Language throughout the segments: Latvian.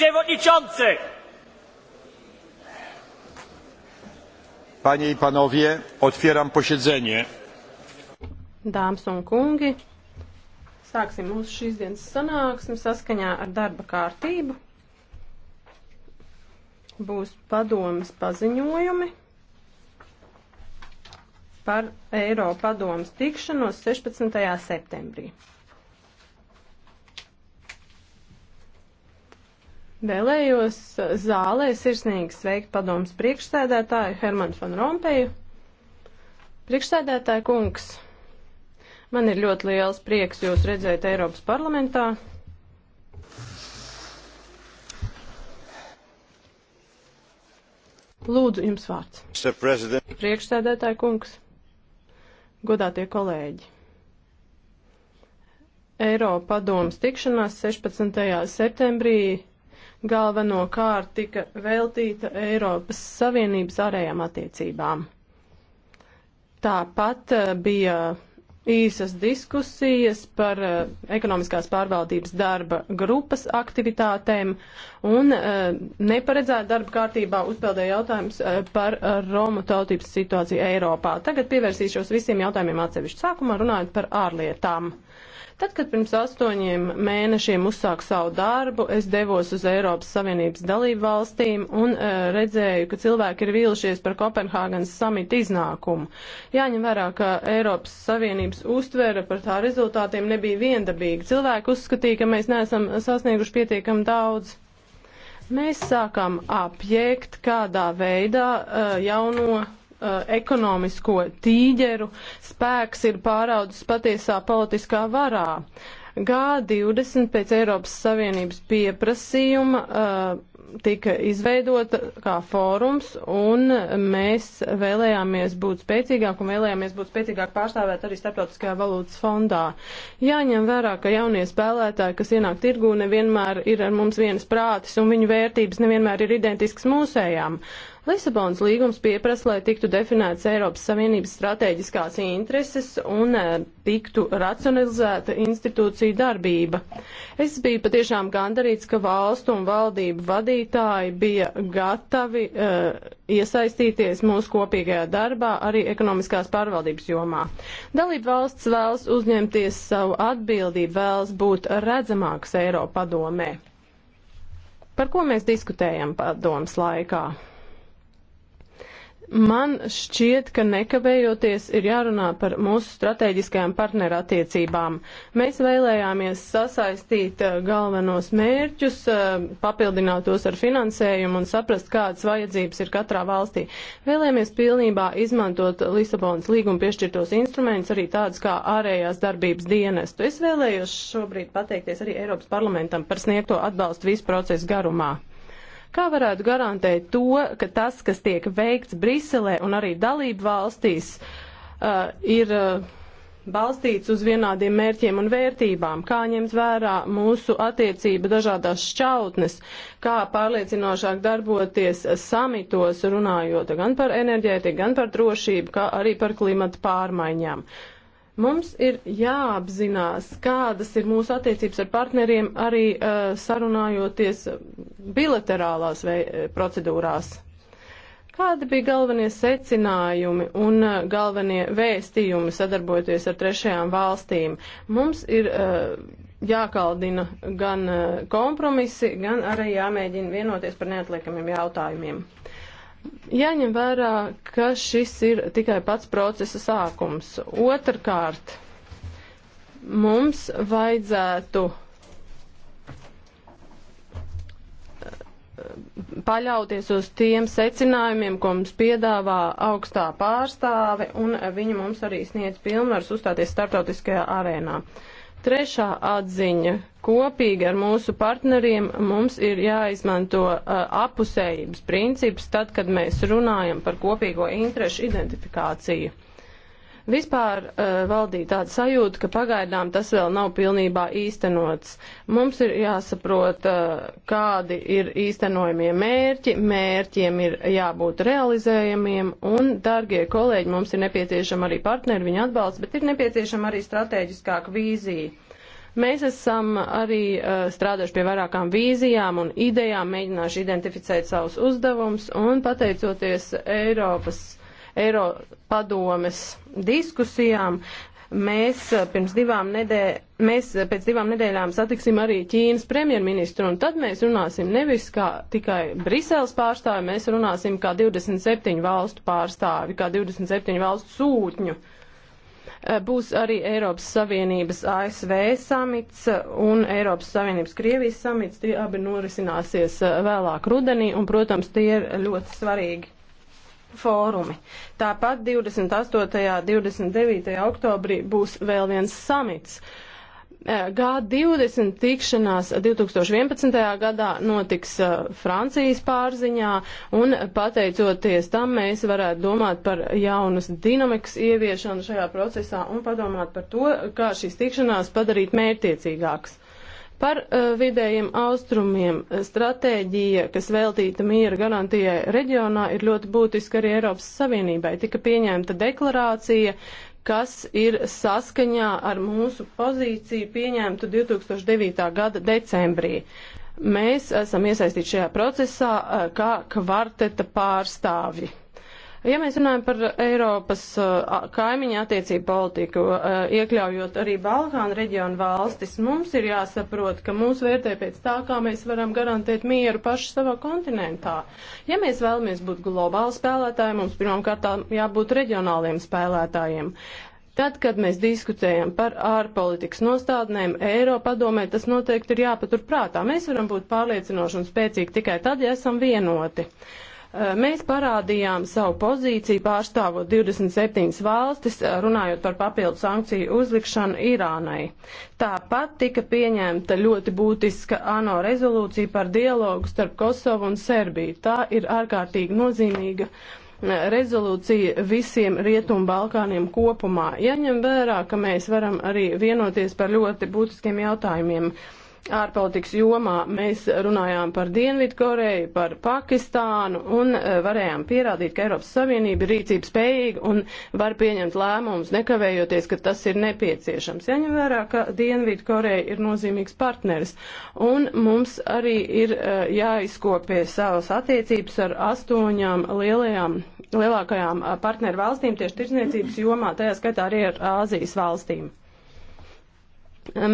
przewodniczący! Panie i panowie, otwieram posiedzenie. Dāmas un kungi, sāksim mūsu šīs dienas sanāksmi saskaņā ar darba kārtību. Būs padomas paziņojumi par Eiropadomas tikšanos 16. septembrī. Vēlējos uh, zālē sirsnīgi sveikt padomus priekšsēdētāju Hermanu Van Rompeju. Priekšsēdētāja kungs, man ir ļoti liels prieks jūs redzēt Eiropas parlamentā. Lūdzu, jums vārds. Priekšsēdētāja kungs, godātie kolēģi. Eiropa padomas tikšanās 16. septembrī galvenokārt tika veltīta Eiropas Savienības ārējām attiecībām. Tāpat eh, bija īsas diskusijas par eh, ekonomiskās pārvaldības darba grupas aktivitātēm un eh, neparedzēta darba kārtībā uzpeldēja jautājums par Romu tautības situāciju Eiropā. Tagad pievērsīšos visiem jautājumiem atsevišķi sākumā runājot par ārlietām. Tad, kad pirms astoņiem mēnešiem uzsāku savu darbu, es devos uz Eiropas Savienības dalību valstīm un uh, redzēju, ka cilvēki ir vīlušies par Kopenhāgenes samita iznākumu. Jāņem vērā, ka Eiropas Savienības uztvere par tā rezultātiem nebija viendabīga. Cilvēki uzskatīja, ka mēs neesam sasnieguši pietiekam daudz mēs sākām apjēgt, kādā veidā uh, jauno uh, ekonomisko tīģeru spēks ir pāraudzis patiesā politiskā varā. G20 pēc Eiropas Savienības pieprasījuma uh, tika izveidota kā fórums, un mēs vēlējāmies būt spēcīgāk un vēlējāmies būt spēcīgāk pārstāvēt arī starptautiskajā valūtas fondā. Jāņem vērā, ka jaunie spēlētāji, kas ienāk tirgū, nevienmēr ir ar mums vienas prātis, un viņu vērtības nevienmēr ir identiskas mūsējām. Uh, Lisabonas līgums pieprasa, lai tiktu definētas Eiropas Savienības strateģiskās intereses un eh, tiktu racionalizēta institūcija darbība. Es biju patiešām gandarīts, ka valstu un valdību vadītāji bija gatavi uh, iesaistīties mūsu kopīgajā darbā arī ekonomiskās pārvaldības jomā. Dalība valsts vēlas uzņemties savu atbildību, vēlas būt redzamāks Eiropa padomē. Par ko mēs diskutējam padomas laikā? Man šķiet, ka nekavējoties ir jārunā par mūsu strateģiskajām partnerattiecībām. Mēs vēlējāmies sasaistīt eh, galvenos mērķus, eh, papildināt tos ar finansējumu un saprast, kādas vajadzības ir katrā valstī. Vēlējāmies pilnībā izmantot Lisabonas līguma piešķirtos instrumentus, arī tādus kā ārējās darbības dienestu. Es vēlējos šobrīd pateikties arī Eiropas parlamentam par sniegto atbalstu visu procesu garumā. Kā varētu garantēt to, ka tas, kas tiek veikts Briselē un arī dalību valstīs, uh, ir. Uh, balstīts uz vienādiem mērķiem un vērtībām, kā ņemt vērā mūsu attiecība dažādās šķautnes, kā pārliecinošāk darboties samitos, runājot gan par enerģētiku, gan par drošību, kā arī par klimatu pārmaiņām. Uh, Mums ir jāapzinās, kādas ir mūsu attiecības ar partneriem, arī uh, sarunājoties bilaterālās vei, procedūrās. Kādi bija galvenie secinājumi un uh, galvenie vēstījumi sadarbojoties ar trešajām valstīm? Mums ir uh, jākaldina gan uh, kompromisi, gan arī jāmēģina vienoties par neatliekamiem jautājumiem. Jāņem vērā, ka šis ir tikai pats procesa sākums. Otrkārt, mums vajadzētu eh, paļauties uz tiem secinājumiem, ko mums piedāvā augstā pārstāve, un eh, viņa mums arī sniedz pilnvaras uzstāties starptautiskajā arēnā. Uh, Trešā atziņa - kopīgi ar mūsu partneriem mums ir jāizmanto uh, apusējības princips tad, kad mēs runājam par kopīgo interešu identifikāciju. Vispār uh, valdīja tāda sajūta, ka pagaidām tas vēl nav pilnībā īstenots. Mums ir jāsaprot, uh, kādi ir īstenojamie mērķi, mērķiem ir jābūt realizējamiem, un, dārgie kolēģi, mums ir nepieciešama arī partneri, viņa atbalsts, bet ir nepieciešama arī strateģiskāka vīzija. Mēs esam arī uh, strādājuši pie vairākām vīzijām un idejām, mēģinājuši identificēt savus uzdevumus, un pateicoties Eiropas Eiropadomes diskusijām. Mēs, eh, pirms divām nedē, mēs eh, pēc divām nedēļām satiksim arī Ķīnas premjerministru, un tad mēs runāsim nevis kā tikai Briseles pārstāvi, mēs runāsim kā 27 valstu pārstāvi, kā 27 valstu sūtņu eh, būs arī Eiropas Savienības ASV samits un Eiropas Savienības Krievijas samits. Tie abi norisināsies vēlāk rudenī, un, protams, tie ir ļoti svarīgi fórumi. Tāpat 28. un 29. oktobrī būs vēl viens samits. G20 tikšanās 2011. gadā notiks Francijas pārziņā, un pateicoties tam mēs varētu domāt par jaunas dinamikas ieviešanu šajā procesā un padomāt par to, kā šīs tikšanās padarīt mērtiecīgākas. Par uh, vidējiem austrumiem stratēģija, kas veltīta miera garantijai reģionā, ir ļoti būtiska arī Eiropas Savienībai. Tika pieņemta deklarācija, kas ir saskaņā ar mūsu pozīciju pieņemtu 2009. gada decembrī. Mēs esam iesaistīti šajā procesā uh, kā kvarteta pārstāvji. Ja mēs runājam par Eiropas uh, kaimiņu attiecību politiku, uh, iekļaujot arī Balkānu reģionu valstis, mums ir jāsaprot, ka mūs vērtē pēc tā, kā mēs varam garantēt mieru paši savā kontinentā. Ja mēs vēlamies būt globāli spēlētāji, mums pirmkārt jābūt reģionāliem spēlētājiem. Tad, kad mēs diskutējam par ārpolitikas nostādnēm Eiropa padomē, tas noteikti ir jāpatur prātā. Mēs varam būt pārliecinoši un spēcīgi tikai tad, ja esam vienoti. Uh, Eh, mēs parādījām savu pozīciju pārstāvot 27 valstis, eh, runājot par papildu sankciju uzlikšanu Irānai. Tāpat tika pieņemta ļoti būtiska ANO rezolūcija par dialogu starp Kosovu un Serbiju. Tā ir ārkārtīgi nozīmīga eh, rezolūcija visiem Rietumu Balkāniem kopumā. Jaņem vērā, ka mēs varam arī vienoties par ļoti būtiskiem jautājumiem. Uh, ārpolitikas jomā mēs runājām par Dienvidkoreju, par Pakistānu un e, varējām pierādīt, ka Eiropas Savienība ir rīcības spējīga un var pieņemt lēmumus nekavējoties, ka tas ir nepieciešams. Jaņem vērā, ka Dienvidkoreja ir nozīmīgs partneris un mums arī ir e, jāizkopē savas attiecības ar astoņām lielajām, lielākajām e, partneru valstīm tieši tirzniecības jomā, tajā skaitā arī ar Āzijas valstīm.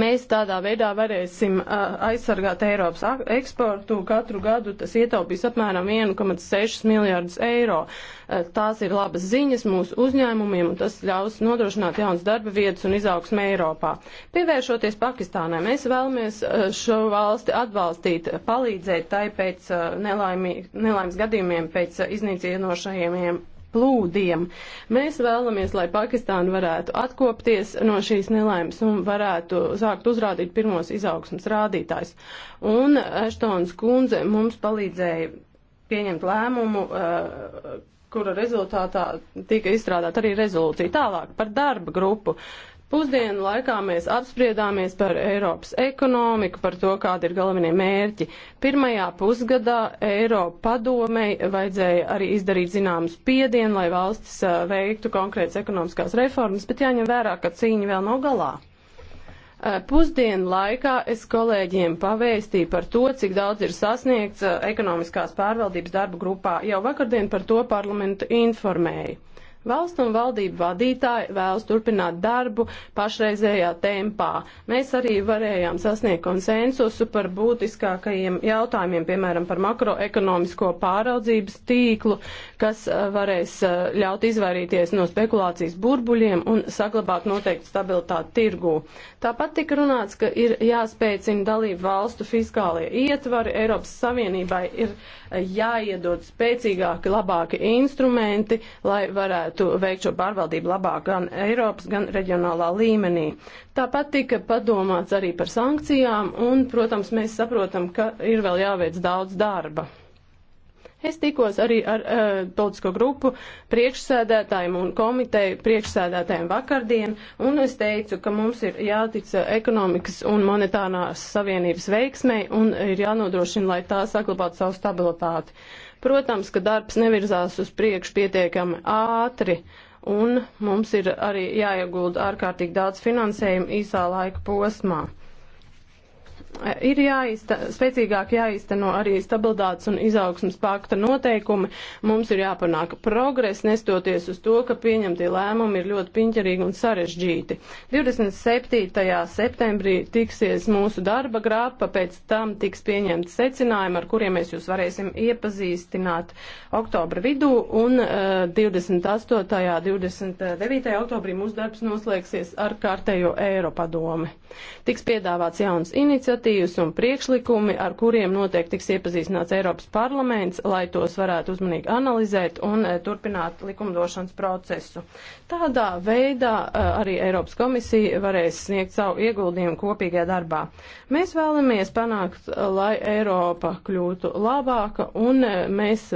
Mēs tādā veidā varēsim aizsargāt Eiropas eksportu. Katru gadu tas ietaupīs apmēram 1,6 miljārdus eiro. Tās ir labas ziņas mūsu uzņēmumiem, un tas ļaus nodrošināt jaunas darba vietas un izaugsmē Eiropā. Pievēršoties Pakistānai, mēs vēlamies šo valsti atbalstīt, palīdzēt tai pēc nelaimī, nelaimes gadījumiem, pēc iznīcinošajiem plūdiem. Mēs vēlamies, lai Pakistāna varētu atkopties no šīs nelaimes un varētu sākt uzrādīt pirmos izaugsmas rādītājs. Un Eštons kundze mums palīdzēja pieņemt lēmumu. Uh, kura rezultātā tika izstrādāta arī rezolūcija. Tālāk par darba grupu. Pusdienu laikā mēs apspriedāmies par Eiropas ekonomiku, par to, kādi ir galvenie mērķi. Pirmajā pusgadā Eiropa padomei vajadzēja arī izdarīt zināmas piedienu, lai valstis veiktu konkrētas ekonomiskās reformas, bet jāņem vērā, ka cīņa vēl nav galā. Pusdienu laikā es kolēģiem pavēstīju par to, cik daudz ir sasniegts ekonomiskās pārvaldības darba grupā. Jau vakardien par to parlamentu informēju. Valsts un valdību vadītāji vēlas turpināt darbu pašreizējā tempā. Mēs arī varējām sasniegt konsensusu par būtiskākajiem jautājumiem, piemēram, par makroekonomisko pāraudzības tīklu, kas eh, varēs eh, ļaut izvairīties no spekulācijas burbuļiem un saglabāt noteiktu stabilitāti tirgū. Tāpat tika runāts, ka ir jāspēcina dalību valstu fiskālie ietvari. Eiropas Savienībai ir eh, jāiedod spēcīgāki, labāki instrumenti, lai varētu varētu veikt šo pārvaldību labāk gan Eiropas, gan reģionālā līmenī. Tāpat tika padomāts arī par sankcijām, un, protams, mēs saprotam, ka ir vēl jāveic daudz darba. Es tikos arī ar uh, eh, ar, politisko grupu priekšsēdētājiem un komiteju priekšsēdētājiem vakardien, un es teicu, ka mums ir jātic ekonomikas un monetārās savienības veiksmei un ir jānodrošina, lai tā saglabātu savu stabilitāti. Uh, Protams, ka darbs nevirzās uz priekšu pietiekami ātri, un mums ir arī jāiegulda ārkārtīgi daudz finansējumu īsā laika posmā ir jāizta, spēcīgāk jāizteno arī stabilitātes un izaugsmas pakta noteikumi. Mums ir jāpanāk progres, nestoties uz to, ka pieņemtie lēmumi ir ļoti piņķerīgi un sarežģīti. 27. septembrī tiksies mūsu darba grāpa, pēc tam tiks pieņemti secinājumi, ar kuriem mēs jūs varēsim iepazīstināt oktobra vidū, un uh, 28. un 29. oktobrī mūsu darbs noslēgsies ar kārtējo Eiropadomi. Tiks piedāvāts jauns iniciatīvas iniciatīvas un priekšlikumi, ar kuriem noteikti tiks iepazīstināts Eiropas parlaments, lai tos varētu uzmanīgi analizēt un eh, turpināt likumdošanas procesu. Tādā veidā eh, arī Eiropas komisija varēs sniegt savu ieguldījumu kopīgajā darbā. Mēs vēlamies panākt, lai Eiropa kļūtu labāka un eh, mēs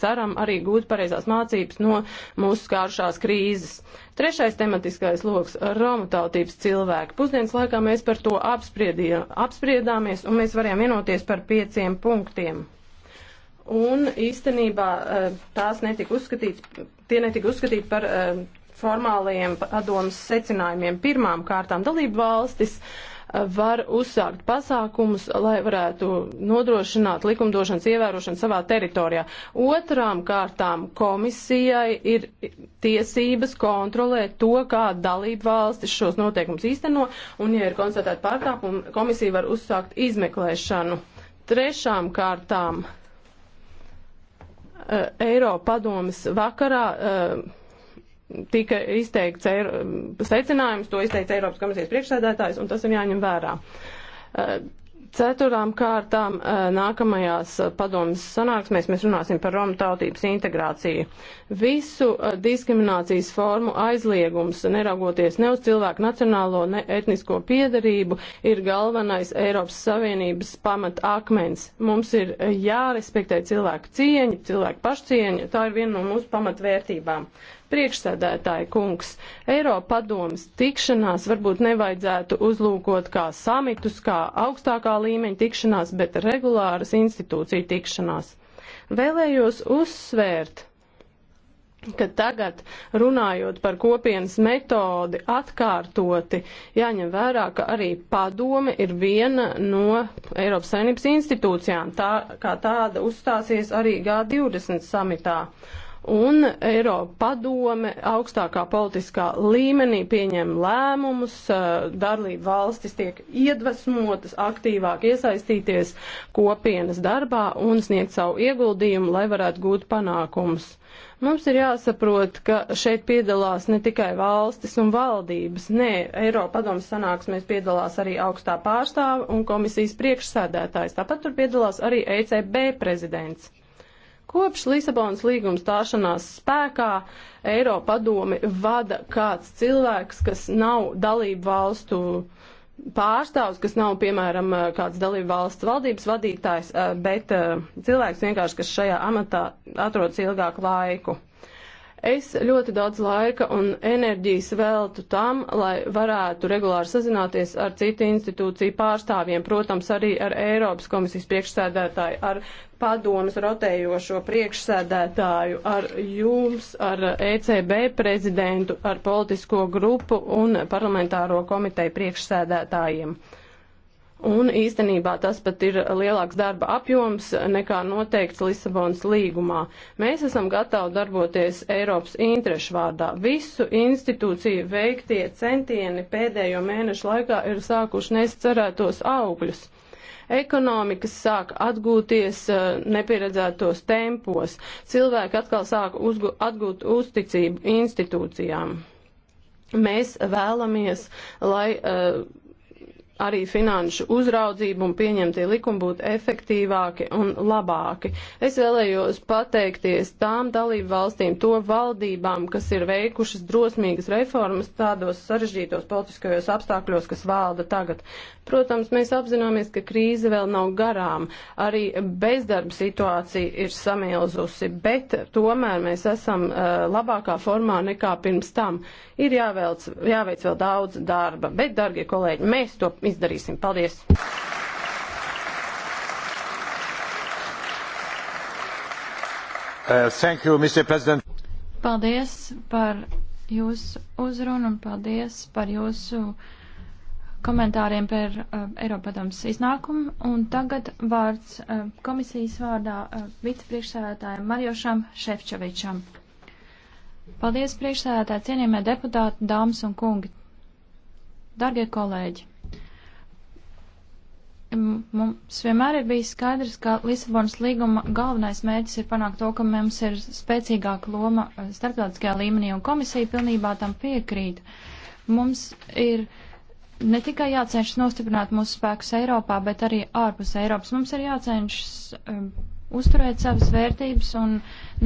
ceram arī gūt pareizās mācības no mūsu skāršās krīzes. Trešais tematiskais loks - Romu tautības cilvēki. Pusdienas laikā mēs par to apspriedāmies un mēs varējām vienoties par pieciem punktiem. Un īstenībā eh, tās netika uzskatīts, tie netika uzskatīti par eh, formālajiem padomas secinājumiem. Pirmām kārtām dalību valstis uh, var uzsākt pasākumus, lai varētu nodrošināt likumdošanas ievērošanu savā teritorijā. Otrām kārtām komisijai ir tiesības kontrolēt to, kā dalību valstis šos noteikumus īsteno, un, ja ir konstatēta pārkāpuma, komisija var uzsākt izmeklēšanu. Trešām kārtām. Eh, Eiropadomes vakarā eh, tika izteikts secinājums, to izteica Eiropas komisijas priekšsēdētājs, un tas ir jāņem vērā. Eh, Ceturām kārtām eh, nākamajās eh, padomas sanāksmēs mēs runāsim par Romu tautības integrāciju. Visu diskriminācijas formu aizliegums, neraugoties ne uz cilvēku nacionālo, ne etnisko piedarību, ir galvenais Eiropas Savienības pamat akmens. Mums ir jārespektē cilvēku cieņa, cilvēku pašcieņa, tā ir viena no mūsu pamatvērtībām. Priekšsēdētāji kungs, Eiropadomas tikšanās varbūt nevajadzētu uzlūkot kā samitus, kā augstākā līmeņa tikšanās, bet regulāras institūcija tikšanās. Vēlējos uzsvērt, ka tagad, runājot par kopienas metodi, atkārtoti jāņem vērā, ka arī padome ir viena no Eiropas saimnības institūcijām, tā kā tāda uzstāsies arī G20 samitā un Eiropa padome augstākā politiskā līmenī pieņem lēmumus, darlība valstis tiek iedvesmotas aktīvāk iesaistīties kopienas darbā un sniegt savu ieguldījumu, lai varētu gūt panākumus. Mums ir jāsaprot, ka šeit piedalās ne tikai valstis un valdības. Nē, Eiropa padomas sanāksmēs piedalās arī augstā pārstāva un komisijas priekšsēdētājs. Tāpat tur piedalās arī ECB prezidents. Kopš Lisabonas līguma stāšanās spēkā Eiropa padomi vada kāds cilvēks, kas nav dalību valstu pārstāvs, kas nav, piemēram, kāds dalību valsts valdības vadītājs, eh, bet eh, cilvēks vienkārši, kas šajā amatā atrodas ilgāku laiku. Es ļoti daudz laika un enerģijas veltu tam, lai varētu regulāri sazināties ar citu institūciju pārstāvjiem, protams, arī ar Eiropas komisijas priekšsēdētāju, ar padomas rotējošo priekšsēdētāju, ar jums, ar ECB prezidentu, ar politisko grupu un parlamentāro komiteju priekšsēdētājiem. Un īstenībā tas pat ir lielāks darba apjoms nekā noteikts Lisabonas līgumā. Mēs esam gatavi darboties Eiropas interešu vārdā. Visu institūciju veiktie centieni pēdējo mēnešu laikā ir sākuši nescerētos augļus. Ekonomikas sāk atgūties eh, nepieredzētos tempos. Cilvēki atkal sāk uzgu, atgūt uzticību institūcijām. Mēs vēlamies, lai. Uh, arī finanšu uzraudzība un pieņemtie likumi būtu efektīvāki un labāki. Es vēlējos pateikties tām dalību valstīm, to valdībām, kas ir veikušas drosmīgas reformas tādos sarežģītos politiskajos apstākļos, kas valda tagad. Protams, mēs apzināmies, ka krīze vēl nav garām, arī bezdarba situācija ir samilzusi, bet tomēr mēs esam uh, labākā formā nekā pirms tam. Ir jāvelc, jāveic vēl daudz darba, bet, dargie kolēģi, mēs to izdarīsim. Paldies! Uh, thank you, Mr. President. Paldies par jūsu uzrunu un paldies par jūsu komentāriem par uh, Eiropadoms iznākumu. Un tagad vārds uh, komisijas vārdā uh, vicepriekšsēdētājiem Marjošam Šefčovičam. Paldies priekšsēdētāji, cienījamie deputāti, dāmas un kungi. Dargie kolēģi! Mums vienmēr ir bijis skaidrs, ka Lisabonas līguma galvenais mērķis ir panākt to, ka mums ir spēcīgāka loma eh, starptautiskajā līmenī, un komisija pilnībā tam piekrīt. Mums ir ne tikai jācenšas nostiprināt mūsu spēkus Eiropā, bet arī ārpus Eiropas. Mums ir jācenšas um, uzturēt savas vērtības un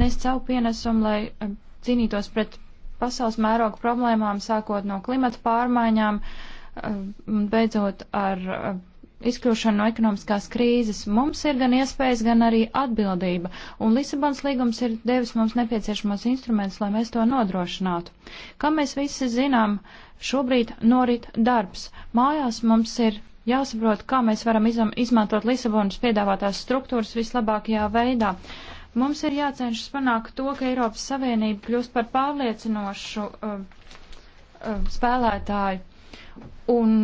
nest savu pienesumu, lai um, cīnītos pret pasaules mēroga problēmām, sākot no klimata pārmaiņām un um, beidzot ar. Um, izkļūšanu no ekonomiskās krīzes. Mums ir gan iespējas, gan arī atbildība, un Lisabons līgums ir devis mums nepieciešamos instrumentus, lai mēs to nodrošinātu. Kā mēs visi zinām, šobrīd norit darbs. Mājās mums ir jāsaprot, kā mēs varam izmantot Lisabonas piedāvātās struktūras vislabākajā veidā. Mums ir jācenšas panākt to, ka Eiropas Savienība kļūst par pārliecinošu uh, uh, spēlētāju. Un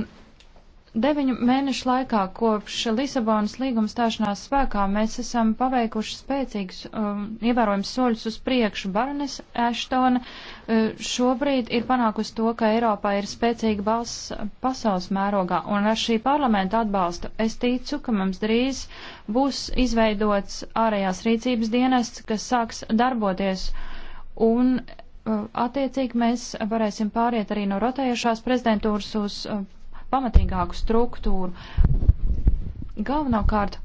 Deviņu mēnešu laikā kopš Lisabonas līguma stāšanās spēkā mēs esam paveikuši spēcīgus, um, ievērojams soļus uz priekšu. Baronis Ashtona uh, šobrīd ir panākusi to, ka Eiropā ir spēcīga balss pasaules mērogā, un ar šī parlamenta atbalstu es ticu, ka mums drīz būs izveidots ārējās rīcības dienests, kas sāks darboties. Un uh, attiecīgi mēs varēsim pāriet arī no rotējušās prezidentūras uz uh, pamatīgāku struktūru. Galvenokārt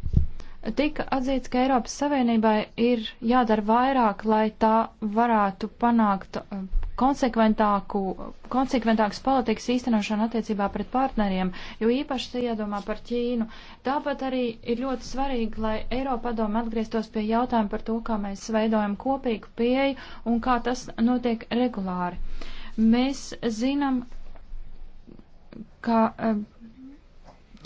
tika atzīts, ka Eiropas Savienībai ir jādara vairāk, lai tā varētu panākt uh, konsekventāku, konsekventākas politikas īstenošanu attiecībā pret partneriem, jo īpaši se iedomā par Ķīnu. Tāpat arī ir ļoti svarīgi, lai Eiropa doma atgrieztos pie jautājuma par to, kā mēs veidojam kopīgu pieeju un kā tas notiek regulāri. Mēs zinām, ka eh,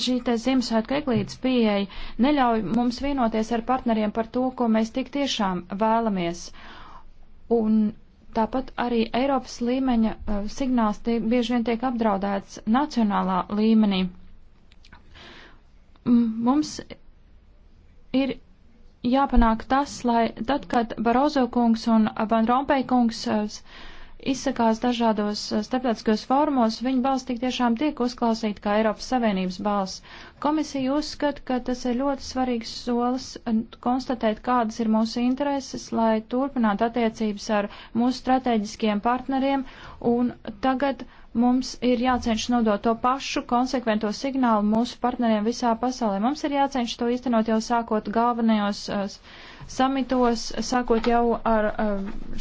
šī te Ziemassvētku eglītes pieeja neļauj mums vienoties ar partneriem par to, ko mēs tik tiešām vēlamies. Un tāpat arī Eiropas līmeņa eh, signāls tie bieži vien tiek apdraudēts nacionālā līmenī. Mums ir jāpanāk tas, lai tad, kad Barozo kungs un Van Rompēj kungs uh, izsakās dažādos eh, starptautiskos formos, viņa balss tik tiešām tiek uzklausīta kā Eiropas Savienības balss. Komisija uzskata, ka tas ir ļoti svarīgs solis eh, konstatēt, kādas ir mūsu intereses, lai turpinātu attiecības ar mūsu strateģiskiem partneriem, un tagad mums ir jācenšas nodot to pašu konsekvento signālu mūsu partneriem visā pasaulē. Mums ir jācenšas to īstenot jau sākot galvenajos uh, samitos, sākot jau ar eh,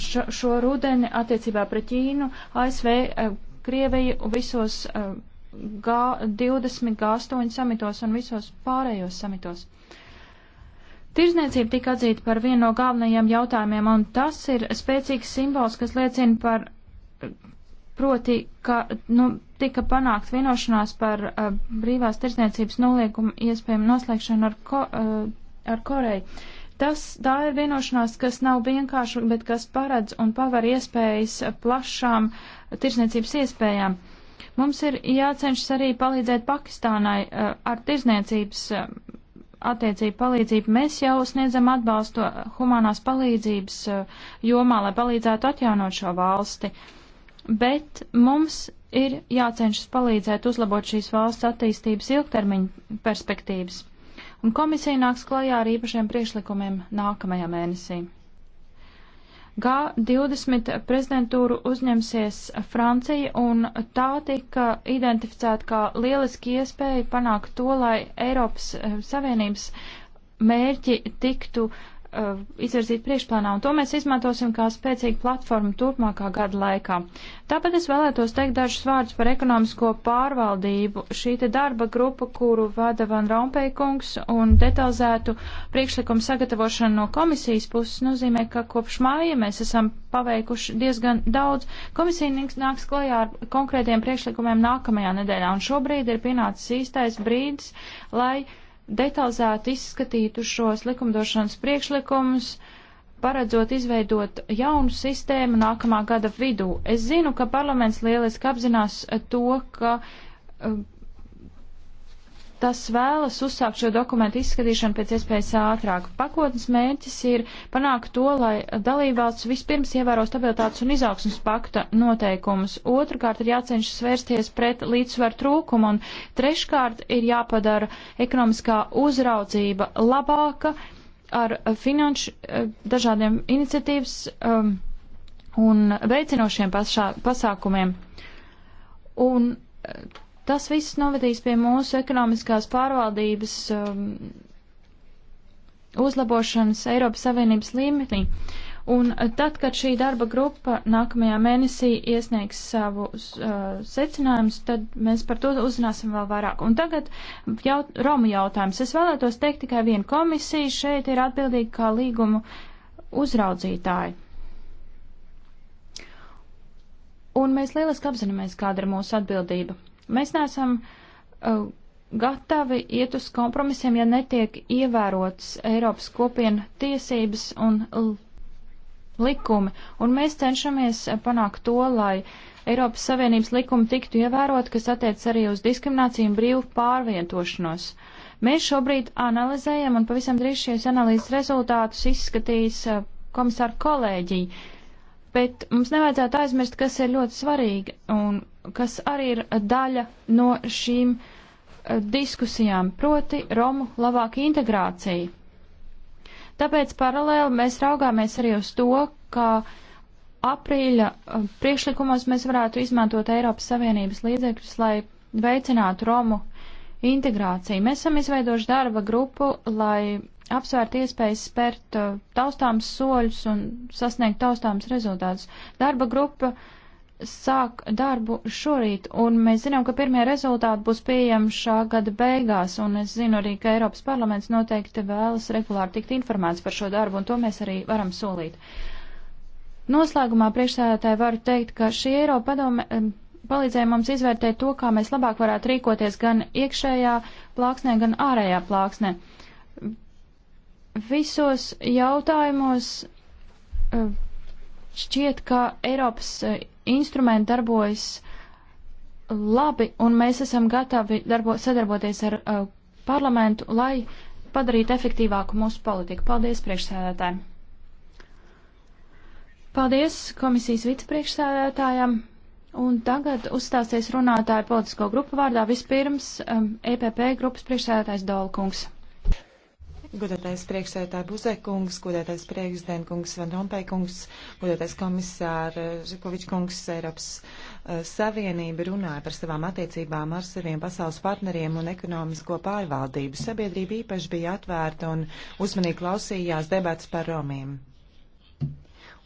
šo, šo rudeni attiecībā pret Ķīnu, ASV, eh, Krieviju, visos G20, eh, G8 samitos un visos pārējos samitos. Tirzniecība tika atzīta par vienu no galvenajiem jautājumiem, un tas ir spēcīgs simbols, kas liecina par, proti, ka nu, tika panākt vienošanās par uh, brīvās tirzniecības noliegumu iespējumu noslēgšanu ar, ko, uh, ar Koreju. Tas, tā ir vienošanās, kas nav vienkārši, bet kas paredz un paver iespējas plašām tirsniecības iespējām. Mums ir jācenšas arī palīdzēt Pakistānai eh, ar tirsniecības eh, attiecību palīdzību. Mēs jau sniedzam atbalstu eh, humanās palīdzības jomā, lai palīdzētu atjaunot šo valsti. Bet mums ir jācenšas palīdzēt uzlabot šīs valsts attīstības ilgtermiņa perspektīvas un komisija nāks klajā ar īpašiem priekšlikumiem nākamajā mēnesī. G20 prezidentūru uzņemsies Francija, un tā tika identificēta kā lieliski iespēja panākt to, lai Eiropas Savienības mērķi tiktu uh, uh, izvirzīt priekšplānā, un to mēs izmantosim kā spēcīgu platformu turpmākā gada laikā. Tāpēc es vēlētos teikt dažus vārdus par ekonomisko pārvaldību. Šī te darba grupa, kuru vada Van Rompeikungs un detalizētu priekšlikumu sagatavošanu no komisijas puses, nozīmē, ka kopš māja mēs esam paveikuši diezgan daudz. Komisija nāks klajā ar konkrētiem priekšlikumiem nākamajā nedēļā, un šobrīd ir pienācis īstais brīdis, lai detalizēti izskatītu šos likumdošanas priekšlikumus, paredzot izveidot jaunu sistēmu nākamā gada vidū. Es zinu, ka parlaments lieliski apzinās to, ka tas vēlas uzsākt šo dokumentu izskatīšanu pēc iespējas ātrāk. Pakotnes mērķis ir panākt to, lai dalībvalsts vispirms ievēro stabilitātes un izaugsmas pakta noteikumus. Otrakārt ir jācenšas vērsties pret līdzsvaru trūkumu un treškārt ir jāpadara ekonomiskā uzraudzība labāka ar finanšu eh, dažādiem iniciatīvas um, un veicinošiem pasā, pasākumiem. Un, eh, Tas viss novedīs pie mūsu ekonomiskās pārvaldības um, uzlabošanas Eiropas Savienības līmenī. Un uh, tad, kad šī darba grupa nākamajā mēnesī iesniegs savu uh, secinājumus, tad mēs par to uzzināsim vēl vairāk. Un tagad jaut, Roma jautājums. Es vēlētos teikt tikai vienu komisiju. Šeit ir atbildīgi kā līgumu uzraudzītāji. Un mēs lieliski apzināmies, kāda ir mūsu atbildība. Mēs neesam uh, gatavi iet uz kompromisiem, ja netiek ievērotas Eiropas kopiena tiesības un likumi. Un mēs cenšamies uh, panākt to, lai Eiropas Savienības likumi tiktu ievērot, kas attiec arī uz diskrimināciju un brīvu pārvietošanos. Mēs šobrīd analizējam un pavisam drīz šīs analīzes rezultātus izskatīs uh, komisāra kolēģija Bet mums nevajadzētu aizmirst, kas ir ļoti svarīgi un kas arī ir daļa no šīm eh, diskusijām, proti Romu labāka integrācija. Tāpēc paralēli mēs raugāmies arī uz to, ka aprīļa eh, priekšlikumos mēs varētu izmantot Eiropas Savienības līdzekļus, lai veicinātu Romu integrāciju. Mēs esam izveidojuši darba grupu, lai apsvērt iespējas spērt uh, taustāms soļus un sasniegt taustāms rezultātus. Darba grupa sāk darbu šorīt, un mēs zinām, ka pirmie rezultāti būs pieejami šā gada beigās, un es zinu arī, ka Eiropas parlaments noteikti vēlas regulāri tikt informēts par šo darbu, un to mēs arī varam solīt. Noslēgumā priekšsēdētāji varu teikt, ka šī Eiropa padome palīdzēja mums izvērtēt to, kā mēs labāk varētu rīkoties gan iekšējā plāksnē, gan ārējā plāksnē visos jautājumos eh, šķiet, ka Eiropas eh, instrumenti darbojas eh, labi, un mēs esam gatavi darbo, sadarboties ar uh, parlamentu, lai padarītu efektīvāku mūsu politiku. Paldies, priekšsēdētāji! Paldies komisijas vicepriekšsēdētājam! Un tagad uzstāsies runātāja politisko grupu vārdā vispirms um, EPP grupas priekšsēdētājs Dolkungs. Godātais priekšsētāja Buzekungs, godātais priekšsēdētājs Van Rompēkungs, godātais komisāra eh, Žikovičkungs, Eiropas uh, Savienība runāja par savām attiecībām ar saviem pasaules partneriem un ekonomisko pārvaldību. Sabiedrība īpaši bija atvērta un uzmanīgi klausījās debats par Romiem.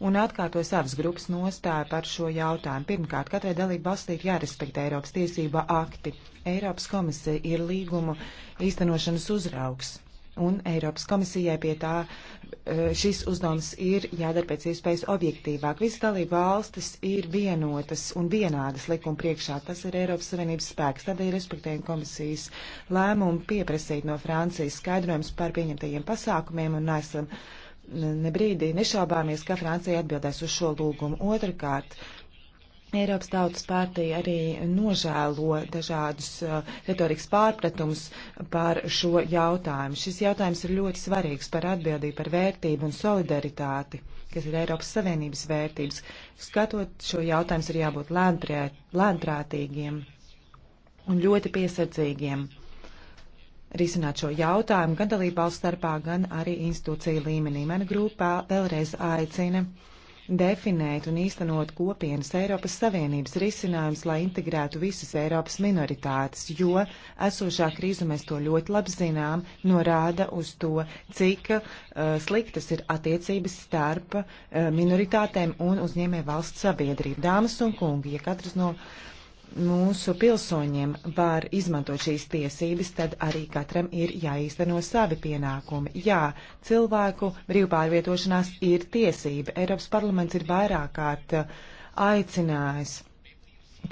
Un atkārto savas grupas nostāju par šo jautājumu. Pirmkārt, katrai dalību valstī ir jārespektē Eiropas tiesība akti. Eiropas komisija ir līgumu īstenošanas uzraugs un Eiropas komisijai pie tā e, šis uzdevums ir jādara pēc iespējas objektīvāk. Visas dalība valstis ir vienotas un vienādas likuma priekšā. Tas ir Eiropas Savienības spēks. Tādēļ respektējam komisijas lēmumu pieprasīt no Francijas skaidrojums par pieņemtajiem pasākumiem un esam ne brīdī nešaubāmies, ka Francija atbildēs uz šo lūgumu. Otrakārt, Eiropas Tautas partija arī nožēlo dažādus uh, retorikas pārpratumus par šo jautājumu. Šis jautājums ir ļoti svarīgs par atbildību, par vērtību un solidaritāti, kas ir Eiropas Savienības vērtības. Skatot šo jautājumu, ir jābūt lēnprātīgiem un ļoti piesardzīgiem. Risināt šo jautājumu gan dalībvalstu starpā, gan arī institūciju līmenī. Mana grupā vēlreiz aicina definēt un īstenot kopienas Eiropas Savienības risinājums, lai integrētu visas Eiropas minoritātes, jo esošā krīze, mēs to ļoti labi zinām, norāda uz to, cik uh, sliktas ir attiecības starp uh, minoritātēm un uzņēmē valsts sabiedrību. Dāmas un kungi, ja katrs no uh, mūsu pilsoņiem var izmantot šīs tiesības, tad arī katram ir jāīsteno savi pienākumi. Jā, cilvēku brīvpārvietošanās ir tiesība. Eiropas parlaments ir vairāk kārt uh, aicinājis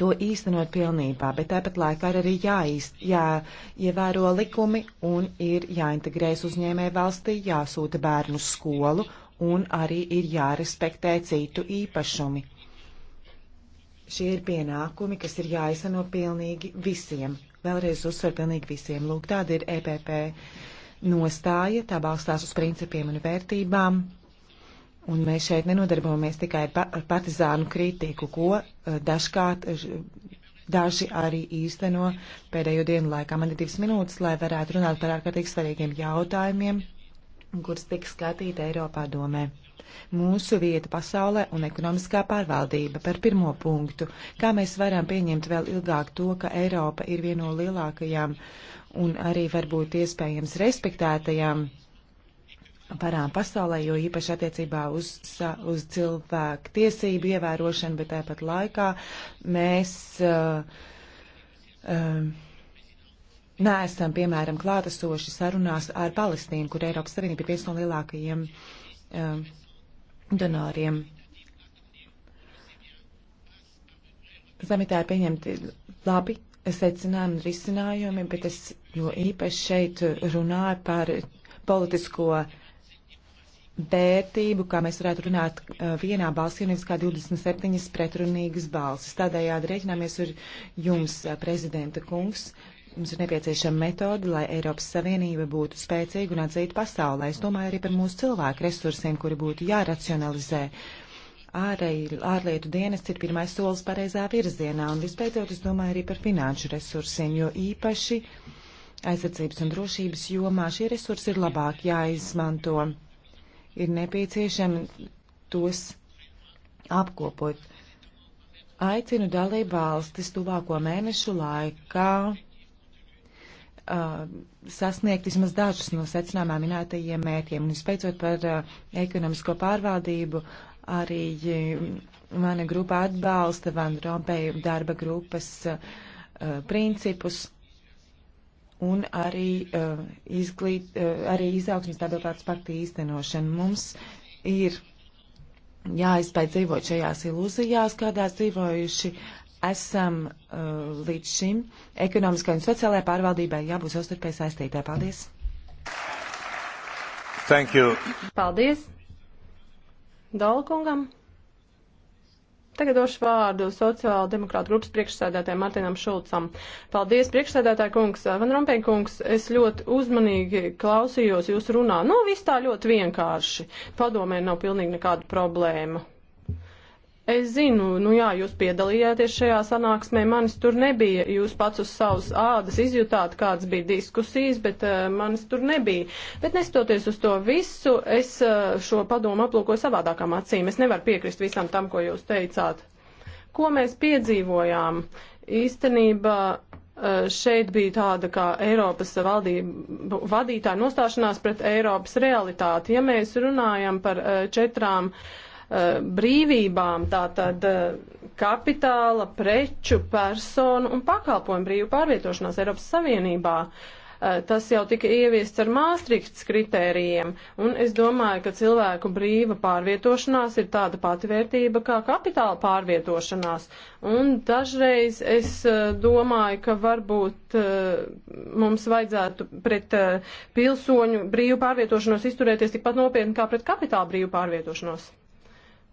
to īstenot pilnībā, bet tāpat laikā ir arī jāīst, jāievēro likumi un ir jāintegrēs uzņēmē valstī, jāsūta bērnu skolu un arī ir jārespektē citu īpašumi Šie ir pienākumi, kas ir jāizsano pilnīgi visiem. Vēlreiz uzsver pilnīgi visiem. Lūk, tāda ir EPP nostāja, tā balstās uz principiem un vērtībām. Un mēs šeit nenodarbojamies tikai ar partizānu kritiku, ko eh, dažkārt eh, daži arī īsteno pēdējo dienu laikā. Man ir divas minūtes, lai varētu runāt par ārkārtīgi svarīgiem jautājumiem, kurus tiks skatīt Eiropā domē. Mūsu vieta pasaulē un ekonomiskā pārvaldība par pirmo punktu. Kā mēs varam pieņemt vēl ilgāk to, ka Eiropa ir viena no lielākajām un arī varbūt iespējams respektētajām parām pasaulē, jo īpaši attiecībā uz, uz cilvēku tiesību ievērošanu, bet tāpat laikā mēs uh, uh, neesam, piemēram, klātesoši sarunās ar Palestīnu, kur Eiropas Savienība ir viens no lielākajiem uh, donoriem. Samitā ir pieņemti labi secinājumi un risinājumi, bet es jo īpaši šeit runāju par politisko vērtību, kā mēs varētu runāt vienā balsī, nevis kā 27 pretrunīgas balsis. Tādējādi rēķināmies ar jums, prezidenta kungs, Mums ir nepieciešama metode, lai Eiropas Savienība būtu spēcīga un atzīta pasaulē. Es domāju arī par mūsu cilvēku resursiem, kuri būtu jāracionalizē. Ārēj, ārlietu dienas ir pirmais solis pareizā virzienā, un vispēcot es domāju arī par finanšu resursiem, jo īpaši aizsardzības un drošības jomā šie resursi ir labāk jāizmanto. Ir nepieciešami tos apkopot. Aicinu dalību valstis tuvāko mēnešu laikā uh, sasniegt vismaz dažus no secinājumā minētajiem mērķiem. Un visbeidzot par uh, ekonomisko pārvaldību arī uh, mana grupa atbalsta Van Rompēju darba grupas uh, principus un arī, uh, izglīt, uh, arī izaugsmas stabilitātes pakta īstenošanu. Mums ir jāizpēj dzīvot šajās ilūzijās, kādās dzīvojuši esam uh, līdz šim ekonomiskai un sociālajai pārvaldībai jābūt savstarpēji saistītē. Paldies! Thank you. Paldies! Dalkungam! Tagad došu vārdu sociāla demokrāta grupas priekšsēdētājai Martinam Šulcam. Paldies, priekšsēdētāja kungs. Van Rompēn kungs, es ļoti uzmanīgi klausījos jūs runā. Nu, viss tā ļoti vienkārši. Padomē nav pilnīgi nekāda problēma. Es zinu, nu jā, jūs piedalījāties šajā sanāksmē, manis tur nebija, jūs pats uz savas ādas izjutāt, kādas bija diskusijas, bet uh, manis tur nebija. Bet nestoties uz to visu, es uh, šo padomu aplūkoju savādākām acīm. Es nevaru piekrist visam tam, ko jūs teicāt. Ko mēs piedzīvojām? Īstenībā eh, šeit bija tāda kā Eiropas valdība, vadītāja nostāšanās pret Eiropas realitāti. Ja mēs runājam par četrām uh, brīvībām, tātad eh, kapitāla, preču, personu un pakalpojumu brīvu pārvietošanās Eiropas Savienībā. Eh, tas jau tika ieviests ar māstrikts kritērijiem, un es domāju, ka cilvēku brīva pārvietošanās ir tāda pati vērtība kā kapitāla pārvietošanās. Un dažreiz es eh, domāju, ka varbūt mums vajadzētu pret pilsoņu brīvu pārvietošanos izturēties tikpat nopietni kā pret kapitāla brīvu pārvietošanos.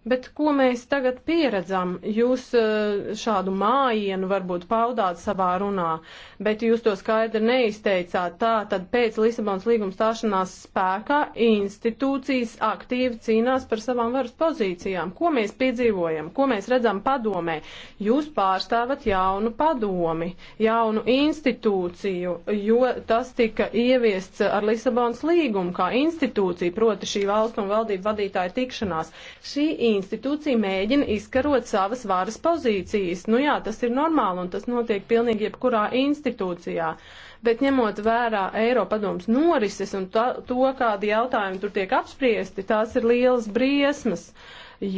Bet ko mēs tagad pieredzam? Jūs eh, šādu mājienu varbūt paudāt savā runā, bet jūs to skaidri neizteicāt. Tā tad pēc Lisabonas līguma stāšanās spēkā institūcijas aktīvi cīnās par savām varas pozīcijām. Ko mēs piedzīvojam? Ko mēs redzam padomē? Jūs pārstāvat jaunu padomi, jaunu institūciju, jo tas tika ieviests ar Lisabonas līgumu kā institūcija, proti šī valstu un valdību vadītāja tikšanās. Šī institūcija mēģina izkarot savas varas pozīcijas. Nu jā, tas ir normāli un tas notiek pilnīgi jebkurā institūcijā. Bet ņemot vērā Eiropadoms norises un tā, to, kādi jautājumi tur tiek apspriesti, tās ir lielas briesmas.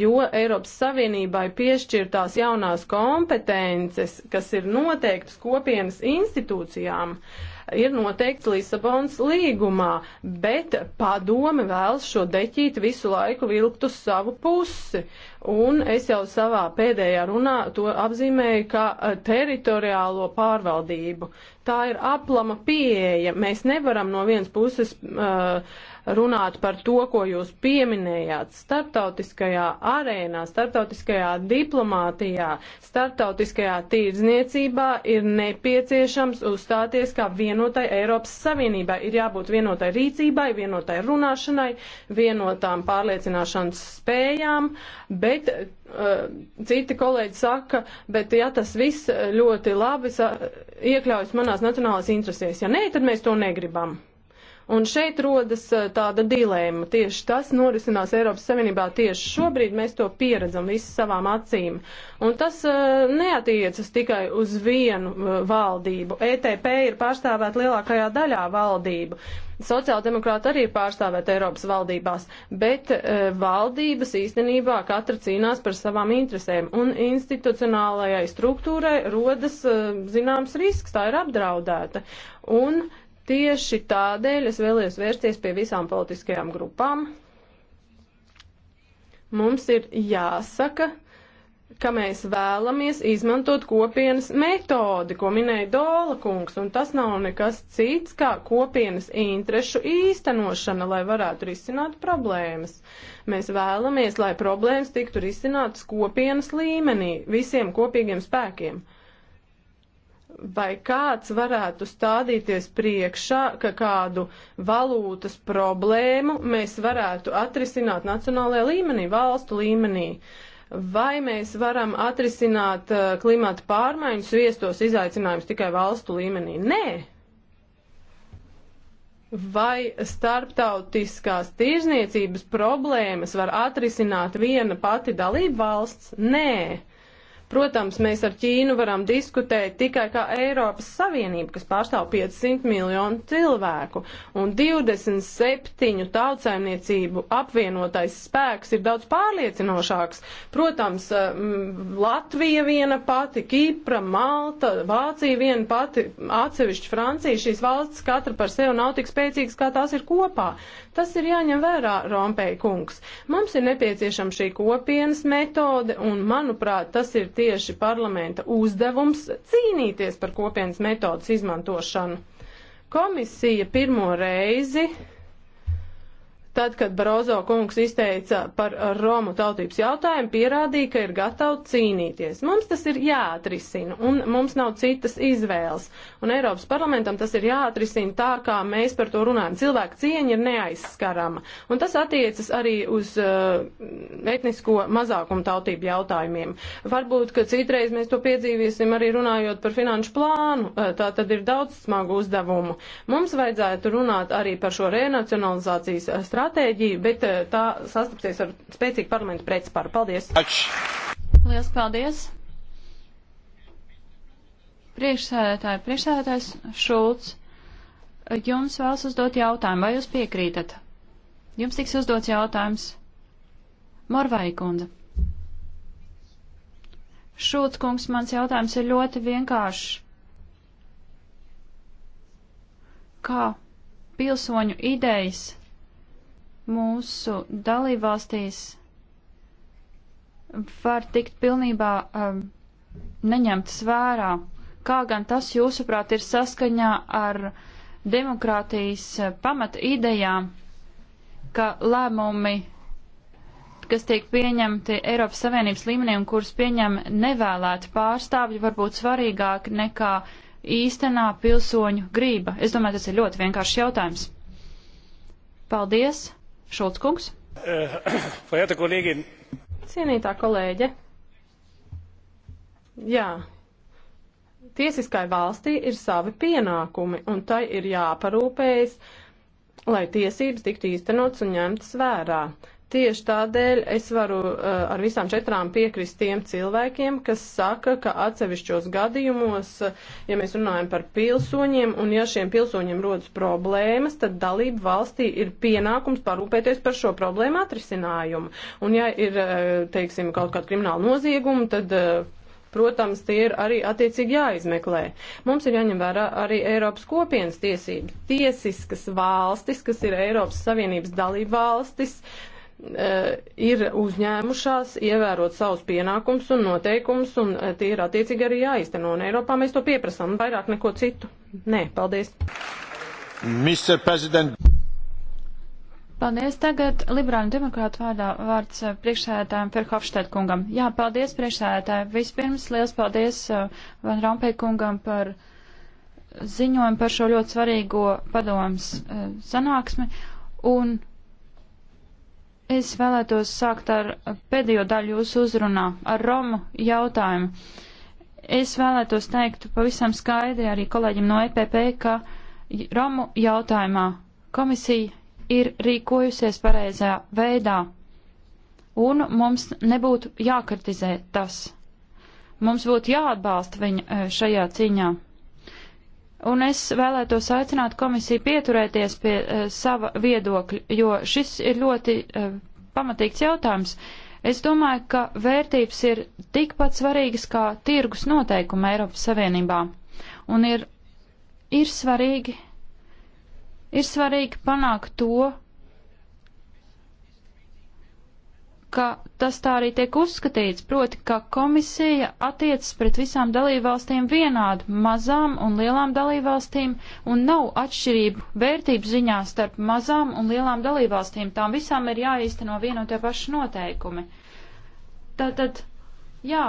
Jo Eiropas Savienībai piešķirtās jaunās kompetences, kas ir noteiktas kopienas institūcijām, uh, ir noteikti Lisabonas līgumā, bet padome vēlas šo deķīti visu laiku vilkt uz savu pusi. Un es jau savā pēdējā runā to apzīmēju kā e, teritoriālo pārvaldību. Tā ir aplama pieeja. Mēs nevaram no vienas puses uh, runāt par to, ko jūs pieminējāt starptautiskajā arēnā, starptautiskajā diplomātijā, starptautiskajā tīrdzniecībā ir nepieciešams uzstāties kā vienotai Eiropas Savienībai. Ir jābūt vienotai rīcībai, vienotai runāšanai, vienotām pārliecināšanas spējām, bet uh, citi kolēģi saka, bet ja tas viss ļoti labi iekļaujas manās nacionālās interesēs, ja nē, tad mēs to negribam. Un šeit rodas eh, tāda dilēma. Tieši tas norisinās Eiropas Savienībā tieši šobrīd. Mēs to pieredzam visi savām acīm. Un tas uh, neatiecas tikai uz vienu uh, valdību. ETP ir pārstāvēta lielākajā daļā valdību. Sociāldemokrāti arī ir pārstāvēti Eiropas valdībās, bet uh, valdības īstenībā katra cīnās par savām interesēm. Un institucionālajai struktūrai rodas zināms risks, tā ir apdraudēta. Un Tieši tādēļ es vēlies vērsties pie visām politiskajām grupām. Mums ir jāsaka, ka mēs vēlamies izmantot kopienas metodi, ko minēja Dola kungs, un tas nav nekas cits kā kopienas interešu īstenošana, lai varētu risināt problēmas. Mēs vēlamies, lai problēmas tiktu risinātas kopienas līmenī, visiem kopīgiem spēkiem vai kāds varētu stādīties priekšā, ka kādu valūtas problēmu mēs varētu atrisināt nacionālajā līmenī, valstu līmenī? Vai mēs varam atrisināt uh, klimata pārmaiņas viestos izaicinājumus tikai valstu līmenī? Nē, Vai starptautiskās tirzniecības problēmas var atrisināt viena pati dalība valsts? Nē. Protams, mēs ar Ķīnu varam diskutēt tikai kā Eiropas Savienība, kas pārstāv 500 miljonu cilvēku, un 27 tautsaimniecību apvienotais spēks ir daudz pārliecinošāks. Protams, Latvija viena pati, Kipra, Malta, Vācija viena pati, atsevišķi Francija, šīs valsts katra par sevi nav tik spēcīgas, kā tās ir kopā. Tas ir jāņem vērā, Rompēja kungs. Mums ir nepieciešama šī kopienas metode, un, manuprāt, tas ir tieši parlamenta uzdevums cīnīties par kopienas metodas izmantošanu. Komisija pirmo reizi Tad, kad Barozo kungs izteica par Romu tautības jautājumu, pierādīja, ka ir gatavi cīnīties. Mums tas ir jāatrisina, un mums nav citas izvēles. Un Eiropas parlamentam tas ir jāatrisina tā, kā mēs par to runājam. Cilvēka cieņa ir neaizskarama. Un tas attiecas arī uz uh, etnisko mazākumu tautību jautājumiem. Varbūt, ka citreiz mēs to piedzīviesim arī runājot par finanšu plānu. Uh, tā tad ir daudz smagu uzdevumu. Mums vajadzētu runāt arī par šo renacionalizācijas stratēģiju uh, stratēģiju, bet eh, tā sastapsies ar spēcīgu parlamentu pretspāru. Paldies! Lielas paldies! Priekšsēdētāji, priekšsēdētājs Šulcs, jums vēlas uzdot jautājumu, vai jūs piekrītat? Jums tiks uzdots jautājums. Morvai kundze. Šūts kungs, mans jautājums ir ļoti vienkāršs. Kā pilsoņu idejas mūsu dalībvalstīs var tikt pilnībā um, neņemtas vērā. Kā gan tas, jūsuprāt, ir saskaņā ar demokrātijas uh, pamata idejām, ka lēmumi kas tiek pieņemti Eiropas Savienības līmenī un kurus pieņem nevēlēti pārstāvji, varbūt svarīgāk nekā īstenā pilsoņu grība? Es domāju, tas ir ļoti vienkāršs jautājums. Paldies! Šulc kungs. Fajata kolēģi. Cienītā kolēģe. Jā. Tiesiskai valstī ir savi pienākumi, un tai ir jāparūpējas, lai tiesības tiktu īstenots un ņemtas vērā. Uh, Tieši tādēļ es varu uh, ar visām četrām piekrist tiem cilvēkiem, kas saka, ka atsevišķos gadījumos, uh, ja mēs runājam par pilsoņiem un ja šiem pilsoņiem rodas problēmas, tad dalību valstī ir pienākums parūpēties par šo problēmu atrisinājumu. Un ja ir, uh, teiksim, kaut kāda krimināla nozieguma, tad. Uh, Protams, tie ir arī attiecīgi jāizmeklē. Mums ir jāņem vērā arī Eiropas kopienas tiesības. Tiesiskas valstis, kas ir Eiropas Savienības dalība valstis, uh, E, ir uzņēmušās ievērot savus pienākumus un noteikumus, un e, tie ir attiecīgi arī jāizteno. Un Eiropā mēs to pieprasām, vairāk neko citu. Nē, paldies. Mr. President. Paldies. Tagad liberāļu demokrātu vārdā vārds e, priekšsēdētājiem Ferhofštēt kungam. Jā, paldies priekšsēdētāji. Vispirms liels paldies Van Rompē kungam par ziņojumu par šo ļoti svarīgo padomas sanāksmi. Un Es vēlētos sākt ar pēdējo daļu jūsu uzrunā, ar Romu jautājumu. Es vēlētos teikt pavisam skaidri arī kolēģim no EPP, ka Romu jautājumā komisija ir rīkojusies pareizajā veidā, un mums nebūtu jākritizē tas. Mums būtu jāatbalsta viņa eh, šajā cīņā. Un es vēlētos aicināt komisiju pieturēties pie uh, sava viedokļa, jo šis ir ļoti uh, pamatīgs jautājums. Es domāju, ka vērtības ir tikpat svarīgas kā tirgus noteikumi Eiropas Savienībā. Un ir, ir svarīgi ir svarīgi panākt to, ka tas tā arī tiek uzskatīts, proti, ka komisija attiecas pret visām dalībvalstīm vienādi, mazām un lielām dalībvalstīm, un nav atšķirību vērtību ziņā starp mazām un lielām dalībvalstīm. Tām visām ir jāīsteno vieno tie paši noteikumi. Tātad, jā,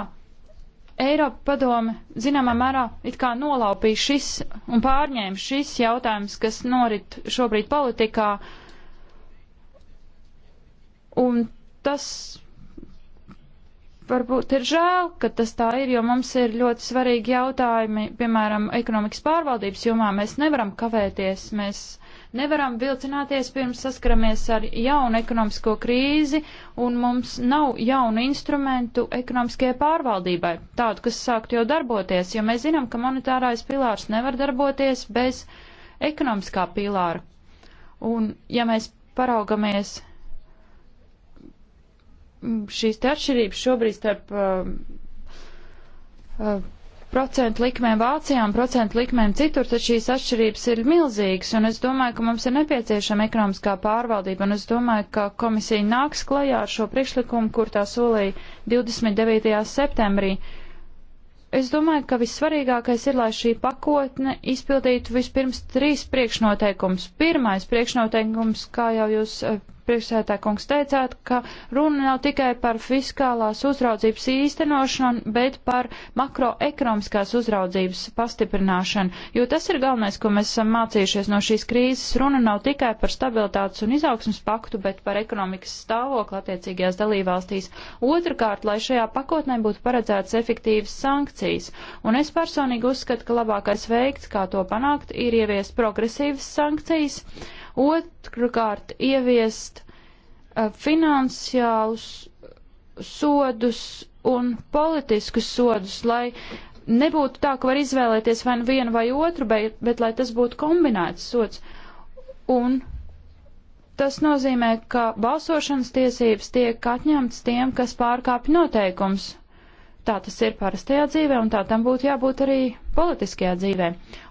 Eiropa padome, zināmā mērā, it kā nolaupīja šis un pārņēma šis jautājums, kas norit šobrīd politikā. Un tas varbūt ir žēl, ka tas tā ir, jo mums ir ļoti svarīgi jautājumi, piemēram, ekonomikas pārvaldības jomā. Mēs nevaram kavēties, mēs nevaram vilcināties pirms saskaramies ar jaunu ekonomisko krīzi, un mums nav jaunu instrumentu ekonomiskajai pārvaldībai, tādu, kas sāktu jau darboties, jo mēs zinām, ka monetārais pilārs nevar darboties bez ekonomiskā pilāra. Un ja mēs paraugamies Mm, šīs te atšķirības šobrīd starp uh, uh, procentu likmēm Vācijā un procentu likmēm citur, tad šīs atšķirības ir milzīgas, un es domāju, ka mums ir nepieciešama ekonomiskā pārvaldība, un es domāju, ka komisija nāks klajā ar šo priekšlikumu, kur tā solīja 29. septembrī. Es domāju, ka vissvarīgākais ir, lai šī pakotne izpildītu vispirms trīs priekšnoteikums. Pirmais priekšnoteikums, kā jau jūs eh, priekšsētā kungs teicāt, ka runa nav tikai par fiskālās uzraudzības īstenošanu, bet par makroekonomiskās uzraudzības pastiprināšanu, jo tas ir galvenais, ko mēs esam mācījušies no šīs krīzes. Runa nav tikai par stabilitātes un izaugsmas paktu, bet par ekonomikas stāvokli attiecīgajās dalībvalstīs. Otrakārt, lai šajā pakotnē būtu paredzētas efektīvas sankcijas. Un es personīgi uzskatu, ka labākais veikts, kā to panākt, ir ieviest progresīvas sankcijas. Uh, Otrkārt, ieviest eh, finansiālus sodus un politiskus sodus, lai nebūtu tā, ka var izvēlēties vai nu vienu vai otru, bet, bet lai tas būtu kombinēts sots. Un tas nozīmē, ka balsošanas tiesības tiek atņemtas tiem, kas pārkāpj noteikums. Tā tas ir parastajā dzīvē, un tā tam būtu jābūt arī politiskajā dzīvē.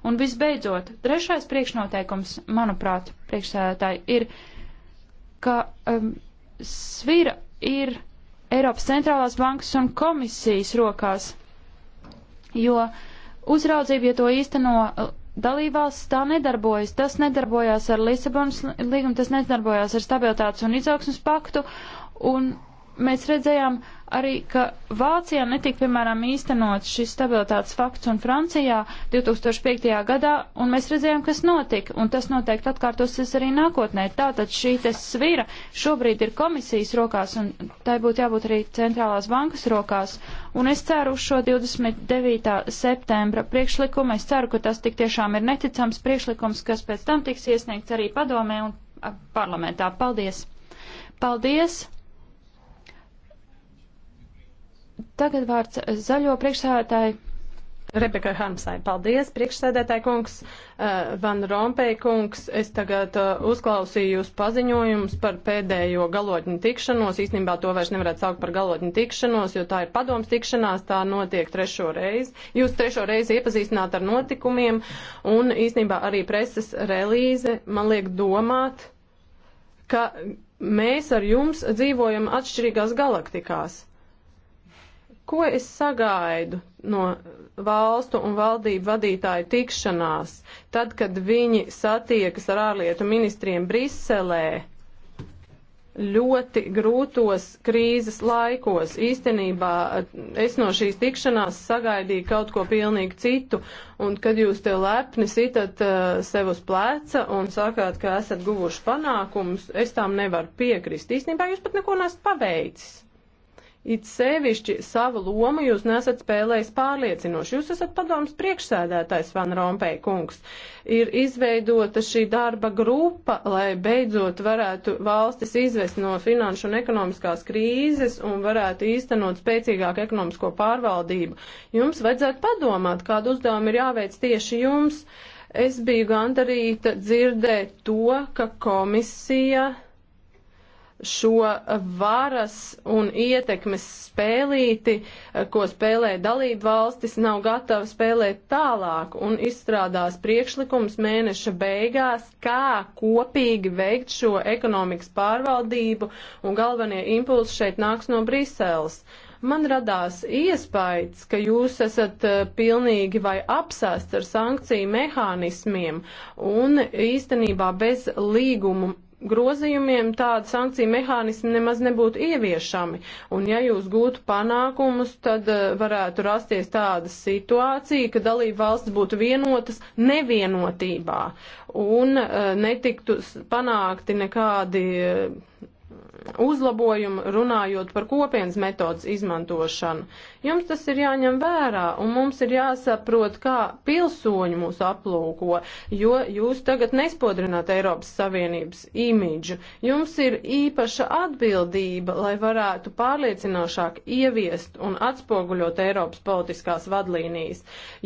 Un visbeidzot, trešais priekšnoteikums, manuprāt, priekšsēdētāji, ir, ka um, svira ir Eiropas centrālās bankas un komisijas rokās, jo uzraudzība, ja to īsteno uh, dalībvalsts tā nedarbojas. Tas nedarbojās ar Lisabonas līgumu, tas nedarbojās ar stabilitātes un izaugsmas paktu, un mēs redzējām arī, ka Vācijā netika, piemēram, īstenots šis stabilitātes fakts un Francijā 2005. gadā, un mēs redzējām, kas notika, un tas noteikti atkārtosies arī nākotnē. Tātad šī te svira šobrīd ir komisijas rokās, un tai būtu jābūt arī centrālās bankas rokās, un es ceru uz šo 29. septembra priekšlikumu, es ceru, ka tas tik tiešām ir neticams priekšlikums, kas pēc tam tiks iesniegts arī padomē un parlamentā. Paldies! Paldies! Tagad vārds zaļo priekšsēdētāji. Rebeka Harmsai, paldies, priekšsēdētāji kungs, eh, Van Rompēja kungs. Es tagad eh, uzklausīju jūs paziņojumus par pēdējo galotņu tikšanos. Īstenībā to vairs nevarētu saukt par galotņu tikšanos, jo tā ir padoms tikšanās, tā notiek trešo reizi. Jūs trešo reizi iepazīstināt ar notikumiem un īstenībā arī preses relīze man liek domāt, ka mēs ar jums dzīvojam atšķirīgās galaktikās Ko es sagaidu no valstu un valdību vadītāju tikšanās, tad, kad viņi satiekas ar ārlietu ministriem Briselē? ļoti grūtos krīzes laikos. Īstenībā eh, es no šīs tikšanās sagaidīju kaut ko pilnīgi citu, un kad jūs te lepni sitat uh, sev uz pleca un sakāt, ka esat guvuši panākumus, es tām nevaru piekrist. Īstenībā jūs pat neko nesat paveicis. It sevišķi savu lomu jūs nesat spēlējis pārliecinoši. Jūs esat padoms priekšsēdētājs Van Rompēj kungs. Ir izveidota šī darba grupa, lai beidzot varētu valstis izvest no finanšu un ekonomiskās krīzes un varētu īstenot spēcīgāku ekonomisko pārvaldību. Jums vajadzētu padomāt, kādu uzdevumu ir jāveic tieši jums. Es biju gandarīta dzirdēt to, ka komisija šo varas un ietekmes spēlīti, ko spēlē dalību valstis, nav gatava spēlēt tālāk un izstrādās priekšlikums mēneša beigās, kā kopīgi veikt šo ekonomikas pārvaldību un galvenie impulsi šeit nāks no Briseles man radās iespējas, ka jūs esat eh, pilnīgi vai apsēsts ar sankciju mehānismiem un īstenībā bez līguma grozījumiem tāda sankcija mehānismi nemaz nebūtu ieviešami. Un ja jūs gūtu panākumus, tad eh, varētu rasties tāda situācija, ka dalība valsts būtu vienotas nevienotībā un eh, netiktu panākti nekādi eh, uzlabojumu runājot par kopienas metodas izmantošanu. Jums tas ir jāņem vērā, un mums ir jāsaprot, kā pilsoņi mūs aplūko, jo jūs tagad nespodrināt Eiropas Savienības imidžu. Jums ir īpaša atbildība, lai varētu pārliecinošāk ieviest un atspoguļot Eiropas politiskās vadlīnijas.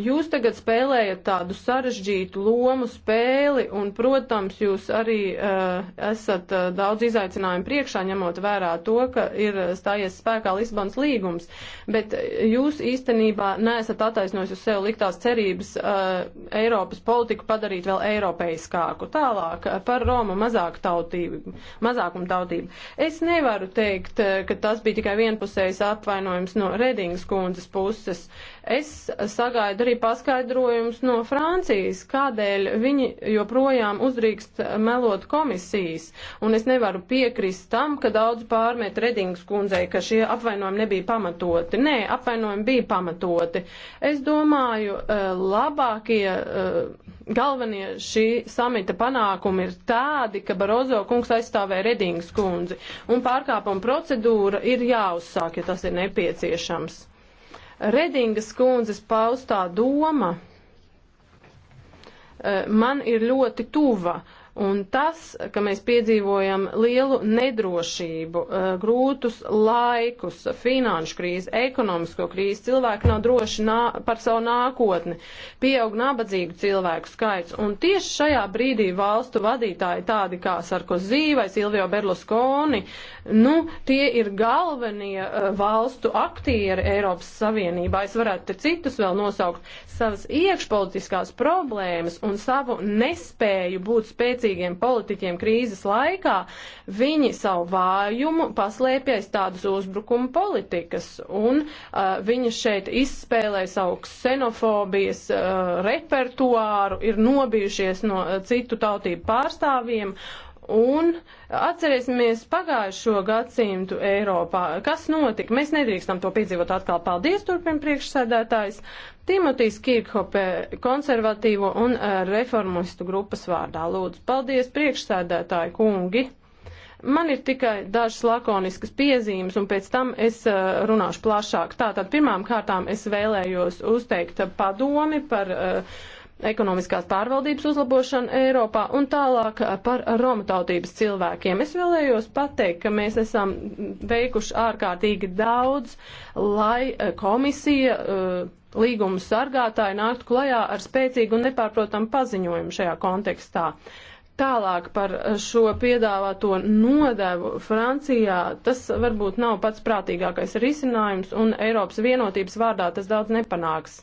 Jūs tagad spēlējat tādu sarežģītu lomu spēli, un, protams, jūs arī uh, esat uh, daudz izaicinājumu priekšā, ņemot vērā to, ka ir stājies spēkā Lisbonas līgums. Bet jūs īstenībā neesat attaisnojis uz sev liktās cerības uh, Eiropas politiku padarīt vēl eiropeiskāku. Tālāk uh, par Roma mazāku tautību, mazākumu tautību. Es nevaru teikt, uh, ka tas bija tikai vienpusējs apvainojums no Redingas kundzes puses. Uh, Es sagaidu arī paskaidrojumus no Francijas, kādēļ viņi joprojām uzdrīkst melot komisijas. Un es nevaru piekrist tam, ka daudz pārmet Redings kundzei, ka šie apvainojumi nebija pamatoti. Nē, apvainojumi bija pamatoti. Es domāju, eh, labākie eh, galvenie šī samita panākumi ir tādi, ka Barozo kungs aizstāvē Redingas kundzi, un pārkāpuma procedūra ir jāuzsāk, ja tas ir nepieciešams. Redingas kundzes paustā doma eh, man ir ļoti tuva. Un tas, ka mēs piedzīvojam lielu nedrošību, eh, grūtus laikus, finanšu krīzi, ekonomisko krīzi, cilvēki nav droši nā, par savu nākotni, pieaug nabadzīgu cilvēku skaits. Un tieši šajā brīdī valstu vadītāji tādi kā Sarkozī vai Silvio Berlusconi, nu, tie ir galvenie eh, valstu aktieri Eiropas Savienībā. Es varētu te citus vēl nosaukt savas iekšpolitiskās problēmas un savu nespēju būt spēcīgiem spēcīgiem politiķiem krīzes laikā, viņi savu vājumu paslēpj aiz tādas uzbrukuma politikas, un uh, viņi šeit izspēlē savu ksenofobijas uh, repertuāru, ir nobijušies no uh, citu tautību pārstāvjiem, Un atcerēsimies pagājušo gadsimtu Eiropā. Kas notika? Mēs nedrīkstam to piedzīvot atkal. Paldies, turpin priekšsēdētājs. Timotīs Kirkhope konservatīvo un eh, reformistu grupas vārdā. Lūdzu, paldies priekšsēdētāji kungi! Man ir tikai dažas lakoniskas piezīmes, un pēc tam es uh, runāšu plašāk. Tātad pirmām kārtām es vēlējos uzteikt padomi par uh, ekonomiskās pārvaldības uzlabošanu Eiropā un tālāk par Roma tautības cilvēkiem. Es vēlējos pateikt, ka mēs esam veikuši ārkārtīgi daudz, lai komisija uh, līguma sargātāji nāktu klajā ar spēcīgu un nepārprotamu paziņojumu šajā kontekstā. Tālāk par šo piedāvāto nodevu Francijā, tas varbūt nav pats prātīgākais risinājums, un Eiropas vienotības vārdā tas daudz nepanāks.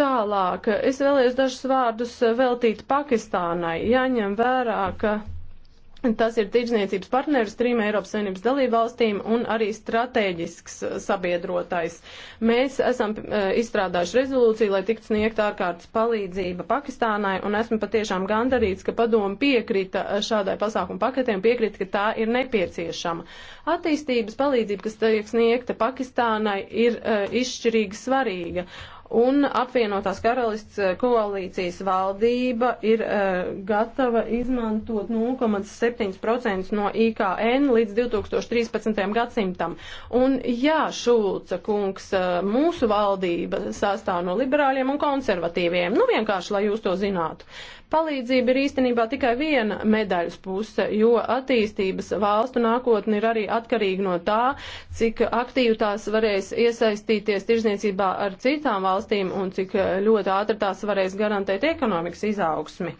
Tālāk, es vēlējos dažus vārdus veltīt Pakistānai, jāņem vērā, ka Tas ir tirdzniecības partneris trim Eiropas Savienības dalībvalstīm un arī strateģisks uh, sabiedrotais. Mēs esam uh, izstrādājuši rezolūciju, lai tiktu sniegt ārkārtas palīdzība Pakistānai, un esmu patiešām gandarīts, ka padomu piekrita uh, šādai pasākumu paketēm, piekrita, ka tā ir nepieciešama. Attīstības palīdzība, kas tiek sniegta Pakistānai, ir izšķirīgi svarīga, un apvienotās karalists eh, koalīcijas valdība ir uh, gatava izmantot 0,7% no IKN līdz 2013. gadsimtam. Un jā, Šulca kungs, uh, mūsu valdība sastāv no liberāļiem un konservatīviem. Nu vienkārši, lai jūs to zinātu. Palīdzība ir īstenībā tikai viena medaļas puse, jo attīstības valstu nākotne ir arī atkarīga no tā, cik aktīvi tās varēs iesaistīties tirzniecībā ar citām valstīm un cik ļoti ātri tās varēs garantēt ekonomikas izaugsmi.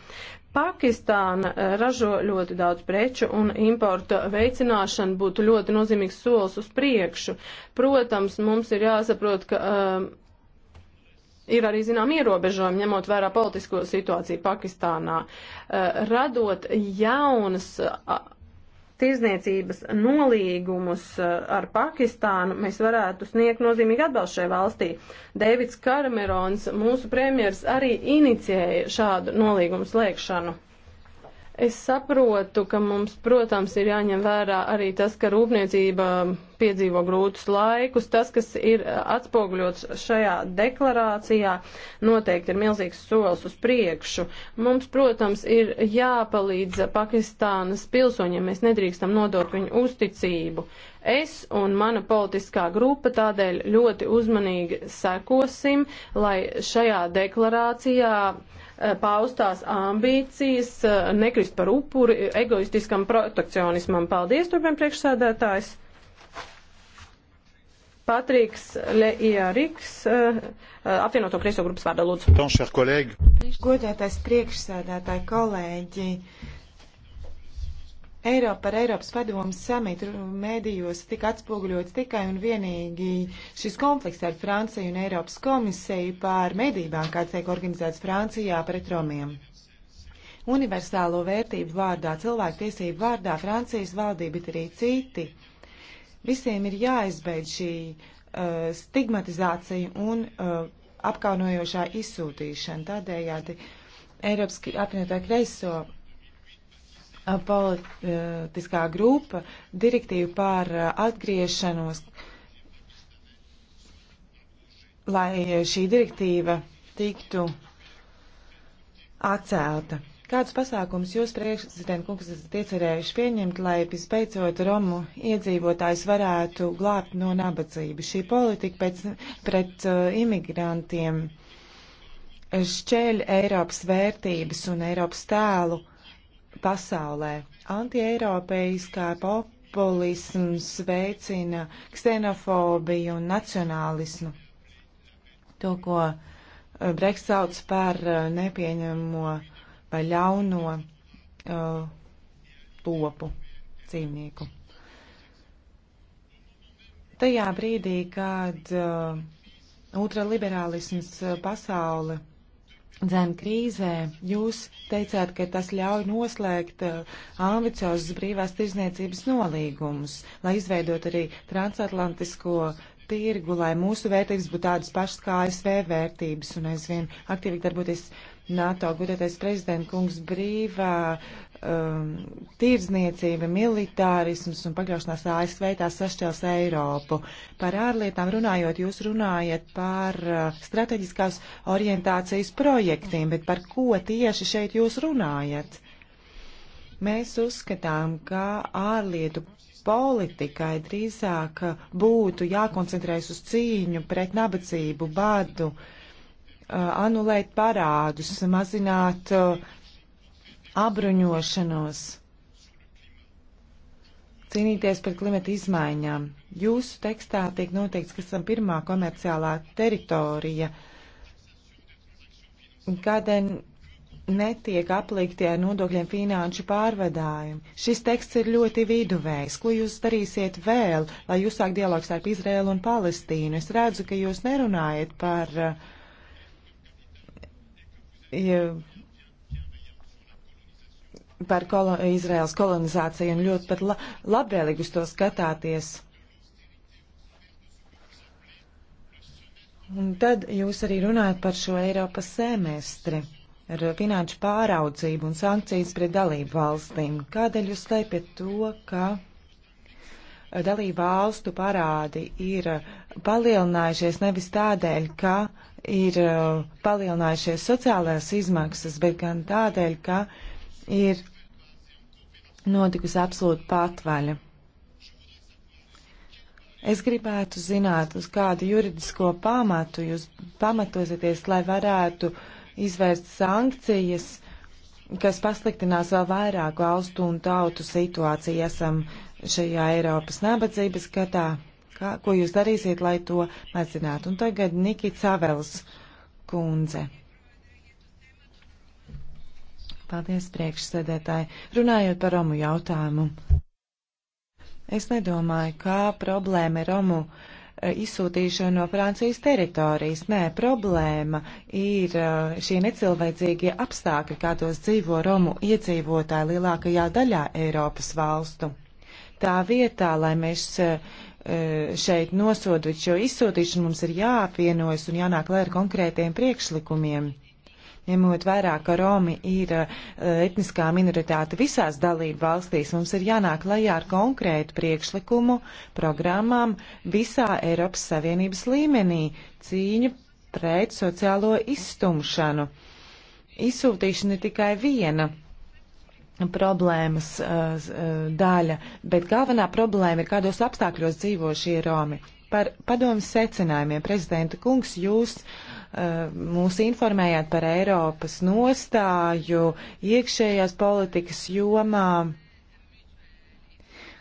Pakistāna ražo ļoti daudz preču un importa veicināšana būtu ļoti nozīmīgs solis uz priekšu. Protams, mums ir jāsaprot, ka. Uh, ir arī zinām ierobežojumi, ņemot vērā politisko situāciju Pakistānā. Eh, radot jaunas tirzniecības nolīgumus eh, ar Pakistānu, mēs varētu sniegt nozīmīgi atbalstu šai valstī. Dēvids Karamerons, mūsu premjers, arī inicijēja šādu nolīgumu slēgšanu. Es saprotu, ka mums, protams, ir jāņem vērā arī tas, ka rūpniecība piedzīvo grūtus laikus. Tas, kas ir atspoguļots šajā deklarācijā, noteikti ir milzīgs solis uz priekšu. Mums, protams, ir jāpalīdz Pakistānas pilsoņiem. Mēs nedrīkstam nodot viņu uzticību. Es un mana politiskā grupa tādēļ ļoti uzmanīgi sekosim, lai šajā deklarācijā eh, paustās ambīcijas eh, nekrist par upuri egoistiskam protekcionismam. Paldies, turpin priekšsēdētājs! Patriks Leiariks, eh, eh, apvienoto kreiso grupas vārdā lūdzu. Godētais priekšsēdētāji kolēģi, Eiropa par Eiropas padomu samitu mēdījos tika atspoguļots tikai un vienīgi šis konflikts ar Franciju un Eiropas komisiju par medībām, kāds tiek organizēts Francijā pret Romiem. Universālo vērtību vārdā, cilvēktiesību vārdā Francijas valdība ir arī citi Visiem ir jāizbeidz šī uh, stigmatizācija un uh, apkaunojošā izsūtīšana. Tādējādi Eiropas apvienotā kreiso eh, politiskā grupa direktīvu pār atgriešanos, lai šī direktīva tiktu atcelta. Kādus pasākumus jūs, priekšsēdētāji, kungs, esat iecerējuši pieņemt, lai visbeidzot Romu iedzīvotājs varētu glābt no nabadzības? Šī politika pēc, pret uh, imigrantiem šķēļ Eiropas vērtības un Eiropas tēlu pasaulē. Antieiropeiskā populisms veicina ksenofobiju un nacionālismu. To, ko uh, Breks sauc par nepieņemo uh, vai ļauno uh, lopu dzīvnieku. Tajā brīdī, kad uh, ultraliberālisms uh, pasauli dzēn krīzē, jūs teicāt, ka tas ļauj noslēgt uh, ambiciozus brīvās tirzniecības nolīgumus, lai izveidot arī transatlantisko tirgu, lai mūsu vērtības būtu tādas pašas kā ASV vērtības un aizvien aktīvāk darboties uh, NATO gudētais prezidenta kungs brīvā um, tirdzniecība, militārisms un pakļaušanās ASV tās sašķels Eiropu. Par ārlietām runājot, jūs runājat par uh, strateģiskās orientācijas projektiem, bet par ko tieši šeit jūs runājat? Mēs uzskatām, ka ārlietu politikai drīzāk būtu jākoncentrējas uz cīņu pret nabadzību, badu, uh, Uh, anulēt parādus, mazināt uh, apbruņošanos, cīnīties pret klimata izmaiņām. Jūsu tekstā tiek noteikts, ka esam pirmā komerciālā teritorija, kādēļ netiek aplikti ar nodokļiem finanšu pārvadājumi. Šis teksts ir ļoti viduvējs. Ko jūs darīsiet vēl, lai uzsāk dialogs starp Izrēlu un Palestīnu? Es redzu, ka jūs nerunājat par uh, ja par kolo, Izraels kolonizāciju un ļoti pat la, labvēlīgi uz to skatāties. Un tad jūs arī runājat par šo Eiropas semestri ar finanšu pāraudzību un sankcijas pret dalību valstīm. Kādēļ jūs slēpjat to, ka dalību valstu parādi ir palielinājušies nevis tādēļ, ka uh, ir uh, palielinājušies sociālās izmaksas, bet gan tādēļ, ka ir notikusi absolūta patvaļa. Es gribētu zināt, uz kādu juridisko pamatu jūs pamatosieties, lai varētu izvērst sankcijas, kas pasliktinās vēl vairāk valstu un tautu situāciju. Esam šajā Eiropas nabadzības gadā kā, ko jūs darīsiet, lai to mazinātu. Un tagad Niki Cavels kundze. Paldies, priekšsēdētāji. Runājot par Romu jautājumu. Es nedomāju, kā problēma ir Romu eh, izsūtīšana no Francijas teritorijas. Nē, problēma ir eh, šie necilvēcīgie apstākļi, kādos dzīvo Romu iedzīvotāji lielākajā daļā Eiropas valstu. Tā vietā, lai mēs uh, E, šeit nosodot šo izsūtīšanu, mums ir jāapvienojas un jānāk lai ar konkrētiem priekšlikumiem. Ņemot vērā, ka Romi ir e, etniskā minoritāte visās dalību valstīs, mums ir jānāk lajā ar konkrētu priekšlikumu programmām visā Eiropas Savienības līmenī cīņu pret sociālo izstumšanu. Izsūtīšana ir tikai viena problēmas uh, uh, daļa, bet galvenā problēma ir, kādos apstākļos dzīvo šie Romi. Par padomu secinājumiem, prezidenta kungs, jūs uh, mūs informējāt par Eiropas nostāju iekšējās politikas jomā,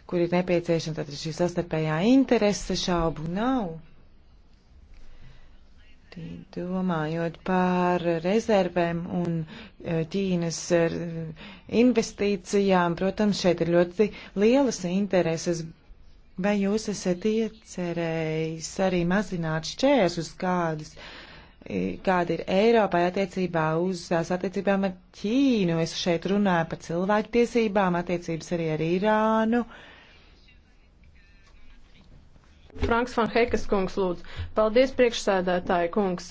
kur ir nepieciešama tātad šī sastarpējā interese, šaubu nav. Domājot par rezervēm un e, Ķīnas e, investīcijām, protams, šeit ir ļoti lielas intereses. Vai jūs esat iecerējis arī mazināt šķērsus kādus, e, kāda ir Eiropai attiecībā uz tās attiecībām ar Ķīnu? Es šeit runāju par cilvēktiesībām, attiecības arī ar Irānu. Uh, Franks van Hekas kungs lūdzu. Paldies priekšsēdētāji kungs.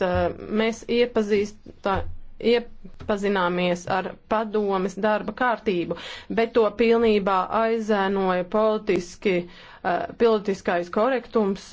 Mēs iepazīstā, iepazināmies ar padomes darba kārtību, bet to pilnībā aizēnoja politiski, politiskais korektums,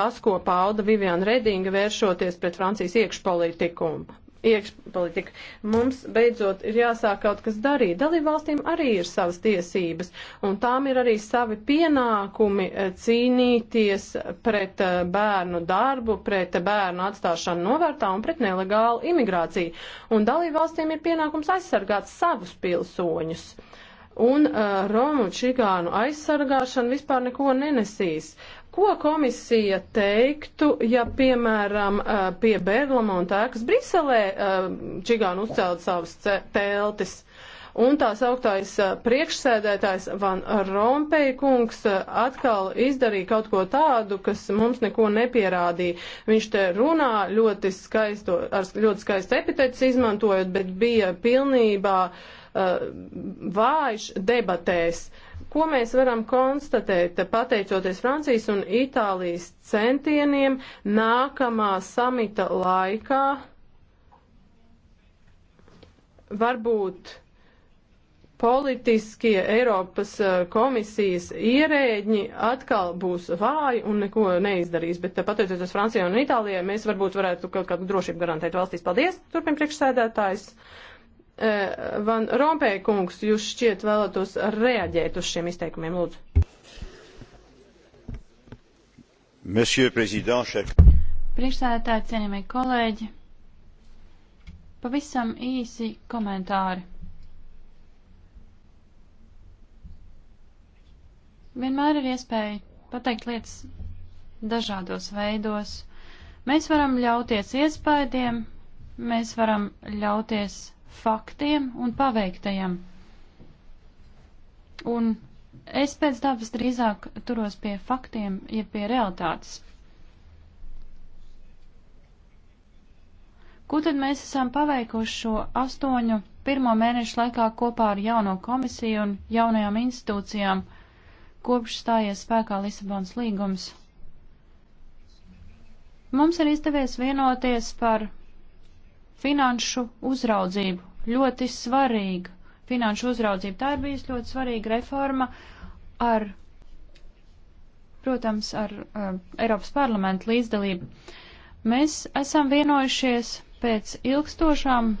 tas, ko pauda Viviana Redinga vēršoties pret Francijas iekšpolitikumu iekšpolitika. Mums beidzot ir jāsāk kaut kas darīt. Dalībvalstīm arī ir savas tiesības, un tām ir arī savi pienākumi eh, cīnīties pret eh, bērnu darbu, pret bērnu atstāšanu novērtā un pret nelegālu imigrāciju. Un dalībvalstīm ir pienākums aizsargāt savus pilsoņus. Un uh, Romu čigānu aizsargāšana vispār neko nenesīs. Uh, Ko komisija teiktu, ja, piemēram, pie Berlamonta ēkas Briselē Čigāna uzcēla savas teltis? Un tā sauktais priekšsēdētājs Van Rompēja kungs atkal izdarīja kaut ko tādu, kas mums neko nepierādīja. Viņš te runā ļoti skaisto, ar ļoti skaistu epitetus izmantojot, bet bija pilnībā uh, vājš debatēs. Uh, Ko mēs varam konstatēt, pateicoties Francijas un Itālijas centieniem nākamā samita laikā? Varbūt politiskie Eiropas eh, komisijas ierēģi atkal būs vāji un neko neizdarīs. Bet eh, pateicoties Francijai un Itālijai, mēs varbūt varētu kaut kādu drošību garantēt valstīs. Paldies, turpin priekšsēdētājs. Eh, Van Rompēja kungs, jūs šķiet vēlētos reaģēt uz šiem izteikumiem, lūdzu. Monsieur Président, chef. Priekšsēdētāji, cienījamie kolēģi, pavisam īsi komentāri. Vienmēr ir iespēja pateikt lietas dažādos veidos. Mēs varam ļauties iespējiem, mēs varam ļauties faktiem un paveiktajam. Un es pēc dabas drīzāk turos pie faktiem, ja pie realitātes. Ko tad mēs esam paveikuši šo astoņu pirmo mēnešu laikā kopā ar jauno komisiju un jaunajām institūcijām, kopš stājies spēkā Lisabonas līgums? Mums ir izdevies vienoties par finanšu uzraudzību ļoti svarīga. Finanšu uzraudzība tā ir bijusi ļoti svarīga reforma ar, protams, ar uh, Eiropas parlamentu līdzdalību. Mēs esam vienojušies pēc ilgstošām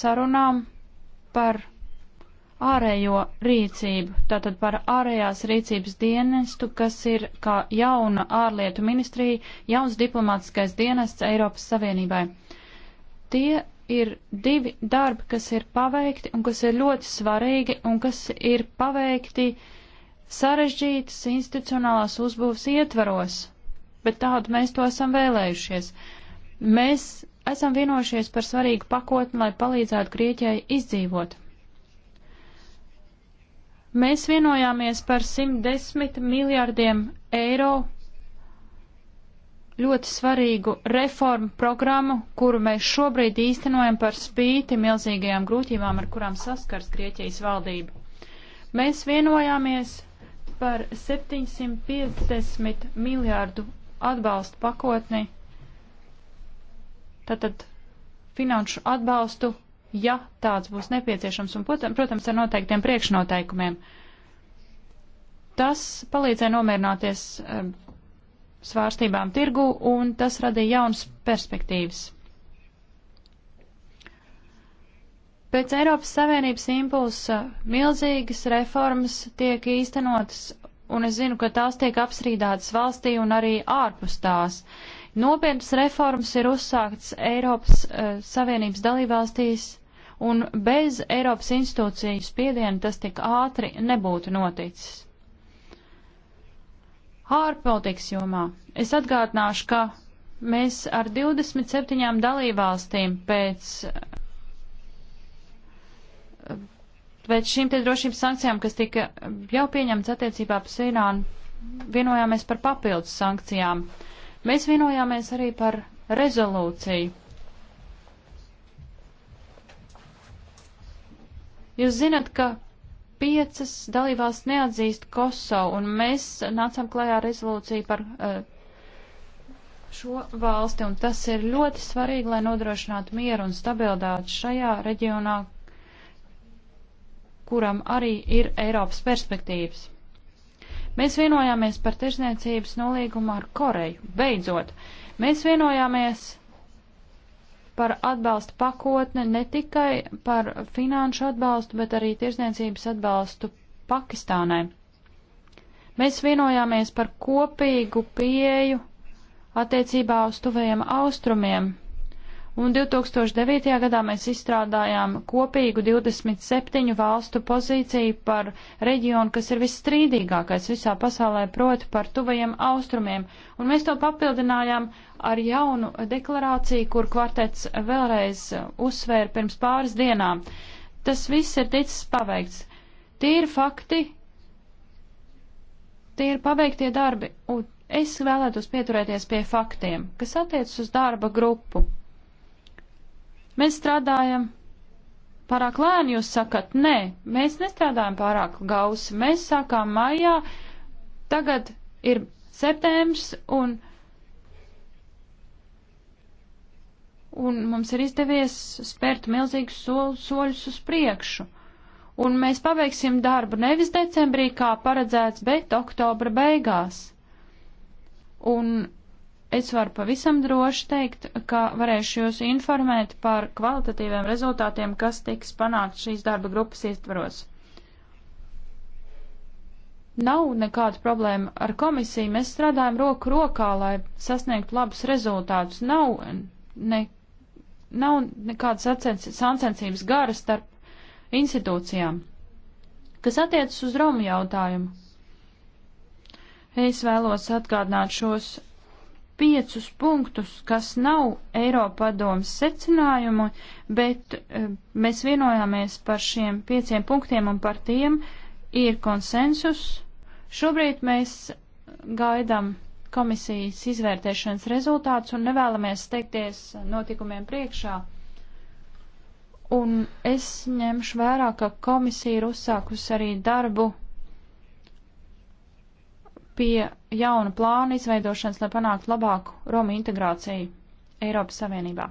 sarunām par ārējo rīcību, tātad par ārējās rīcības dienestu, kas ir kā jauna ārlietu ministrija, jauns diplomātiskais dienests Eiropas Savienībai. Tie ir divi darbi, kas ir paveikti un kas ir ļoti svarīgi un kas ir paveikti sarežģītas institucionālās uzbūves ietvaros, bet tādu mēs to esam vēlējušies. Mēs esam vienojušies par svarīgu pakotni, lai palīdzētu Grieķijai izdzīvot. Mēs vienojāmies par 110 miljārdiem eiro ļoti svarīgu reformu programmu, kuru mēs šobrīd īstenojam par spīti milzīgajām grūtībām, ar kurām saskars Grieķijas valdība. Mēs vienojāmies par 750 miljārdu atbalstu pakotni, tātad finanšu atbalstu, ja tāds būs nepieciešams, un, protams, ar noteiktiem priekšnoteikumiem. Tas palīdzēja nomierināties eh, svārstībām tirgu, un tas radīja jaunas perspektīvas. Pēc Eiropas Savienības impulsa milzīgas reformas tiek īstenotas, un es zinu, ka tās tiek apstrīdātas valstī un arī ārpus tās. Nopietnas reformas ir uzsāktas Eiropas uh, Savienības dalībvalstīs, un bez Eiropas institūciju spiediena tas tik ātri nebūtu noticis. Ārpolitikas jomā es atgādināšu, ka mēs ar 27 dalībvalstīm pēc, pēc šīm te drošības sankcijām, kas tika jau pieņemts attiecībā par Sīrānu, vienojāmies par papildus sankcijām. Mēs vienojāmies arī par rezolūciju. Jūs zinat, ka piecas dalībās neatzīst Kosovu, un mēs nācām klajā rezolūciju par uh, šo valsti, un tas ir ļoti svarīgi, lai nodrošinātu mieru un stabilitāti šajā reģionā, kuram arī ir Eiropas perspektīvas. Mēs vienojāmies par tirzniecības nolīgumu ar Koreju. Beidzot, mēs vienojāmies par atbalsta pakotne ne tikai par finanšu atbalstu, bet arī tirsniecības atbalstu Pakistānai. Mēs vienojāmies par kopīgu pieju attiecībā uz tuvajiem austrumiem un 2009. gadā mēs izstrādājām kopīgu 27 valstu pozīciju par reģionu, kas ir visstrīdīgākais visā pasaulē, proti par tuvajiem austrumiem, un mēs to papildinājām ar jaunu deklarāciju, kur kvartets vēlreiz uzsvēra pirms pāris dienām. Tas viss ir ticis paveikts. Tie ir fakti, tie ir paveiktie darbi, un es vēlētos pieturēties pie faktiem, kas attiecas uz darba grupu. Mēs strādājam pārāk lēni, jūs sakat, nē, mēs nestrādājam pārāk gausi. Mēs sākām maijā, tagad ir septembrs un, un mums ir izdevies spērt milzīgus soļ, soļus uz priekšu. Un mēs pabeigsim darbu nevis decembrī, kā paredzēts, bet oktobra beigās. Un Es varu pavisam droši teikt, ka varēšu jūs informēt par kvalitatīviem rezultātiem, kas tiks panākt šīs darba grupas ietvaros. Nav nekāda problēma ar komisiju. Mēs strādājam roku rokā, lai sasniegtu labus rezultātus. Nav, ne, nav nekādas sāncensības gara starp institūcijām. Kas attiecas uz Romu jautājumu? Es vēlos atgādināt šos piecus punktus, kas nav Eiropadomas secinājumu, bet e, mēs vienojāmies par šiem pieciem punktiem un par tiem ir konsensus. Šobrīd mēs gaidām komisijas izvērtēšanas rezultātus un nevēlamies steigties notikumiem priekšā. Un es ņemšu vērā, ka komisija ir uzsākusi arī darbu pie jauna plāna izveidošanas, lai panāktu labāku Romu integrāciju Eiropas Savienībā.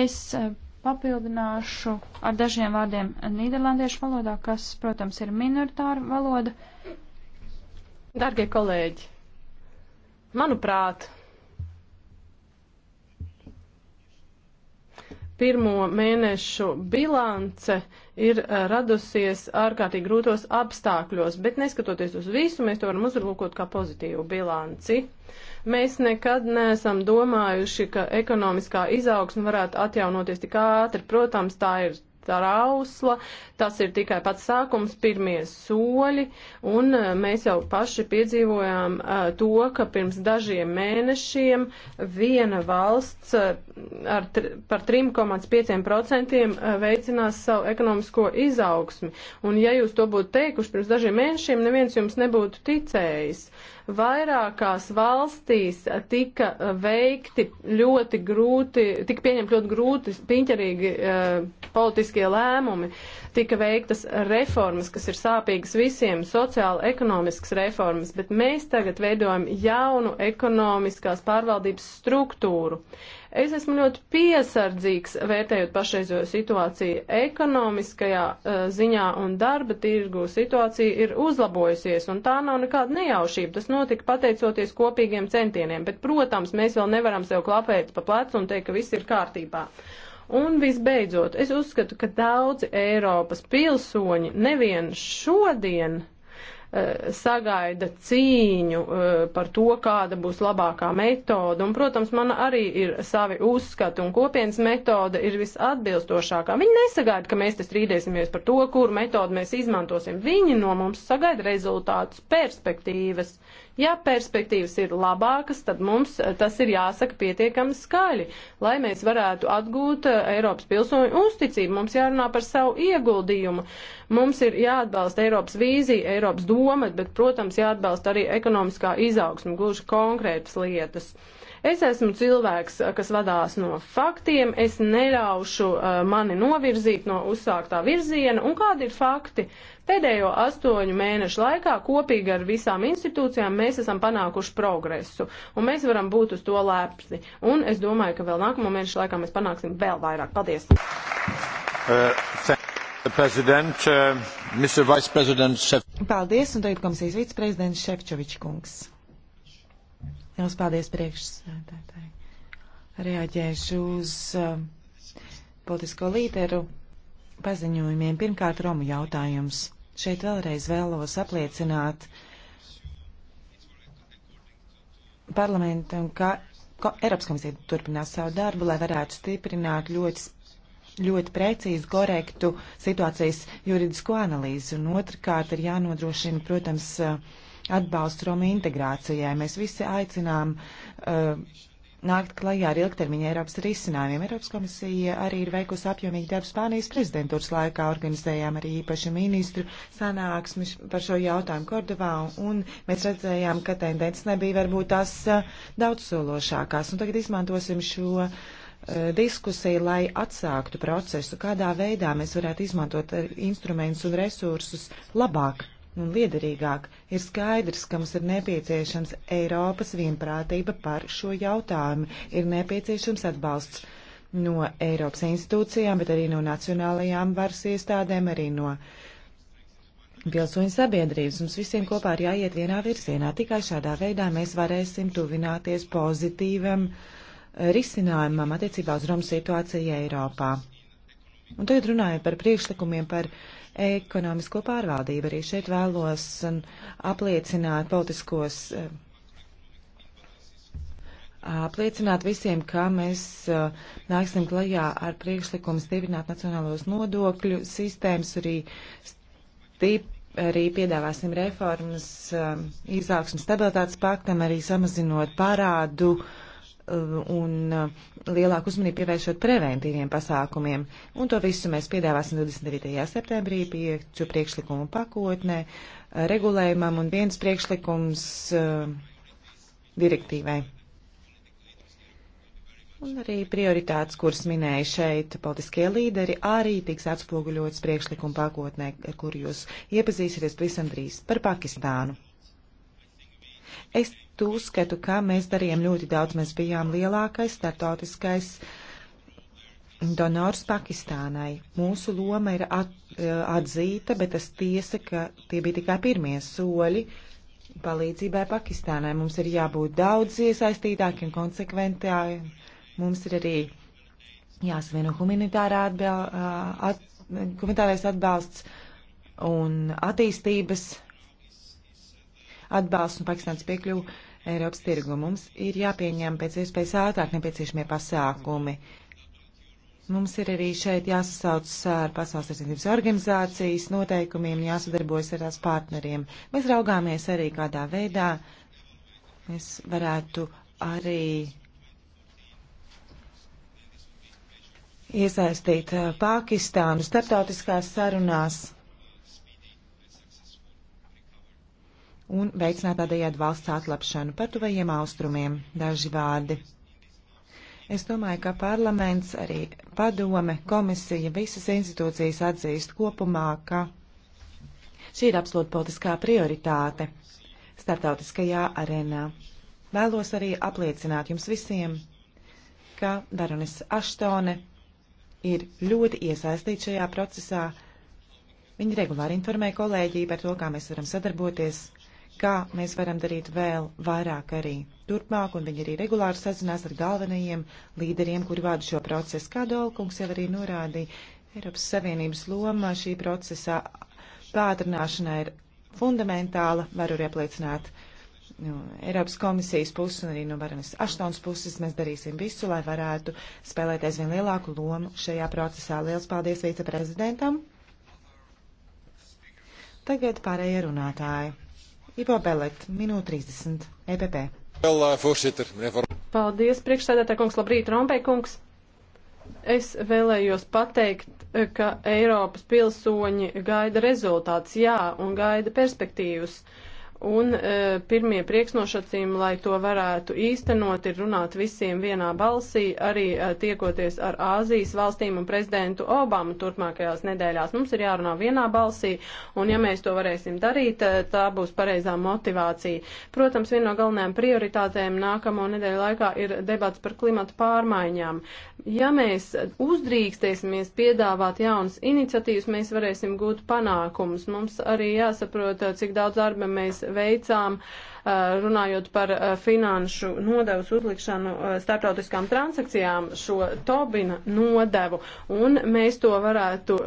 Es eh, papildināšu ar dažiem vārdiem nīderlandiešu valodā, kas, protams, ir minoritāra valoda. Dargie kolēģi, manuprāt, pirmo mēnešu bilance ir eh, radusies ārkārtīgi grūtos apstākļos, bet neskatoties uz visu, mēs to varam uzrūkot kā pozitīvu bilanci. Mēs nekad neesam domājuši, ka ekonomiskā izaugsme varētu atjaunoties tik ātri. Protams, tā ir trausla, tas ir tikai pats sākums, pirmie soļi, un eh, mēs jau paši piedzīvojām eh, to, ka pirms dažiem mēnešiem viena valsts eh, ar, par 3,5% veicinās savu ekonomisko izaugsmi, un ja jūs to būtu teikuši pirms dažiem mēnešiem, neviens jums nebūtu ticējis. Uh, Vairākās valstīs tika veikti ļoti grūti, tika pieņemt ļoti grūti, piņķerīgi uh, politiskie lēmumi, tika veiktas reformas, kas ir sāpīgas visiem, sociāli ekonomiskas reformas, bet mēs tagad veidojam jaunu ekonomiskās pārvaldības struktūru. Uh, Es esmu ļoti piesardzīgs vērtējot pašreizo situāciju ekonomiskajā uh, ziņā un darba tirgu situācija ir uzlabojusies un tā nav nekāda nejaušība. Tas notika pateicoties kopīgiem centieniem, bet, protams, mēs vēl nevaram sev klapēt pa plecu un teikt, ka viss ir kārtībā. Un visbeidzot, es uzskatu, ka daudzi Eiropas pilsoņi nevien šodien Eh, sagaida cīņu eh, par to, kāda būs labākā metode. Un, protams, man arī ir savi uzskati, un kopienas metode ir visatbilstošākā. Viņi nesagaida, ka mēs te strīdēsimies par to, kuru metodu mēs izmantosim. Viņi no mums sagaida rezultātus, perspektīvas. Uh, Ja perspektīvas ir labākas, tad mums eh, tas ir jāsaka pietiekami skaļi, lai mēs varētu atgūt eh, Eiropas pilsoņu uzticību. Mums jārunā par savu ieguldījumu. Mums ir jāatbalsta Eiropas vīzija, Eiropas doma, bet, protams, jāatbalsta arī ekonomiskā izaugsme, gluži konkrētas lietas. Es esmu cilvēks, eh, kas vadās no faktiem, es neļaušu uh, mani novirzīt no uzsāktā virziena, un kādi ir fakti? Uh, Pēdējo astoņu mēnešu laikā kopīgi ar visām institūcijām mēs esam panākuši progresu, un mēs varam būt uz to lēpti. Un es domāju, ka vēl nākamo mēnešu laikā mēs panāksim vēl vairāk. Paldies! Uh, President, uh, Mr. Vice President Šefčovičs. Paldies, un tagad komisijas viceprezidents Šefčovičs kungs. Jums paldies priekšsēdētāji. Reaģēšu uz uh, politisko līderu paziņojumiem. Pirmkārt, Romu jautājums. Šeit vēlreiz vēlos apliecināt parlamentam, ka ko, Eiropas komisija turpinās savu darbu, lai varētu stiprināt ļoti, ļoti precīzu, korektu situācijas juridisko analīzi. Un otrkārt ir jānodrošina, protams, atbalsts Romu integrācijai. Mēs visi aicinām uh, nākt klajā ar ilgtermiņa Eiropas risinājumiem. Eiropas komisija arī ir veikusi apjomīgu darbu Spānijas prezidentūras laikā, organizējām arī īpašu ministru sanāksmi par šo jautājumu Kordovā, un mēs redzējām, ka tendences nebija varbūt tās eh, daudzsološākās. Un tagad izmantosim šo eh, diskusiju, lai atsāktu procesu, kādā veidā mēs varētu izmantot eh, instrumentus un resursus labāk un liederīgāk. Ir skaidrs, ka mums ir nepieciešams Eiropas vienprātība par šo jautājumu, ir nepieciešams atbalsts no Eiropas institūcijām, bet arī no nacionālajām varas iestādēm, arī no pilsoņu sabiedrības. Mums visiem kopā ir jāiet vienā virzienā. Tikai šādā veidā mēs varēsim tuvināties pozitīvam eh, risinājumam attiecībā uz Romas situāciju Eiropā. Un tagad runājot par priekšlikumiem par uh, ekonomisko pārvaldību. Arī šeit vēlos um, apliecināt politiskos, uh, apliecināt visiem, ka mēs uh, nāksim klajā ar priekšlikumu stiprināt nacionālos nodokļu sistēmas, arī stip, arī piedāvāsim reformas um, izaugsmas stabilitātes paktam, arī samazinot parādu uh, Eh, un eh, lielāku uzmanību pievēršot preventīviem pasākumiem. Un to visu mēs piedāvāsim 29. septembrī piecu priekšlikumu pakotnē eh, regulējumam un viens priekšlikums direktīvai. Un arī prioritātes, kuras minēja šeit politiskie līderi, arī tiks atspoguļotas priekšlikuma pakotnē, ar kuru jūs iepazīsieties pavisam drīz par Pakistānu. Es uzskatu, ka mēs darījām ļoti daudz. Mēs bijām lielākais startautiskais donors Pakistānai. Mūsu loma ir at, eh, atzīta, bet tas tiesa, ka tie bija tikai pirmie soļi palīdzībai Pakistānai. Mums ir jābūt daudz iesaistītākiem, konsekventākiem. Mums ir arī jāsavieno humanitārā atbal, eh, at, humanitārais atbalsts un attīstības atbalstu un Pakistāns piekļuvu Eiropas tirgu. Mums ir jāpieņem pēc iespējas ātrāk nepieciešamie pasākumi. Mums ir arī šeit jāsasauc ar Pasaules tirsniecības organizācijas noteikumiem, jāsadarbojas ar tās partneriem. Mēs raugāmies arī kādā veidā. Mēs varētu arī iesaistīt uh, Pakistānu starptautiskās sarunās. un veicināt tādējādi valsts atlapšanu par tuvajiem austrumiem. Daži vārdi. Es domāju, ka parlaments, arī padome, komisija, visas institūcijas atzīst kopumā, ka šī ir absolūta politiskā prioritāte starptautiskajā arēnā. Vēlos arī apliecināt jums visiem, ka Darunis Aštone ir ļoti iesaistīta šajā procesā. Viņa regulāri informē kolēģiju par to, kā mēs varam sadarboties kā mēs varam darīt vēl vairāk arī turpmāk, un viņi arī regulāri sazinās ar galvenajiem līderiem, kuri vada šo procesu. Kā Dolkungs jau arī norādīja, Eiropas Savienības loma šī procesā pātrināšanā ir fundamentāla, varu arī apliecināt nu, Eiropas komisijas puses un arī no nu, Baranas Aštons puses mēs darīsim visu, lai varētu spēlēt aizvien lielāku lomu šajā procesā. Liels paldies viceprezidentam! Tagad pārējie runātāji. Ivo Belet, minūte 30, EPP. Paldies, priekšsēdētā kungs, labrīt, Rompē kungs. Es vēlējos pateikt, ka Eiropas pilsoņi gaida rezultāts, jā, un gaida perspektīvas. Uh, Un e, pirmie priekšnosacījumi, lai to varētu īstenot, ir runāt visiem vienā balsī, arī e, tiekoties ar Āzijas valstīm un prezidentu Obamu turpmākajās nedēļās. Mums ir jārunā vienā balsī, un ja mēs to varēsim darīt, e, tā būs pareizā motivācija. Protams, viena no galvenajām prioritātēm nākamo nedēļu laikā ir debats par klimatu pārmaiņām. Ja mēs uzdrīkstēsimies piedāvāt jaunas iniciatīvas, mēs varēsim gūt panākumus. Mums arī jāsaprot, e, cik daudz darba mēs veicām, uh, runājot par uh, finanšu nodevas uzlikšanu uh, starptautiskām transakcijām, šo Tobina nodevu, un mēs to varētu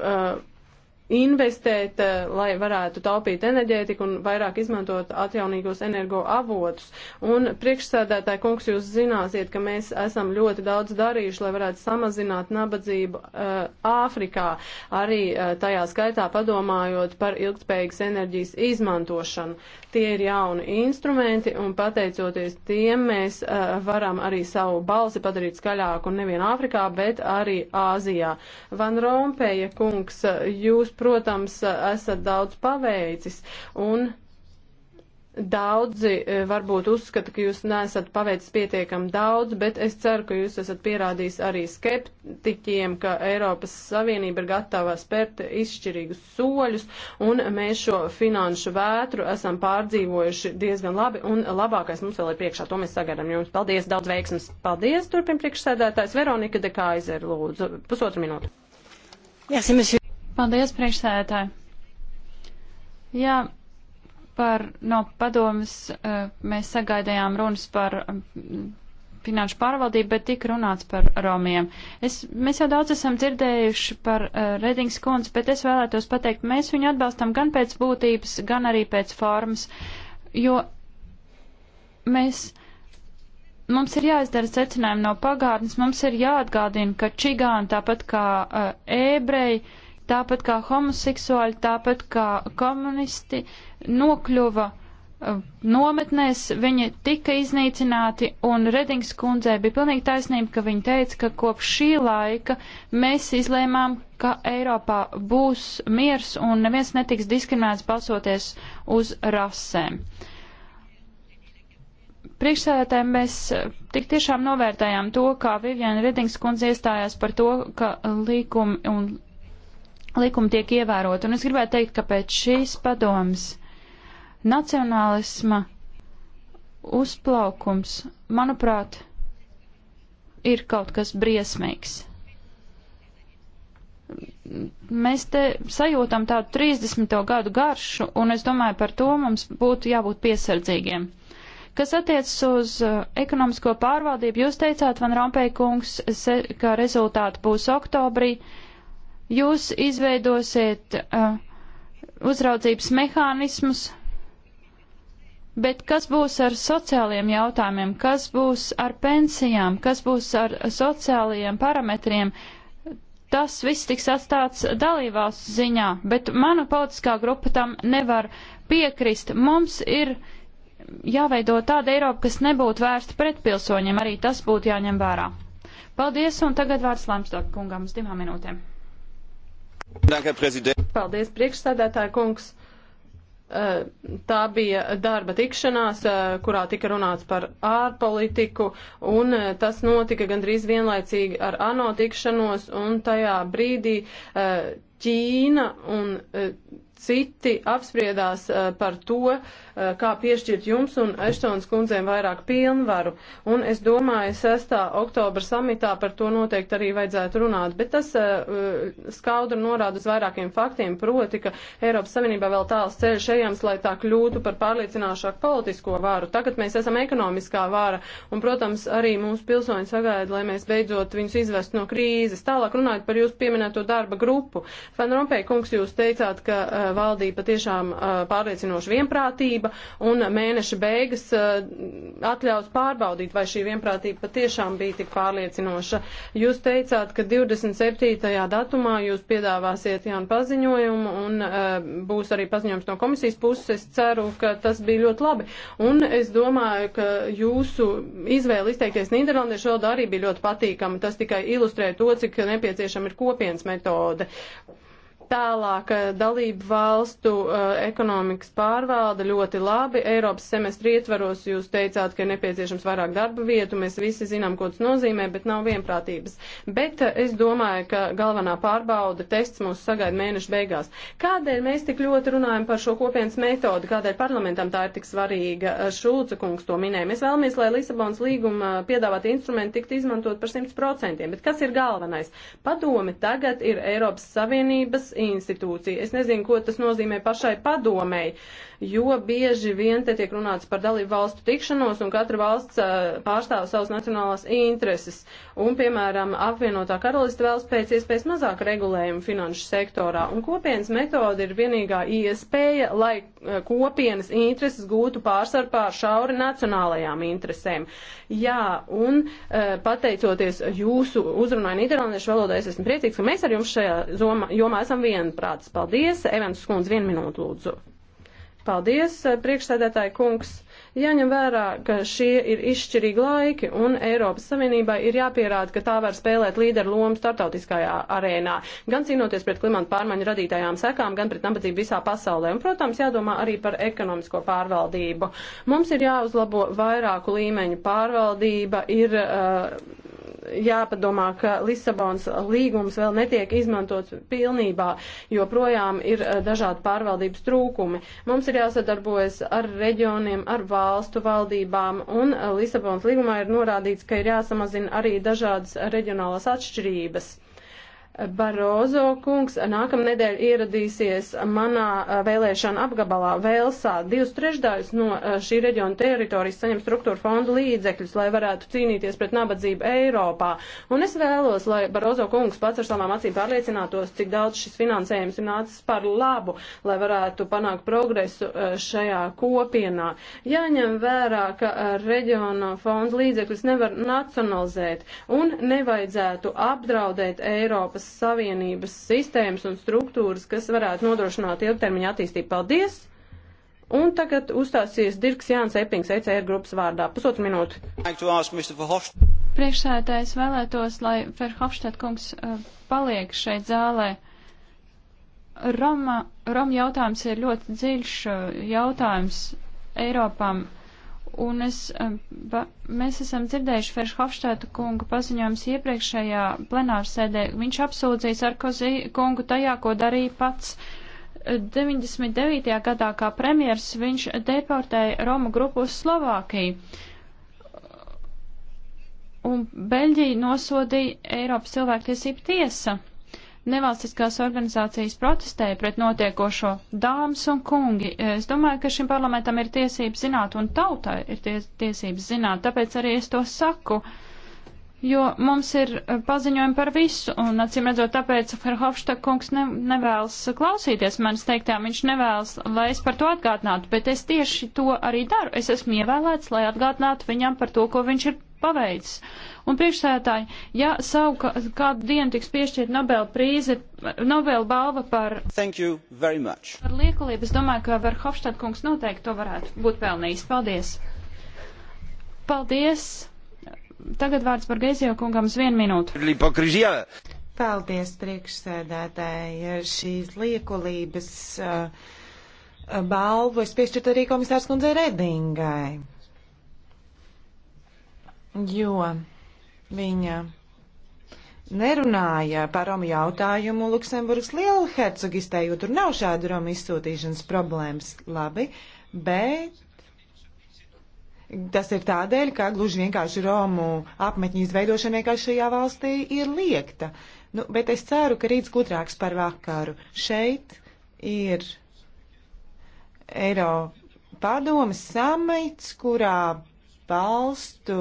investēt, eh, lai varētu taupīt enerģētiku un vairāk izmantot atjaunīgos energoavotus. Un priekšsēdētāji kungs, jūs zināsiet, ka mēs esam ļoti daudz darījuši, lai varētu samazināt nabadzību eh, Āfrikā, uh, arī uh, tajā skaitā padomājot par ilgspējīgas enerģijas izmantošanu. Tie ir jauni instrumenti un pateicoties tiem mēs uh, varam arī savu balsi padarīt skaļāku un nevien Āfrikā, bet arī Āzijā. Van Rompēja kungs, jūs protams, esat daudz paveicis. Un Daudzi eh, varbūt uzskata, ka jūs nesat paveicis pietiekami daudz, bet es ceru, ka jūs esat pierādījis arī skeptiķiem, ka Eiropas Savienība ir gatava spērt izšķirīgus soļus, un mēs šo finanšu vētru esam pārdzīvojuši diezgan labi, un labākais mums vēl ir priekšā. To mēs sagaidām jums. Paldies, daudz veiksmes. Paldies, turpin priekšsēdētājs Veronika de Kaiser, lūdzu, pusotru minūtu. Merci, monsieur. Paldies, priekšsēdētāji. Jā, par no padomas eh, mēs sagaidījām runas par eh, finanšu pārvaldību, bet tik runāts par Romiem. Es, mēs jau daudz esam dzirdējuši par uh, Redings kundzi, bet es vēlētos pateikt, mēs viņu atbalstam gan pēc būtības, gan arī pēc formas, jo mēs, mums ir jāizdara secinājumi no pagātnes, mums ir jāatgādina, ka čigāni, tāpat kā uh, ebreji, uh, tāpat kā homoseksuāļi, tāpat kā komunisti, nokļuva uh, nometnēs, viņi tika iznīcināti, un Redings kundzei bija pilnīgi taisnība, ka viņa teica, ka kopš šī laika mēs izlēmām, ka Eiropā būs miers un neviens netiks diskriminēts balsoties uz rasēm. Priekšsēdētājiem mēs uh, tik tiešām novērtējām to, kā Viviana Redings kundze iestājās par to, ka līkumi un likumi tiek ievērot. Un es gribētu teikt, ka pēc šīs padomas nacionālisma uzplaukums, manuprāt, ir kaut kas briesmīgs. Mēs te sajūtam tādu 30. gadu garšu, un es domāju, par to mums būtu jābūt piesardzīgiem. Kas attiecas uz uh, ekonomisko pārvaldību, jūs teicāt, Van Rompēkungs, ka rezultāti būs oktobrī. Uh, Jūs izveidosiet uh, uzraudzības mehānismus, bet kas būs ar sociāliem jautājumiem, kas būs ar pensijām, kas būs ar sociālajiem parametriem, tas viss tiks atstāts dalībvalsts ziņā, bet mana politiskā grupa tam nevar piekrist. Mums ir jāveido tāda Eiropa, kas nebūtu vērsta pret pilsoņiem, arī tas būtu jāņem vērā. Paldies, un tagad vārds Lamstorp kungam uz divām minūtēm. Paldies, priekšsēdētāja kungs. Tā bija darba tikšanās, kurā tika runāts par ārpolitiku, un tas notika gandrīz vienlaicīgi ar ANO tikšanos, un tajā brīdī Ķīna un citi apspriedās par to, Eh, kā piešķirt jums un Eštons kundzēm vairāk pilnvaru. Un es domāju, 6. oktobra samitā par to noteikti arī vajadzētu runāt, bet tas eh, skaudri norāda uz vairākiem faktiem, proti, ka Eiropas Savienībā vēl tāls ceļš ejams, lai tā kļūtu par pārliecināšāku politisko varu. Tagad mēs esam ekonomiskā vara, un, protams, arī mūsu pilsoņi sagaida, lai mēs beidzot viņus izvest no krīzes. Tālāk runājot par jūsu pieminēto darba grupu. Fan Rompēkungs, jūs teicāt, ka eh, valdība patiešām pārliecinoši vienprātība, vienprātība un mēneša beigas eh, atļaus pārbaudīt, vai šī vienprātība patiešām bija tik pārliecinoša. Jūs teicāt, ka 27. datumā jūs piedāvāsiet jaunu paziņojumu un eh, būs arī paziņojums no komisijas puses. Es ceru, ka tas bija ļoti labi. Un es domāju, ka jūsu izvēle izteikties Nīderlandiešu valodā arī bija ļoti patīkama. Tas tikai ilustrē to, cik nepieciešama ir kopienas metode. Tālāk eh, dalību valstu eh, ekonomikas pārvalda ļoti labi. Eiropas semestri ietvaros jūs teicāt, ka ir nepieciešams vairāk darba vietu. Mēs visi zinām, ko tas nozīmē, bet nav vienprātības. Bet eh, es domāju, ka galvenā pārbauda tests mūs sagaida mēneša beigās. Kādēļ mēs tik ļoti runājam par šo kopienas metodu? Kādēļ parlamentam tā ir tik svarīga? Šulca kungs to minēja. Mēs vēlamies, lai Lisabons līguma piedāvāti instrumenti tiktu izmantot par 100%. Bet kas ir galvenais? Padomi tagad ir Eiropas Savienības institūcija. Es nezinu, ko tas nozīmē pašai padomēji jo bieži vien te tiek runāts par dalību valstu tikšanos un katra valsts pārstāv savas nacionālās intereses. Un, piemēram, apvienotā karalista vēlas pēc iespējas mazāk regulējumu finanšu sektorā. Un kopienas metode ir vienīgā iespēja, lai kopienas intereses gūtu pārsvaru pār šauri nacionālajām interesēm. Jā, un pateicoties jūsu uzrunai Nīderlandiešu valodā, es esmu priecīgs, ka mēs ar jums šajā zoma, jomā esam vienprātis. Paldies, Evans Skundz, vienu minūtu lūdzu. Paldies, eh, priekšsēdētāji kungs! Jaņem vērā, ka šie ir izšķirīgi laiki un Eiropas Savienībai ir jāpierāda, ka tā var spēlēt līderu lomu startautiskajā arēnā, gan cīnoties pret klimatu pārmaiņu radītajām sekām, gan pret nabadzību visā pasaulē. Un, protams, jādomā arī par ekonomisko pārvaldību. Mums ir jāuzlabo vairāku līmeņu pārvaldība, ir uh, jāpadomā, ka Lisabonas līgums vēl netiek izmantots pilnībā, jo projām ir eh, dažādi pārvaldības trūkumi. Mums ir jāsadarbojas ar reģioniem, ar valstu valdībām, un eh, Lisabonas līgumā ir norādīts, ka ir jāsamazina arī dažādas reģionālās atšķirības. Barozo kungs nākamnedēļ ieradīsies manā vēlēšana apgabalā Velsā. Divas trešdaļas no šī reģiona teritorijas saņem struktūra fondu līdzekļus, lai varētu cīnīties pret nabadzību Eiropā. Un es vēlos, lai Barozo kungs pats ar savām acīm pārliecinātos, cik daudz šis finansējums ir nācis par labu, lai varētu panākt progresu šajā kopienā. Jāņem vērā, ka reģiona fondu līdzekļus nevar nacionalizēt un nevajadzētu apdraudēt Eiropas Savienības sistēmas un struktūras, kas varētu nodrošināt ilgtermiņa attīstību. Paldies! Un tagad uzstāsies Dirks Jānis Epings, ECR grupas vārdā. Pusotru minūtu. Priekšsēdētājs vēlētos, lai Ferhofštad kungs uh, paliek šeit zālē. Roma, Roma jautājums ir ļoti dziļš uh, jautājums Eiropām Un es, ba, mēs esam dzirdējuši Feršhofštāta kunga paziņojums iepriekšējā plenārsēdē. Viņš apsūdzīja Sarkozī kungu tajā, ko darīja pats. 99. gadā kā premjers viņš deportēja Roma grupu uz Slovākiju. Un Beļģija nosodīja Eiropas cilvēktiesību tiesa. Nevalstiskās organizācijas protestēja pret notiekošo dāmas un kungi. Es domāju, ka šim parlamentam ir tiesības zināt un tautai ir ties, tiesības zināt, tāpēc arī es to saku. Jo mums ir eh, paziņojumi par visu, un acīm redzot, tāpēc Ferhofšta kungs ne, nevēlas klausīties manis teiktā, viņš nevēlas, lai es par to atgādinātu, bet es tieši to arī daru. Es esmu ievēlēts, lai atgādinātu viņam par to, ko viņš ir paveicis. Un priekšsētāji, ja savu kādu dienu tiks piešķirt Nobel prīze, Nobel balva par, par liekulību, es domāju, ka Verhofstadt kungs noteikti to varētu būt pelnījis. Paldies! Paldies! Tagad vārds par Geizio kungam uz vienu minūtu. Paldies, priekšsēdētāji, šīs liekulības. Uh, balvu es piešķirtu arī komisārs kundzei Redingai jo viņa nerunāja par Romu jautājumu Luksemburgas lielhercogistē, jo tur nav šāda Romu izsūtīšanas problēmas. Labi, bet tas ir tādēļ, ka gluži vienkārši Romu apmetņu izveidošana vienkārši šajā valstī ir liekta. Nu, bet es ceru, ka rīts gudrāks par vakaru. Šeit ir Eiro padomas samits, kurā valstu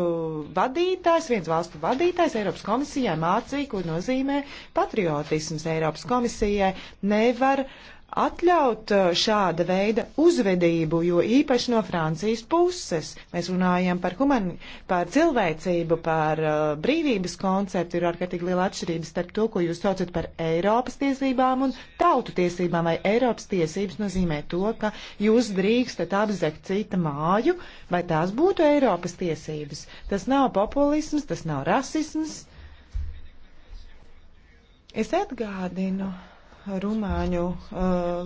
vadītājs, viens valstu vadītājs Eiropas komisijai mācīja, ko nozīmē patriotisms Eiropas komisijai. Nevar uh, atļaut eh, šāda veida uzvedību, jo īpaši no Francijas puses mēs runājam par, humani, par cilvēcību, par uh, brīvības konceptu, ir ārkārtīgi liela atšķirība starp to, ko jūs saucat par Eiropas tiesībām un tautu tiesībām, vai Eiropas tiesības nozīmē to, ka jūs drīkstat apzegt cita māju, vai tās būtu Eiropas tiesības. Tas nav populisms, tas nav rasisms. Es atgādinu rumāņu uh,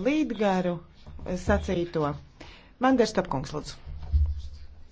līdgaru uh, sacīto. Manders Tapkungs, lūdzu.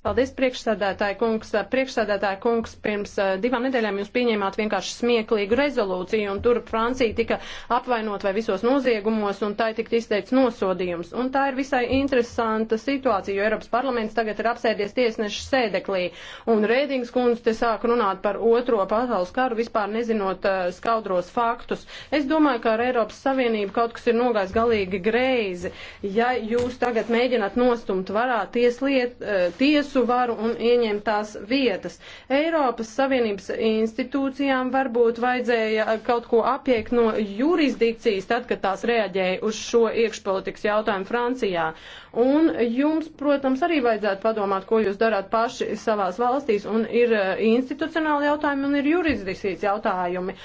Paldies, priekšsādātāja kungs. Priekšsādātāja kungs, pirms uh, divām nedēļām jūs pieņēmāt vienkārši smieklīgu rezolūciju, un tur Francija tika apvainot vai visos noziegumos, un tā ir tik izteikts nosodījums. Un tā ir visai interesanta situācija, jo Eiropas parlaments tagad ir apsēdies tiesnešu sēdeklī, un Rēdings kundze te sāk runāt par otro pasaules karu, vispār nezinot uh, skaudros faktus. Es domāju, ka ar Eiropas Savienību kaut kas ir nogājis galīgi greizi. Ja jūs tagad mēģināt nostumt varā tiesliet, uh, tiesu, tiesu varu un ieņemt tās vietas. Eiropas Savienības institūcijām varbūt vajadzēja kaut ko apiekt no jurisdikcijas, tad, kad tās reaģēja uz šo iekšpolitikas jautājumu Francijā. Un jums, protams, arī vajadzētu padomāt, ko jūs darāt paši savās valstīs. Un ir eh, institucionāli jautājumi un ir jurisdikcijas jautājumi.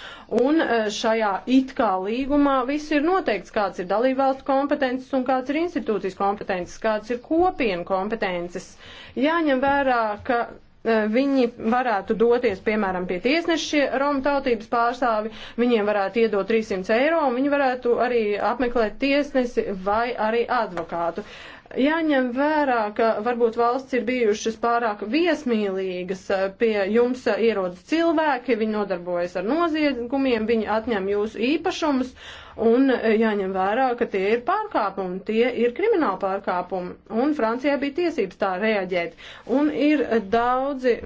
Un eh, šajā it kā līgumā viss ir noteikts, kāds ir dalībvalstu kompetences un kāds ir institūcijas kompetences, kāds ir kopienu kompetences. Jāņem vērā, ka eh, viņi varētu doties, piemēram, pie tiesneša šie Romu tautības pārstāvi, viņiem varētu iedot 300 eiro, un viņi varētu arī apmeklēt tiesnesi vai arī advokātu. Uh, Jāņem vērā, ka varbūt valsts ir bijušas pārāk viesmīlīgas, eh, pie jums ierodas cilvēki, viņi nodarbojas ar noziegumiem, viņi atņem jūsu īpašumus, un eh, jāņem vērā, ka tie ir pārkāpumi, tie ir krimināla pārkāpumi, un Francijai bija tiesības tā reaģēt. Un ir daudzi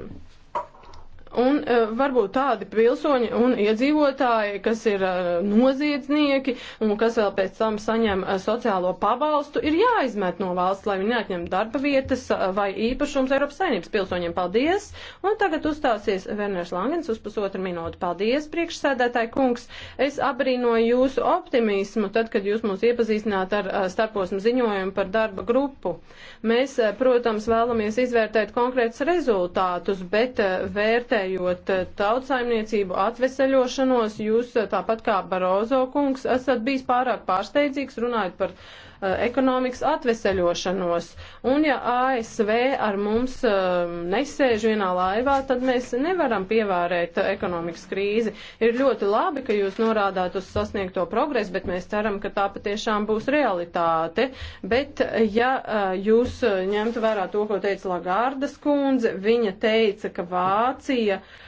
Un uh, varbūt tādi pilsoņi un iedzīvotāji, kas ir uh, noziedznieki un kas vēl pēc tam saņem uh, sociālo pabalstu, ir jāizmet no valsts, lai viņi neatņem darba vietas uh, vai īpašums Eiropas saimnības pilsoņiem. Paldies! Un tagad uzstāsies Werners Langens uz pusotru minūtu. Paldies, priekšsēdētāji kungs! Es abrīnoju jūsu optimismu, tad, kad jūs mūs iepazīstināt ar uh, starposmu ziņojumu par darba grupu. Mēs, uh, protams, vēlamies izvērtēt konkrētus rezultātus, bet uh, vērtēt kavējot eh, tautsaimniecību atveseļošanos, jūs eh, tāpat kā Barozo kungs esat bijis pārāk pārsteidzīgs runājot par uh, Eh, ekonomikas atveseļošanos. Un ja ASV ar mums eh, nesēž vienā laivā, tad mēs nevaram pievērēt ekonomikas krīzi. Ir ļoti labi, ka jūs norādāt uz sasniegto progresu, bet mēs ceram, ka tā patiešām būs realitāte. Bet ja eh, jūs ņemtu vērā to, ko teica Lagardas kundze, viņa teica, ka Vācija uh,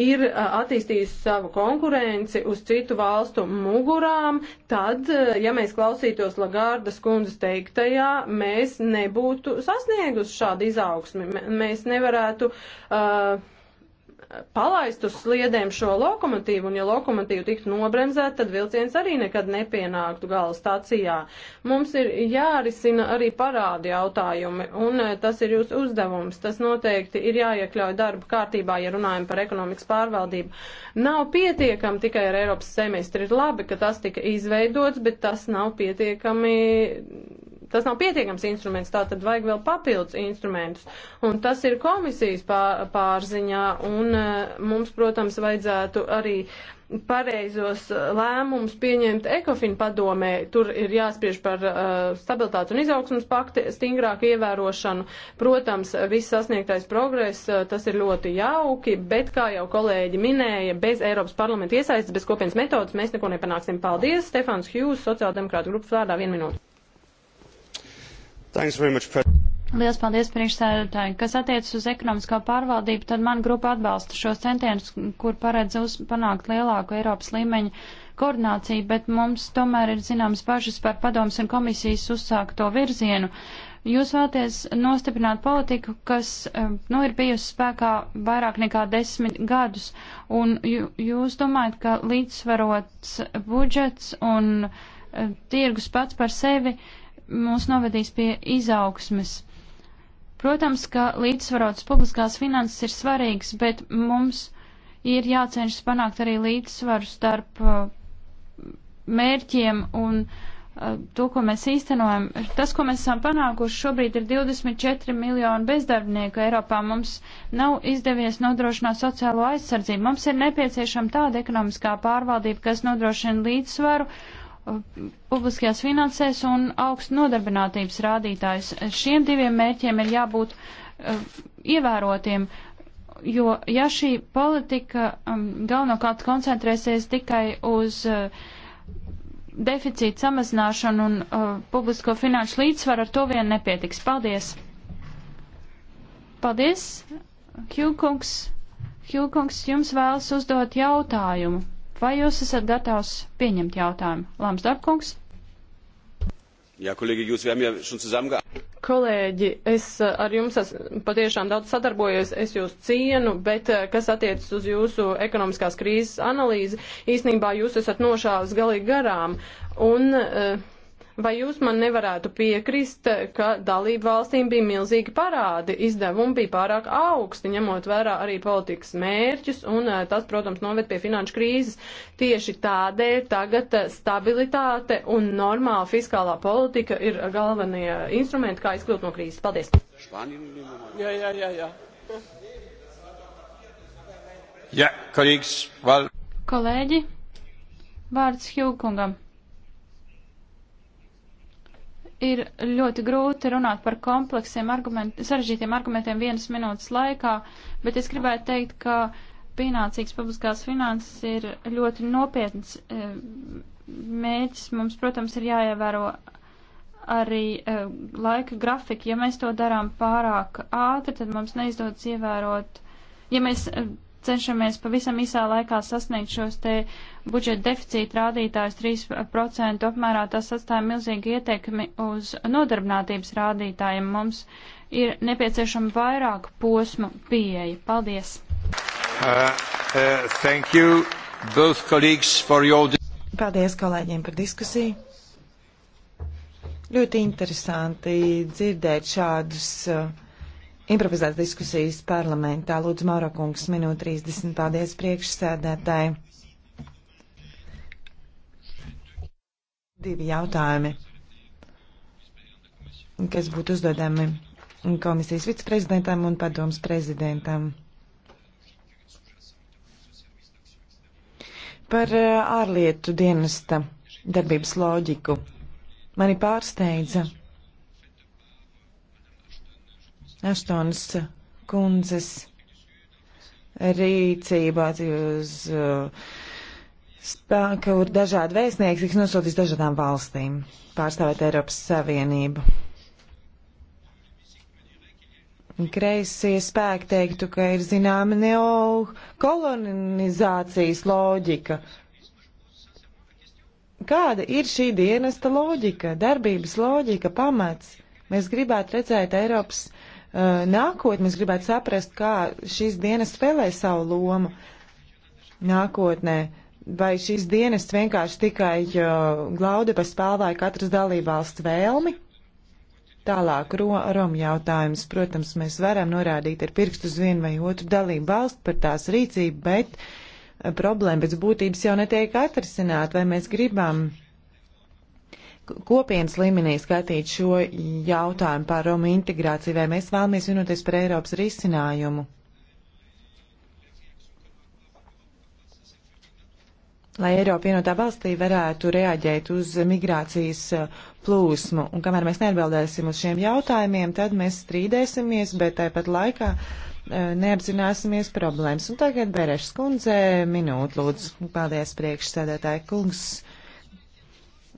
ir attīstījusi savu konkurenci uz citu valstu mugurām, tad, ja mēs klausītos Lagārdas kundzes teiktajā, mēs nebūtu sasniegusi šādu izaugsmi. Mēs nevarētu. Uh, palaistu sliedēm šo lokomotīvu, un ja lokomotīva tiktu nobremzēta, tad vilciens arī nekad nepienāktu gala stācijā. Mums ir jārisina arī parādi jautājumi, un e, tas ir jūsu uzdevums. Tas noteikti ir jāiekļauj darba kārtībā, ja runājam par ekonomikas pārvaldību. Nav pietiekami tikai ar Eiropas semestri. Ir labi, ka tas tika izveidots, bet tas nav pietiekami Tas nav pietiekams instruments, tā tad vajag vēl papildus instrumentus. Un tas ir komisijas pārziņā, un e, mums, protams, vajadzētu arī pareizos e, lēmumus pieņemt ECOFIN padomē. Tur ir jāspriež par uh, e, stabilitātes un izaugsmas pakti stingrāku ievērošanu. Protams, viss sasniegtais progress, uh, tas ir ļoti jauki, bet, kā jau kolēģi minēja, bez Eiropas parlamenta iesaistas, bez kopienas metodas mēs neko nepanāksim. Paldies, Stefans Hjūs, sociāldemokrāta grupas vārdā, vienu minūtu. Lielas paldies priekšsēdētāji. Kas attiecas uz ekonomiskā pārvaldību, tad man grupa atbalsta šos centienus, kur paredz uz panākt lielāku Eiropas līmeņu koordināciju, bet mums tomēr ir zināmas bažas par padomus un komisijas uzsākto virzienu. Jūs vēlaties nostiprināt politiku, kas eh, nu, ir bijusi spēkā vairāk nekā desmit gadus, un jūs domājat, ka līdzsvarots budžets un eh, tirgus pats par sevi uh, mūs novedīs pie izaugsmes. Protams, ka līdzsvarotas publiskās finanses ir svarīgs, bet mums ir jācenšas panākt arī līdzsvaru starp uh, mērķiem un uh, to, ko mēs īstenojam. Tas, ko mēs esam panākuši, šobrīd ir 24 miljoni bezdarbnieku Eiropā. Mums nav izdevies nodrošināt sociālo aizsardzību. Mums ir nepieciešama tāda ekonomiskā pārvaldība, kas nodrošina līdzsvaru publiskajās finansēs un augstu nodarbinātības rādītājs. Šiem diviem mērķiem ir jābūt uh, ievērotiem, jo ja šī politika um, galvenokārt koncentrēsies tikai uz uh, deficīta samazināšanu un uh, publisko finanšu līdzsvaru, ar to vien nepietiks. Paldies! Paldies, Hjūkungs! Hjūkungs jums vēlas uzdot jautājumu. Vai jūs esat gatavs pieņemt jautājumu? Lamsdorpkungs. Jā, kolēģi, jūs vēl jau šun zusammen kolēģi, es eh, ar jums esmu patiešām daudz sadarbojies, es jūs cienu, bet eh, kas attiecas uz jūsu ekonomiskās krīzes analīzi, īsnībā jūs esat nošāvis galīgi garām. Un, uh, Vai jūs man nevarētu piekrist, ka dalību valstīm bija milzīgi parādi, izdevumi bija pārāk augsti, ņemot vērā arī politikas mērķus, un eh, tas, protams, noved pie finanšu krīzes. Tieši tādēļ tagad eh, stabilitāte un normāla fiskālā politika ir galvenie instrumenti, kā izkļūt no krīzes. Paldies! Jā, jā, jā, jā. Jā, kolēģis, val... Kolēģi, vārds Hjūkungam ir ļoti grūti runāt par kompleksiem argumentiem, sarežģītiem argumentiem vienas minūtes laikā, bet es gribētu teikt, ka pienācīgs publiskās finanses ir ļoti nopietns e, mēģis. Mums, protams, ir jāievēro arī e, laika grafika. Ja mēs to darām pārāk ātri, tad mums neizdodas ievērot. Ja mēs e, cenšamies pavisam īsā laikā sasniegt šos te budžeta deficīta rādītājus 3% apmērā, tas atstāja milzīgi ietekmi uz nodarbinātības rādītājiem. Mums ir nepieciešama vairāk posmu pieeja. Paldies! Uh, uh, thank you both colleagues for your... Paldies kolēģiem par diskusiju. Ļoti interesanti dzirdēt šādus uh, improvizētas diskusijas parlamentā. Lūdzu, Mauro kungs, minūte 30. Paldies priekšsēdētāji. Divi jautājumi, kas būtu uzdodami komisijas viceprezidentam un padomas prezidentam. Par eh, ārlietu dienesta darbības loģiku mani pārsteidza Aštons kundzes rīcībā uz uh, spēku ir dažādi vēstnieki, kas nosūtīs dažādām valstīm pārstāvēt Eiropas Savienību. Kreisie spēki teiktu, ka ir zināma neokolonizācijas loģika. Kāda ir šī dienesta loģika, darbības loģika, pamats? Mēs gribētu redzēt Eiropas uh, Eh, nākotni, mēs gribētu saprast, kā šīs dienas spēlē savu lomu nākotnē. Vai šīs dienas vienkārši tikai uh, eh, glaude pa spēlēju katras dalībvalsts vēlmi? Tālāk, ro, Rom jautājums. Protams, mēs varam norādīt ar pirkstu uz vienu vai otru dalību valstu par tās rīcību, bet eh, problēma pēc būtības jau netiek atrisināt, vai mēs gribam uh, kopienas līmenī skatīt šo jautājumu par Romu integrāciju, vai mēs vēlamies vienoties par Eiropas risinājumu. Lai Eiropa vienotā valstī varētu reaģēt uz migrācijas uh, plūsmu, un kamēr mēs neatbildēsim uz šiem jautājumiem, tad mēs strīdēsimies, bet tāpat laikā uh, neapzināsimies problēmas. Un tagad Berešs kundze minūte, lūdzu. Paldies, priekšsēdētāji kungs.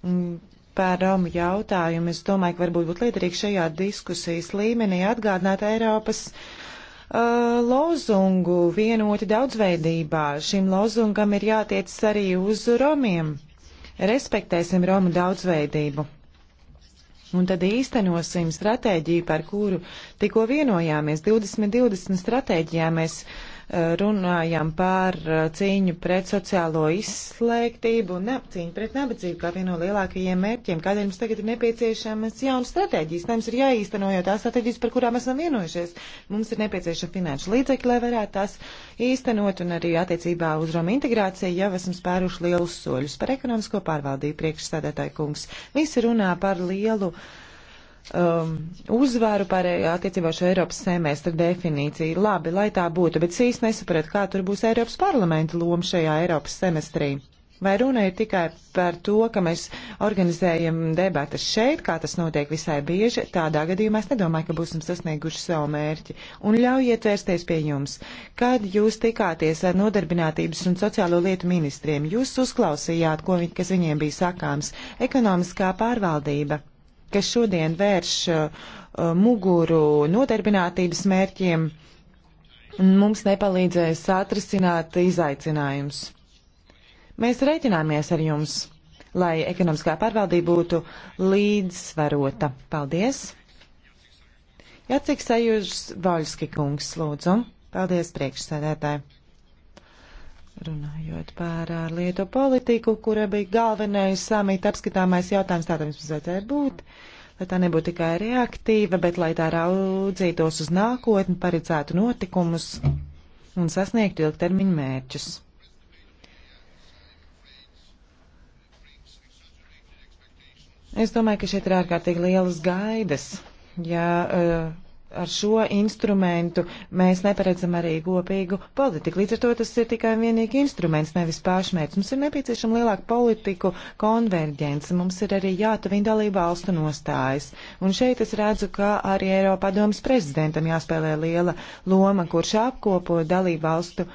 Mm, par Romu jautājumu. Es domāju, ka varbūt būtu liederīgi šajā diskusijas līmenī atgādināt Eiropas uh, lozungu vienoti daudzveidībā. Šim lozungam ir jātiec arī uz Romiem. Respektēsim Romu daudzveidību. Un tad īstenosim stratēģiju, par kuru tikko vienojāmies. 2020 stratēģijā mēs uh, runājam par uh, cīņu pret sociālo izslēgtību un ne, cīņu pret nabadzību kā vienu no lielākajiem mērķiem. Kādēļ mums tagad ir nepieciešamas jaunas stratēģijas? Mums ir jāīsteno jau tās stratēģijas, par kurām esam vienojušies. Mums ir nepieciešama finanšu līdzekļi, lai varētu tās īstenot un arī attiecībā uz Roma integrāciju jau esam spēruši lielus soļus par ekonomisko pārvaldību priekšstādētāju kungs. Visi runā par lielu. Uh, um, uzvaru par e, attiecībā šo Eiropas semestra definīciju. Labi, lai tā būtu, bet es īsti nesapratu, kā tur būs Eiropas parlamenta loma šajā Eiropas semestrī. Vai runa ir tikai par to, ka mēs organizējam debatas šeit, kā tas notiek visai bieži, tādā gadījumā es nedomāju, ka būsim sasnieguši savu mērķi. Un ļaujiet vērsties pie jums. Kad jūs tikāties ar nodarbinātības un sociālo lietu ministriem, jūs uzklausījāt, ko viņ, kas viņiem bija sakāms - ekonomiskā pārvaldība kas šodien vērš uh, uh, muguru nodarbinātības mērķiem, mums nepalīdzēs atrisināt izaicinājumus. Mēs reiķināmies ar jums, lai ekonomiskā pārvaldība būtu līdzsvarota. Paldies! Jācik sajūžas Vaļski kungs, lūdzu. Paldies, priekšsēdētāji! Runājot par lietu politiku, kura bija galvenais samita apskatāmais jautājums, tādam mums vajadzēja būt, lai tā nebūtu tikai reaktīva, bet lai tā raudzītos uz nākotni, paredzētu notikumus un sasniegtu ilgtermiņu mērķus. Es domāju, ka šeit ir ārkārtīgi lielas gaidas. Ja uh, ar šo instrumentu mēs neparedzam arī kopīgu politiku. Līdz ar to tas ir tikai un vienīgi instruments, nevis pašmērķis. Mums ir nepieciešama lielāka politiku konverģence, mums ir arī jātuvina dalība valstu nostājas. Un šeit es redzu, ka arī Eiropā domas prezidentam jāspēlē liela loma, kurš apkopo dalību valstu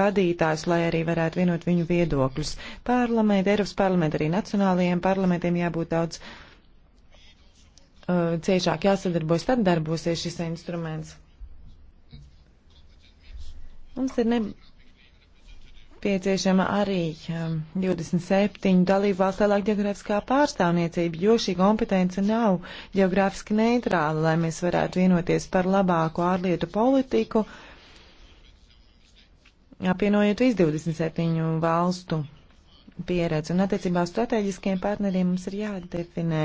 vadītājs, lai arī varētu vienot viņu viedokļus. Parlamenti, Eiropas parlamenti, arī nacionālajiem parlamentiem jābūt daudz uh, ciešāk jāsadarbojas, tad darbosies šis instruments. Mums ir nepieciešama arī eh, um, 27 dalību valsts lielāka geogrāfiskā pārstāvniecība, jo šī kompetence nav geogrāfiski neitrāla, lai mēs varētu vienoties par labāku ārlietu politiku, apvienojot visu 27 valstu pieredzi. Un attiecībā uz strateģiskiem partneriem mums ir jādefinē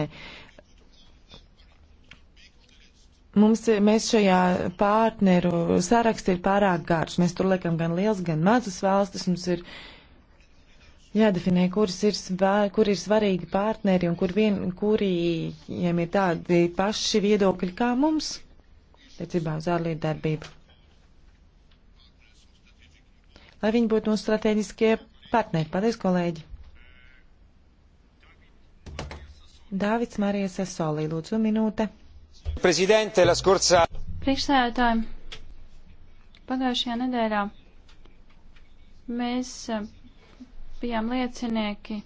Mums, mēs šajā partneru sarakstā ir pārāk garš. Mēs tur liekam gan liels, gan mazus valstis. Mums ir jādefinē, kuras ir, svā, kur ir svarīgi partneri un kur vien, kuriem ir tādi paši viedokļi kā mums, tiecībā uz ārlietu darbību. Lai viņi būtu mūsu strateģiskie partneri. Paldies, kolēģi! Dāvids Marijas Esolī, lūdzu minūte. Skurca... Priekšsēdētāji, pagājušajā nedēļā mēs eh, bijām liecinieki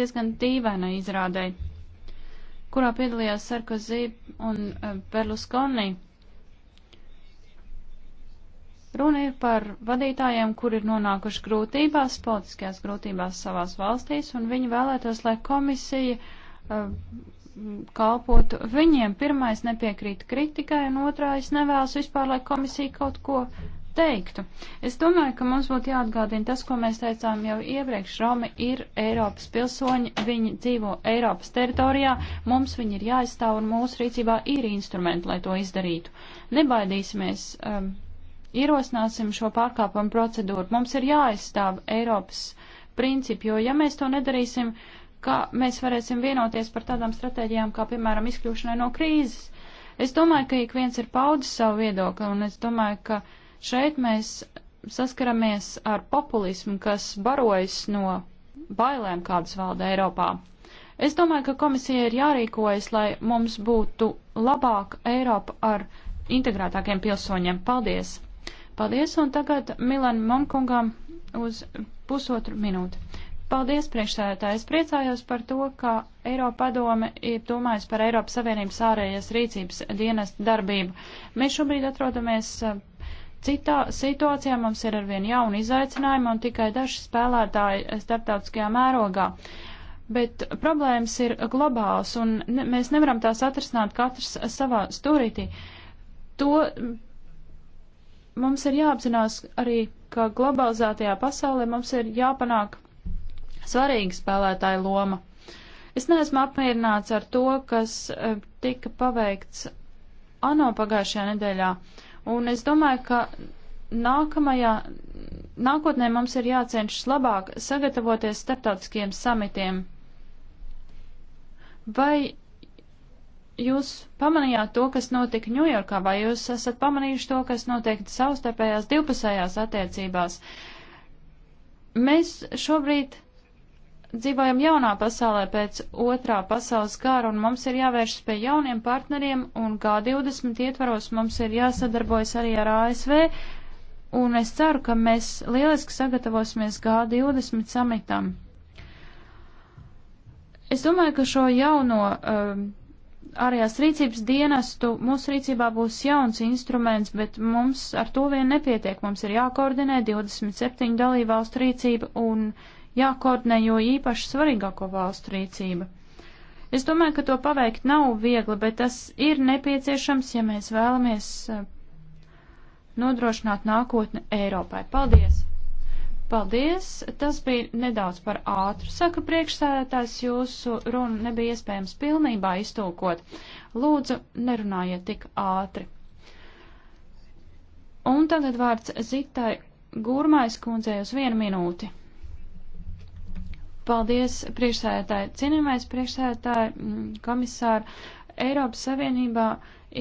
diezgan dīvainai izrādēji, kurā piedalījās Sarkozy un eh, Berlusconi. Runa ir par vadītājiem, kuri ir nonākuši grūtībās, politiskajās grūtībās savās valstīs, un viņi vēlētos, lai komisija uh, kalpotu viņiem. Pirmais nepiekrīt kritikai, un otrais nevēlas vispār, lai komisija kaut ko teiktu. Es domāju, ka mums būtu jāatgādina tas, ko mēs teicām jau iepriekš. Romi ir Eiropas pilsoņi, viņi dzīvo Eiropas teritorijā, mums viņi ir jāizstāv un mūsu rīcībā ir instrumenti, lai to izdarītu. Nebaidīsimies, um, ierosināsim šo pārkāpumu procedūru. Mums ir jāizstāv Eiropas principi, jo ja mēs to nedarīsim, uh, kā mēs varēsim vienoties par tādām stratēģijām, kā piemēram izkļūšanai no krīzes. Es domāju, ka ik viens ir paudis savu viedokli, un es domāju, ka šeit mēs saskaramies ar populismu, kas barojas no bailēm, kādas valda Eiropā. Es domāju, ka komisija ir jārīkojas, lai mums būtu labāka Eiropa ar integrētākiem pilsoņiem. Paldies! Paldies, un tagad Milan Monkungam uz pusotru minūti. Paldies, priekšsēdētāji. Es priecājos par to, ka Eiropa padome ir domājusi par Eiropas Savienības ārējās rīcības dienas darbību. Mēs šobrīd atrodamies uh, citā situācijā, mums ir arvien jauni izaicinājumi un tikai daži spēlētāji starptautiskajā mērogā. Bet problēmas ir globāls un ne, mēs nevaram tās atrisināt katrs savā stūrītī. To mums ir jāapzinās arī, ka globalizētajā pasaulē mums ir jāpanāk svarīga spēlētāja loma. Es neesmu apmierināts ar to, kas e, tika paveikts ANO pagājušajā nedēļā, un es domāju, ka nākamajā, nākotnē mums ir jācenšas labāk sagatavoties starptautiskiem samitiem. Vai jūs pamanījāt to, kas notika Ņujorkā, vai jūs esat pamanījuši to, kas notiek savstarpējās divpusējās attiecībās? Mēs šobrīd dzīvojam jaunā pasaulē pēc otrā pasaules kara, un mums ir jāvēršas pie jauniem partneriem, un G20 ietvaros mums ir jāsadarbojas arī ar ASV, un es ceru, ka mēs lieliski sagatavosimies G20 samitam. Es domāju, ka šo jauno um, ārējās rīcības dienestu mūsu rīcībā būs jauns instruments, bet mums ar to vien nepietiek. Mums ir jākoordinē 27 dalībvalstu rīcība un uh, jākoordinē jo īpaši svarīgāko valstu rīcība. Es domāju, ka to paveikt nav viegli, bet tas ir nepieciešams, ja mēs vēlamies eh, nodrošināt nākotni Eiropai. Paldies! Paldies! Tas bija nedaudz par ātru, saka priekšsēdētājs, jūsu runu nebija iespējams pilnībā iztūkot. Lūdzu, nerunājiet tik ātri. Un tagad vārds Zitai Gurmais kundzei uz vienu minūti. Paldies, priekšsēdētāji. Cienījamais priekšsēdētāji, mm, komisāri, Eiropas Savienībā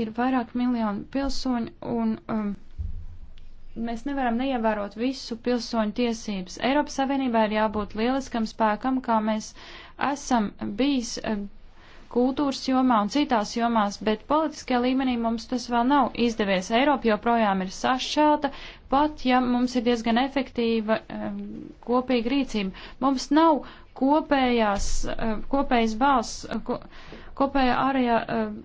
ir vairāk miljonu pilsoņu un um, mēs nevaram neievērot visu pilsoņu tiesības. Eiropas Savienībā ir jābūt lieliskam spēkam, kā mēs esam bijis eh, kultūras jomā un citās jomās, bet politiskajā līmenī mums tas vēl nav izdevies. Eiropa joprojām ir sašķelta, pat ja mums ir diezgan efektīva um, kopīga rīcība. Mums nav kopējās, uh, kopējas balss, uh, ko, kopējā ārējā uh,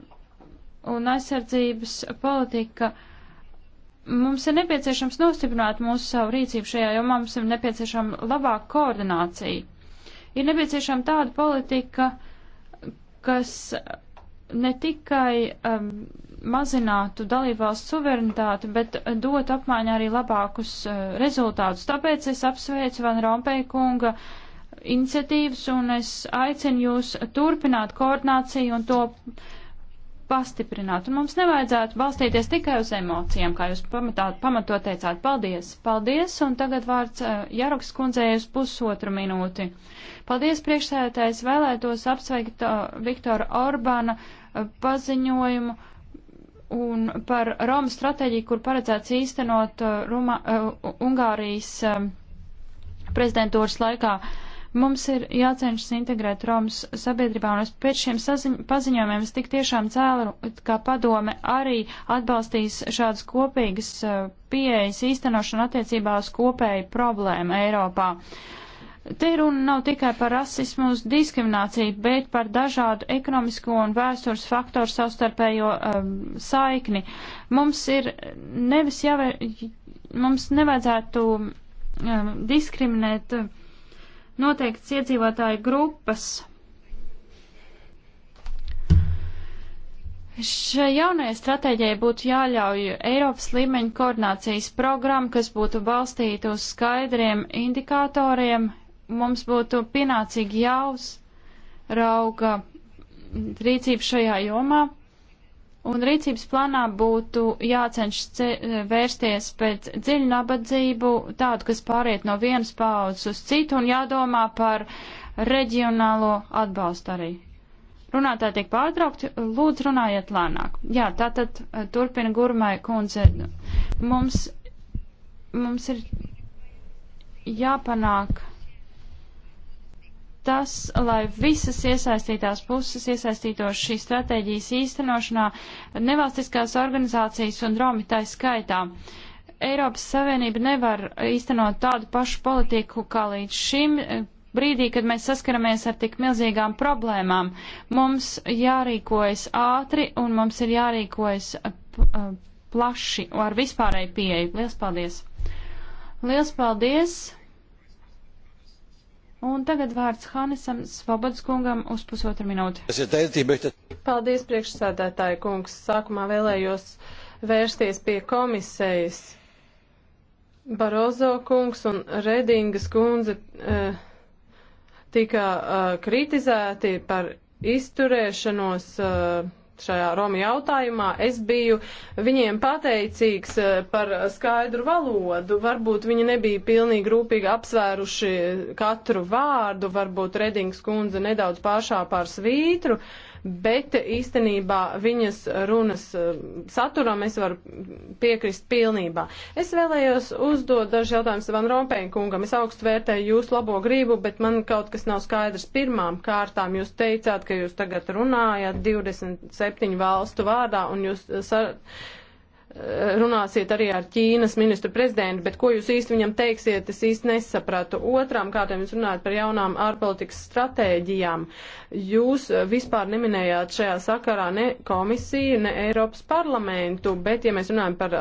un aizsardzības politika. Mums ir nepieciešams nostiprināt mūsu savu rīcību šajā jomā, mums ir nepieciešama labāka koordinācija. Ir nepieciešama tāda politika, uh, kas ne tikai um, mazinātu dalībvalstu suverenitāti, bet dot apmaiņā arī labākus uh, rezultātus. Tāpēc es apsveicu Van Rompēja kunga iniciatīvas un es aicinu jūs turpināt koordināciju un to uh, pastiprināt, un mums nevajadzētu balstīties tikai uz emocijām, kā jūs pamatā, pamatot teicāt. Paldies! Paldies! Un tagad vārds eh, Jaroks kundzei uz pusotru minūti. Paldies, priekšsēdētājs! Vēlētos apsveikt uh, Viktora Orbāna uh, eh, paziņojumu un par Romu stratēģiju, kur paredzēts īstenot uh, Ruma, Ungārijas prezidentūras laikā. Mums ir jācenšas integrēt Romas sabiedrībā, un es pēc šiem saziņ, paziņojumiem es tik tiešām cēlu, kā padome arī atbalstīs šādas kopīgas eh, pieejas īstenošanu attiecībā uz kopēju problēmu Eiropā. Te runa nav tikai par rasismu uz diskrimināciju, bet par dažādu ekonomisko un vēstures faktoru savstarpējo um, saikni. Mums ir nevis jāvē, mums nevajadzētu um, diskriminēt. Uh, noteikts iedzīvotāju grupas. Šai jaunajai stratēģijai būtu jāļauj Eiropas līmeņa koordinācijas programma, kas būtu balstīta uz skaidriem indikatoriem. Mums būtu pienācīgi jāuzrauga rīcība šajā jomā. Un rīcības plānā būtu jācenšas eh, vērsties pēc dziļu nabadzību, tādu, kas pāriet no vienas paudzes uz citu, un jādomā par reģionālo atbalstu arī. Runātāji tiek pārtraukti, lūdzu runājiet lēnāk. Jā, tātad eh, turpina gurmai kundze. Mums, mums ir jāpanāk tas, lai visas iesaistītās puses iesaistītos šīs stratēģijas īstenošanā, nevalstiskās organizācijas un dromi tā skaitā. Eiropas Savienība nevar īstenot tādu pašu politiku kā līdz šim, eh, brīdī, kad mēs saskaramies ar tik milzīgām problēmām, mums jārīkojas ātri un mums ir jārīkojas eh, eh, plaši ar vispārēju pieeju. Lielas paldies! Lielas paldies! Un tagad vārds Hanisam Svobodskungam uz pusotru minūti. Paldies, priekšsādātāji kungs. Sākumā vēlējos vērsties pie komisējas. Barozo kungs un Redingas kundze uh, tika uh, kritizēti par izturēšanos. Uh, šajā Roma jautājumā. Es biju viņiem pateicīgs eh, par skaidru valodu. Varbūt viņi nebija pilnīgi rūpīgi apsvēruši katru vārdu, varbūt Redings kundze nedaudz pāršā pār svītru. Uh, bet īstenībā viņas runas eh, saturam es varu piekrist pilnībā. Es vēlējos uzdot dažu jautājumu Van Rompēn kungam. Es augstu vērtēju jūsu labo grību, bet man kaut kas nav skaidrs. Pirmām kārtām jūs teicāt, ka jūs tagad runājat 27 valstu vārdā un jūs. Eh, Sar runāsiet arī ar Ķīnas ministru prezidentu, bet ko jūs īsti viņam teiksiet, es īsti nesapratu. Otrām kārtām jūs runājat par jaunām ārpolitikas stratēģijām. Jūs vispār neminējāt šajā sakarā ne komisiju, ne Eiropas parlamentu, bet ja mēs runājam par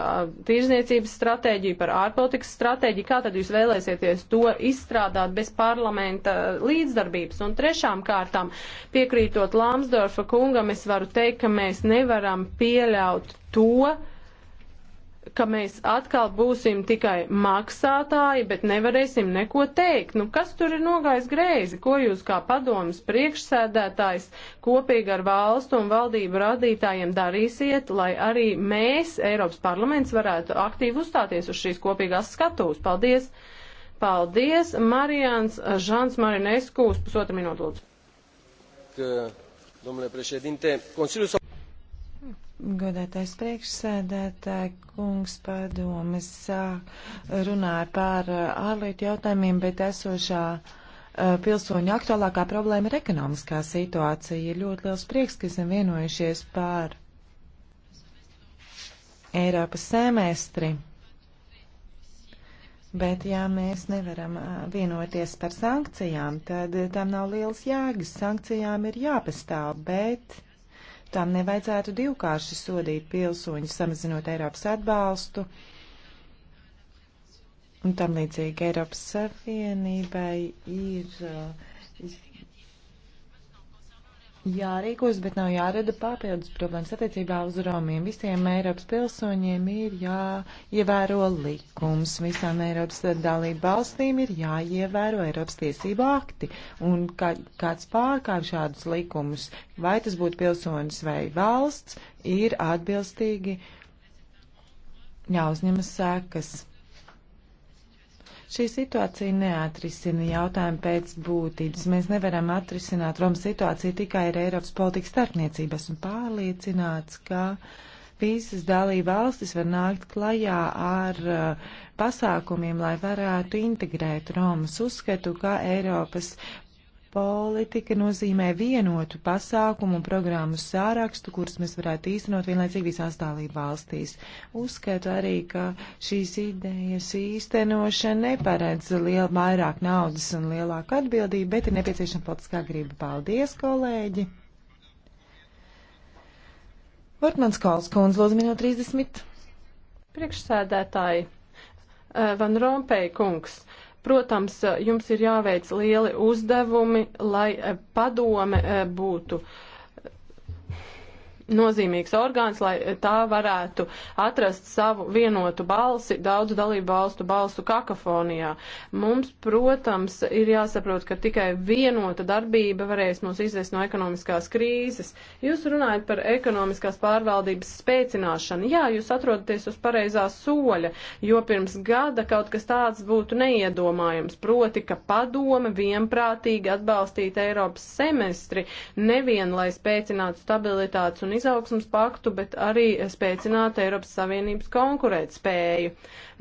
tīrzniecības stratēģiju, par ārpolitikas stratēģiju, kā tad jūs vēlēsieties to izstrādāt bez parlamenta līdzdarbības? Un trešām kārtām, piekrītot Lamsdorfa kungam, es varu teikt, ka mēs nevaram pieļaut to, ka mēs atkal būsim tikai maksātāji, bet nevarēsim neko teikt. Nu, kas tur ir nogājis greizi? Ko jūs kā padomas priekšsēdētājs kopīgi ar valstu un valdību radītājiem darīsiet, lai arī mēs, Eiropas parlaments, varētu aktīvi uzstāties uz šīs kopīgās skatūs? Paldies! Paldies, Marians Žants Marinesku, uz pusotru minūtu lūdzu. Domnule președinte, Consiliul Godātais priekšsēdētāji, kungs padomas runāja par ārlietu jautājumiem, bet esošā pilsoņu aktuālākā problēma ir ekonomiskā situācija. Ir ļoti liels prieks, ka esam vienojušies par Eiropas semestri. Bet, ja mēs nevaram vienoties par sankcijām, tad tam nav liels jēgas. Sankcijām ir jāpastāv, bet Tām nevajadzētu divkārši sodīt pilsoņus, samazinot Eiropas atbalstu. Un tam līdzīgi Eiropas Savienībai ir. Uh, jārīkojas, bet nav jārada papildus problēmas attiecībā uz Romiem. Visiem Eiropas pilsoņiem ir jāievēro likums, visām Eiropas dalību valstīm ir jāievēro Eiropas tiesību akti. Un kā, kāds pārkāp šādus likumus, vai tas būtu pilsonis vai valsts, ir atbilstīgi jāuzņemas sekas. Šī situācija neatrisina jautājumu pēc būtības. Mēs nevaram atrisināt Romas situāciju tikai ar Eiropas politikas starpniecības un pārliecināts, ka visas dalība valstis var nākt klajā ar uh, pasākumiem, lai varētu integrēt Romas. Uzskatu, ka Eiropas Politika nozīmē vienotu pasākumu un programmu sārakstu, kurus mēs varētu īstenot vienlaicīgi visās dalību valstīs. Uzskatu arī, ka šīs idejas īstenošana neparedz liel, vairāk naudas un lielāku atbildību, bet ir nepieciešama politiskā griba. Paldies, kolēģi! Vartmans Kols kundze, lūdzu, minūte 30. Priekšsēdētāji, eh, Van Rompēj kungs. Protams, jums ir jāveic lieli uzdevumi, lai eh, padome eh, būtu uh, nozīmīgs orgāns, lai tā varētu atrast savu vienotu balsi daudzu dalību valstu balsu kakafonijā. Mums, protams, ir jāsaprot, ka tikai vienota darbība varēs mūs izvest no ekonomiskās krīzes. Jūs runājat par ekonomiskās pārvaldības spēcināšanu. Jā, jūs atrodaties uz pareizā soļa, jo pirms gada kaut kas tāds būtu neiedomājams, proti, ka padome vienprātīgi atbalstītu Eiropas semestri nevien, lai spēcinātu stabilitātes un un izaugsmas paktu, bet arī spēcināt Eiropas Savienības konkurētspēju.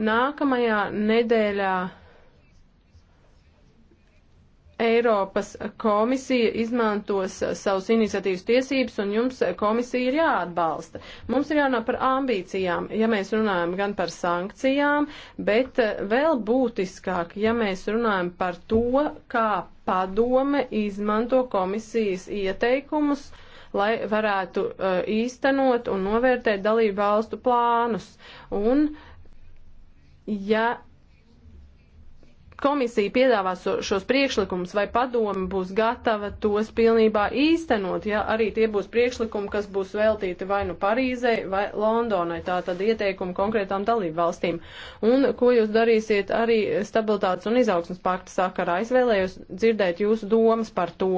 Nākamajā nedēļā Eiropas komisija izmantos savus iniciatīvas tiesības, un jums komisija ir jāatbalsta. Mums ir jārunā par ambīcijām, ja mēs runājam gan par sankcijām, bet vēl būtiskāk, ja mēs runājam par to, kā padome izmanto komisijas ieteikumus uh, lai varētu uh, īstenot un novērtēt dalību valstu plānus. Un, ja komisija piedāvās šos priekšlikumus, vai padomi būs gatava tos pilnībā īstenot, ja arī tie būs priekšlikumi, kas būs veltīti vai nu Parīzei, vai Londonai, tā tad ieteikumi konkrētām dalību valstīm. Un ko jūs darīsiet arī stabilitātes un izaugsmas pakta sakarā? Es vēlējos dzirdēt jūsu domas par to.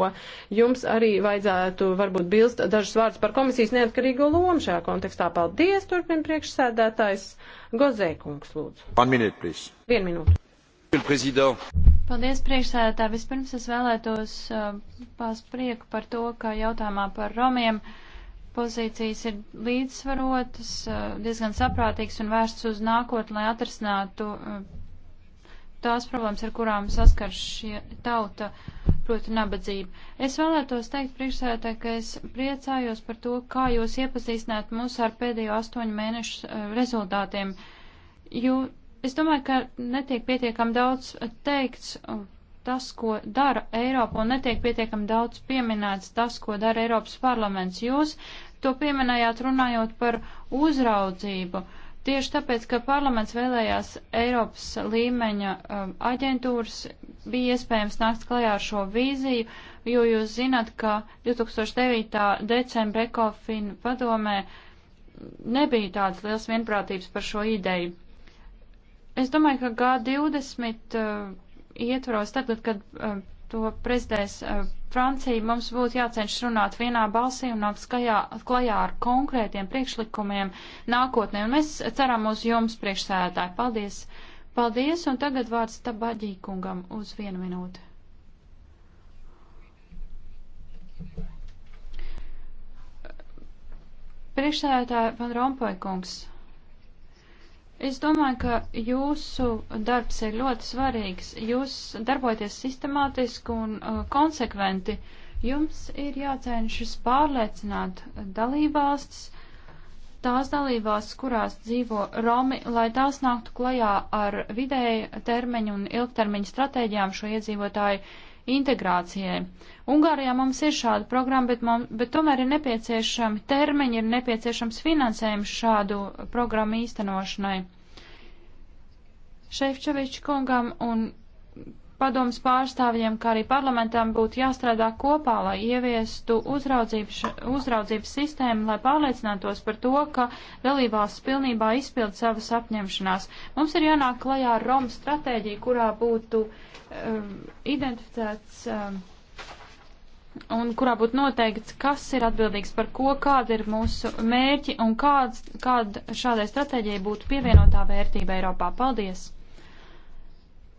Jums arī vajadzētu varbūt bilst dažus vārdus par komisijas neatkarīgo lomu šajā kontekstā. Paldies, turpin priekšsēdētājs Gozēkungs, lūdzu. One minute, please. Vienu minūtu. Paldies, priekšsēdētāji. Vispirms es vēlētos uh, pās prieku par to, ka jautājumā par romiem pozīcijas ir līdzsvarotas, uh, diezgan saprātīgas un vērsts uz nākotni, lai atrisinātu uh, tās problēmas, ar kurām saskars šie tauta, proti nabadzība. Es vēlētos teikt priekšsēdētāji, ka es priecājos par to, kā jūs iepazīstināt mūs ar pēdējo astoņu mēnešu rezultātiem. Jū, Es domāju, ka netiek pietiekam daudz teikts tas, ko dara Eiropa, un netiek pietiekam daudz pieminēts tas, ko dara Eiropas parlaments. Jūs to pieminējāt runājot par uzraudzību. Tieši tāpēc, ka parlaments vēlējās Eiropas līmeņa um, aģentūras, bija iespējams nākt klajā ar šo vīziju, jo jūs zinat, ka 2009. decembra ekofin padomē nebija tādas liels vienprātības par šo ideju. Es domāju, ka G20 uh, ietvaros, tagad, kad uh, to prezidēs uh, Francija, mums būtu jācenšas runāt vienā balsī un nākt klajā ar konkrētiem priekšlikumiem nākotnē. Un mēs ceram uz jums priekšsēdētāji. Paldies! Paldies! Un tagad vārds Tabaģī kungam uz vienu minūti. Priekšsēdētāji Van Rompuy kungs. Es domāju, ka jūsu darbs ir ļoti svarīgs. Jūs darbojaties sistemātiski un uh, konsekventi. Jums ir jācenšas pārliecināt dalībvalstis, tās dalībvalstis, kurās dzīvo Romi, lai tās nāktu klajā ar vidēja termiņu un ilgtermiņa stratēģijām šo iedzīvotāju integrācijai. Ungārijā mums ir šāda programma, bet, mums, bet tomēr ir nepieciešami termiņi, ir nepieciešams finansējums šādu programmu īstenošanai. Šefčoviča kungam un padomas pārstāvjiem, kā arī parlamentām būtu jāstrādā kopā, lai ieviestu uzraudzības, uzraudzības sistēmu, lai pārliecinātos par to, ka dalībās pilnībā izpild savas apņemšanās. Mums ir jānāk klajā ar Romas stratēģiju, kurā būtu uh, Um, identificēts um, un kurā būtu noteikts, kas ir atbildīgs par ko, kāda ir mūsu mērķi un kāds, kāda šādai stratēģijai būtu pievienotā vērtība Eiropā. Paldies!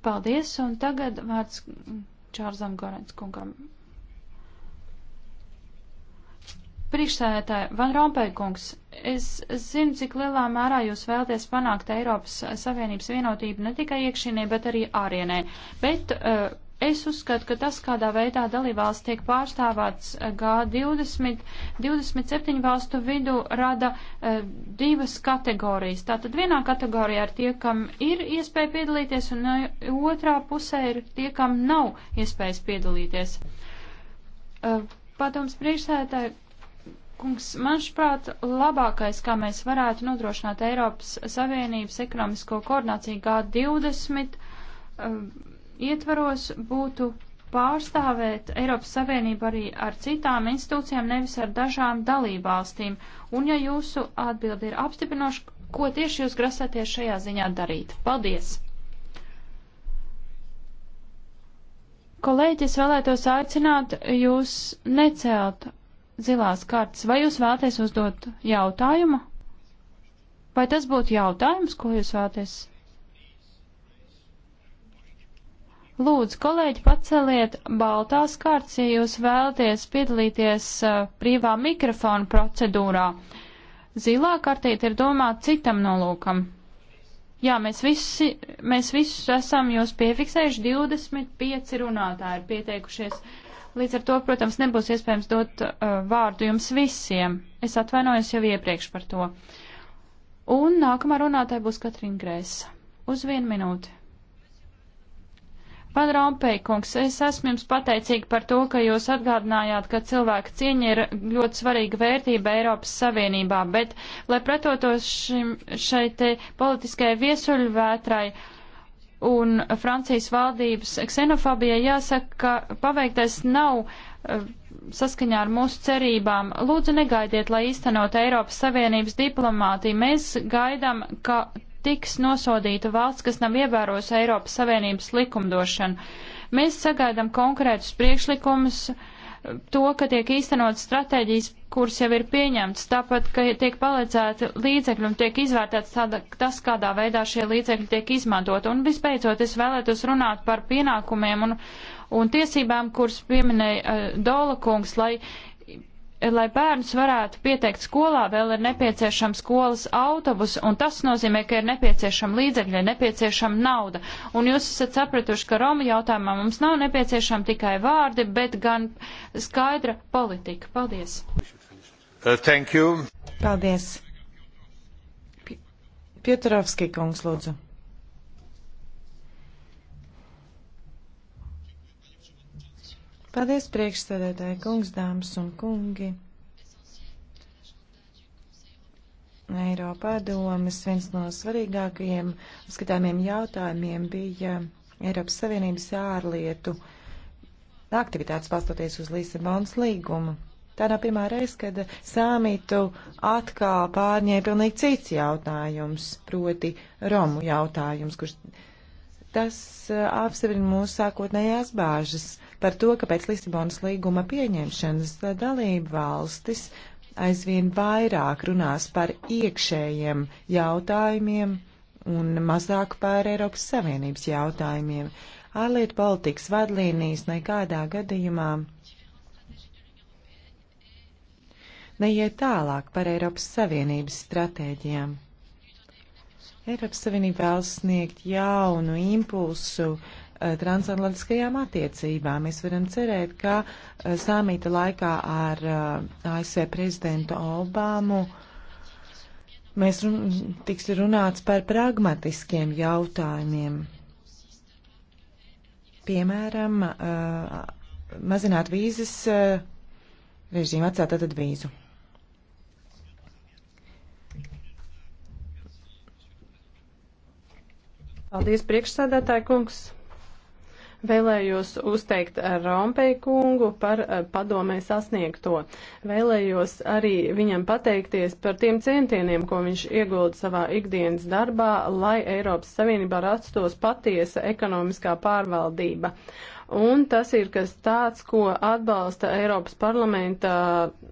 Paldies, un tagad vārds Čārzam Gorens kungam. Priekšsēdētāji, Van Rompēkungs, Es zinu, cik lielā mērā jūs vēlaties panākt Eiropas Savienības vienotību ne tikai iekšienē, bet arī ārienē. Bet uh, es uzskatu, ka tas, kādā veidā dalībvalsts tiek pārstāvāts eh, G20, 27 valstu vidu rada uh, divas kategorijas. Tātad vienā kategorijā ir tie, kam ir iespēja piedalīties, un otrā pusē ir tie, kam nav iespējas piedalīties. Uh, Padoms priekšsēdētāji Kungs, manuprāt, labākais, kā mēs varētu nodrošināt Eiropas Savienības ekonomisko koordināciju G20 um, ietvaros, būtu pārstāvēt Eiropas Savienību arī ar citām institūcijām, nevis ar dažām dalībvalstīm. Un ja jūsu atbildi ir apstiprinoši, ko tieši jūs grasāties šajā ziņā darīt? Paldies! Kolēģis vēlētos aicināt jūs necelt zilās kartas. Vai jūs vēlaties uzdot jautājumu? Vai tas būtu jautājums, ko jūs vēlaties? Lūdzu, kolēģi, paceliet baltās kārtas, ja jūs vēlaties piedalīties uh, brīvā mikrofona procedūrā. Zilā kartīte ir domāta citam nolūkam. Jā, mēs visi, mēs visus esam jūs piefiksējuši, 25 runātāji ir pieteikušies. Uh, Līdz ar to, protams, nebūs iespējams dot uh, vārdu jums visiem. Es atvainojos jau iepriekš par to. Un nākamā runātāja būs Katrīna Grēsa. Uz vienu minūti. Pan Rompeikungs, es esmu jums pateicīga par to, ka jūs atgādinājāt, ka cilvēka cieņa ir ļoti svarīga vērtība Eiropas Savienībā, bet, lai pretotos šim, šai te politiskajai viesuļvētrai, uh, un Francijas valdības ksenofobijai jāsaka, ka paveiktais nav eh, saskaņā ar mūsu cerībām. Lūdzu, negaidiet, lai īstenot Eiropas Savienības diplomātiju. Mēs gaidām, ka tiks nosodīta valsts, kas nav ievērojusi Eiropas Savienības likumdošanu. Mēs sagaidām konkrētus priekšlikumus, eh, to, ka tiek īstenot stratēģijas kuras jau ir pieņemtas, tāpat, ka tiek palicēti līdzekļi un tiek izvērtēts tāda, tas, kādā veidā šie līdzekļi tiek izmantot. Un visbeidzot, es vēlētos runāt par pienākumiem un, un tiesībām, kuras pieminēja uh, Dola kungs, lai lai bērns varētu pieteikt skolā, vēl ir nepieciešams skolas autobus, un tas nozīmē, ka ir nepieciešama līdzekļa, nepieciešama nauda. Un jūs esat sapratuši, ka Roma jautājumā mums nav nepieciešama tikai vārdi, bet gan skaidra politika. Paldies! Uh, thank you. Paldies. Pjotorovski kungs, lūdzu. Paldies, priekšsēdētāji, kungs, dāmas un kungi. Eiropā domas viens no svarīgākajiem skatāmiem jautājumiem bija Eiropas Savienības ārlietu aktivitātes pastoties uz Lisabonas līgumu. Tā nav pirmā reize, kad samitu atkal pārņēma pilnīgi cits jautājums, proti Romu jautājums, kurš tas apseviņ mūsu sākotnējās bāžas par to, ka pēc Lisabonas līguma pieņemšanas dalību valstis aizvien vairāk runās par iekšējiem jautājumiem un mazāk par Eiropas Savienības jautājumiem. Ārlietu politikas vadlīnijas nekādā gadījumā neiet tālāk par Eiropas Savienības stratēģijām. Eiropas Savienība vēlas sniegt jaunu impulsu eh, transatlantiskajām attiecībām. Mēs varam cerēt, ka eh, samīta laikā ar eh, ASV prezidentu Obamu mēs run tiks runāts par pragmatiskiem jautājumiem. Piemēram, mazināt vīzes režīmu, atcelt tad vīzu. Paldies, priekšsēdētāji kungs! Vēlējos uzteikt eh, Rompēju kungu par eh, padomē sasniegto. Vēlējos arī viņam pateikties par tiem centieniem, ko viņš iegulda savā ikdienas darbā, lai Eiropas Savienībā rastos patiesa ekonomiskā pārvaldība. Uh, un tas ir kas tāds, ko atbalsta Eiropas parlamenta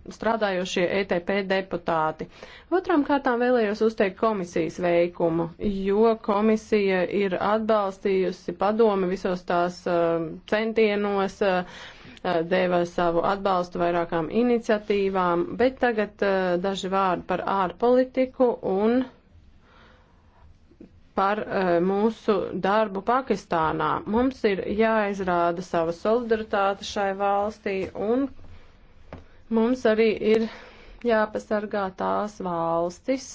strādājošie ETP deputāti. Otram kārtām vēlējos uzteikt komisijas veikumu, jo komisija ir atbalstījusi padomi visos tās um, centienos, uh, uh, deva savu atbalstu vairākām iniciatīvām, bet tagad uh, daži vārdi par ārpolitiku un par uh, mūsu darbu Pakistānā. Mums ir jāizrāda sava solidaritāte šai valstī un mums arī ir jāpasargā tās valstis,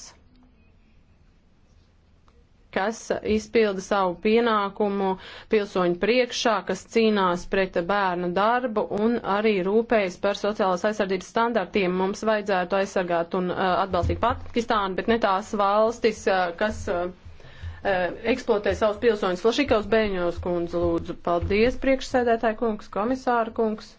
kas izpilda savu pienākumu pilsoņu priekšā, kas cīnās pret bērnu darbu un arī rūpējas par sociālās aizsardzības standartiem. Mums vajadzētu aizsargāt un uh, atbalstīt Pakistānu, bet ne tās valstis, uh, kas. Uh, Eh, eksploatē savus pilsoņus. Lašikaus Beņos kundze lūdzu. Paldies, priekšsēdētāji kungs, komisāra kungs.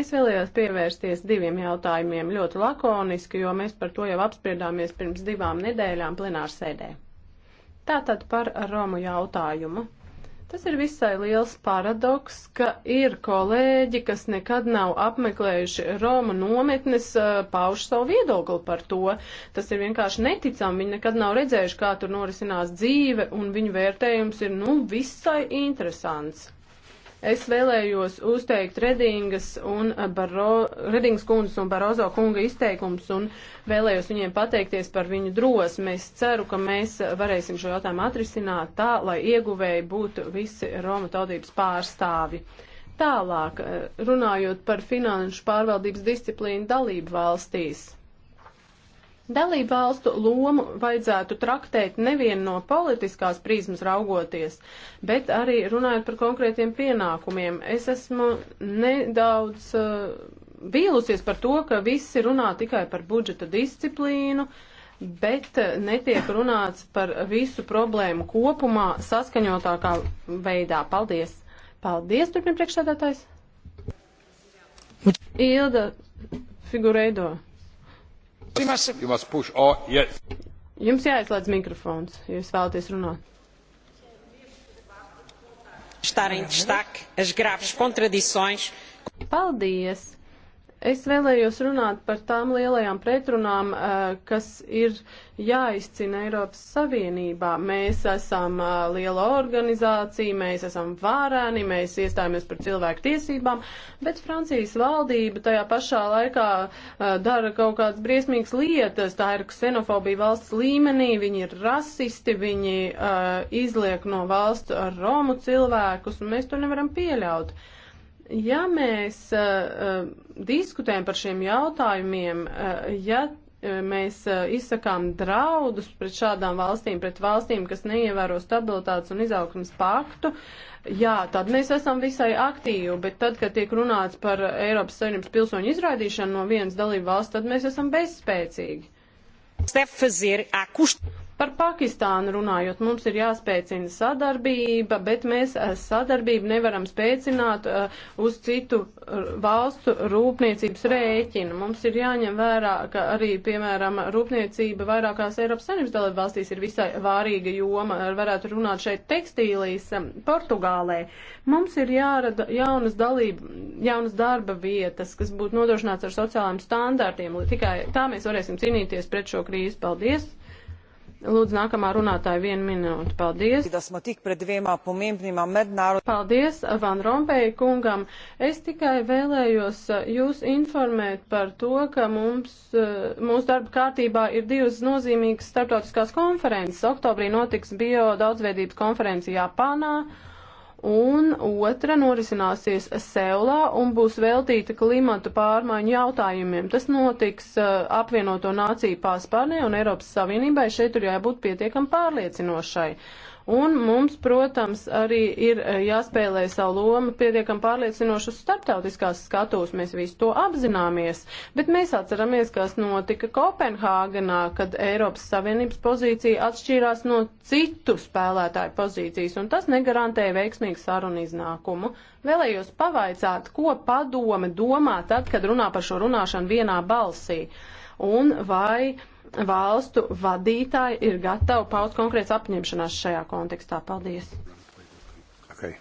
Es vēlējos pievērsties diviem jautājumiem ļoti lakoniski, jo mēs par to jau apspriedāmies pirms divām nedēļām plenārsēdē. Tātad par Romu jautājumu. Tas ir visai liels paradoks, ka ir kolēģi, kas nekad nav apmeklējuši Roma nometnes, pauž savu viedokli par to. Tas ir vienkārši neticami. Viņi nekad nav redzējuši, kā tur norisinās dzīve, un viņu vērtējums ir, nu, visai interesants. Es vēlējos uzteikt Redingas, un eh, Baro, Redingas kundas un Barozo kunga izteikums un vēlējos viņiem pateikties par viņu drosmi. Es ceru, ka mēs varēsim šo jautājumu atrisināt tā, lai ieguvēji būtu visi Roma tautības pārstāvi. Tālāk, eh, runājot par finanšu pārvaldības disciplīnu dalību valstīs. Dalību valstu lomu vajadzētu traktēt nevien no politiskās prizmas raugoties, bet arī runājot par konkrētiem pienākumiem. Es esmu nedaudz uh, vīlusies par to, ka visi runā tikai par budžeta disciplīnu, bet eh, netiek runāts par visu problēmu kopumā saskaņotākā veidā. Paldies! Paldies, turpin priekšsēdētājs! Ilda Figureido. You must, you must push, oh, yes. Jums jāizslēdz mikrofons, ja jūs vēlaties runāt. Estarem destaque as graves contradições. Paldies! Es vēlējos runāt par tām lielajām pretrunām, eh, kas ir jāizcina Eiropas Savienībā. Mēs esam eh, liela organizācija, mēs esam vārēni, mēs iestājamies par cilvēku tiesībām, bet Francijas valdība tajā pašā laikā eh, dara kaut kādas briesmīgas lietas. Tā ir ksenofobija valsts līmenī, viņi ir rasisti, viņi izliek no valsts romu cilvēkus, un mēs to nevaram pieļaut. Uh, Ja mēs uh, uh, diskutējam par šiem jautājumiem, uh, ja uh, mēs uh, izsakām draudus pret šādām valstīm, pret valstīm, kas neievēro stabilitātes un izaugsmas paktu, jā, tad mēs esam visai aktīvi, bet tad, kad tiek runāts par Eiropas Savienības pilsoņu izraidīšanu no vienas dalību valsts, tad mēs esam bezspēcīgi. Par Pakistānu runājot, mums ir jāspēcina sadarbība, bet mēs eh, sadarbību nevaram spēcināt eh, uz citu eh, valstu rūpniecības rēķinu. Mums ir jāņem vērā, ka arī, piemēram, rūpniecība vairākās Eiropas Savienības dalību valstīs ir visai vārīga joma. Varētu runāt šeit tekstīlīs Portugālē. Mums ir jārada jaunas, dalība, jaunas darba vietas, kas būtu nodrošināts ar sociālajiem standārtiem. Tikai tā mēs varēsim cīnīties pret šo krīzi. Paldies! Lūdzu, nākamā runātāja vienu minūti. Paldies. Paldies Van Rompēja kungam. Es tikai vēlējos eh, jūs informēt par to, ka mums, eh, mūsu darba kārtībā ir divas nozīmīgas starptautiskās konferences. Oktobrī notiks bio daudzveidības konference Japānā un otra norisināsies Seulā un būs veltīta klimatu pārmaiņu jautājumiem. Tas notiks uh, apvienoto nāciju pārspārnē un Eiropas Savienībai šeit ir jābūt pietiekam pārliecinošai. Un mums, protams, arī ir eh, jāspēlē savu lomu pietiekam pārliecinoši uz starptautiskās skatūs. Mēs visu to apzināmies, bet mēs atceramies, kas notika Kopenhāgenā, kad Eiropas Savienības pozīcija atšķīrās no citu spēlētāju pozīcijas, un tas negarantēja veiksmīgu sarunu iznākumu. Vēlējos pavaicāt, ko padome domā tad, kad runā par šo runāšanu vienā balsī, un vai valstu vadītāji ir gatavi paust konkrēts apņemšanās šajā kontekstā. Paldies! Okay.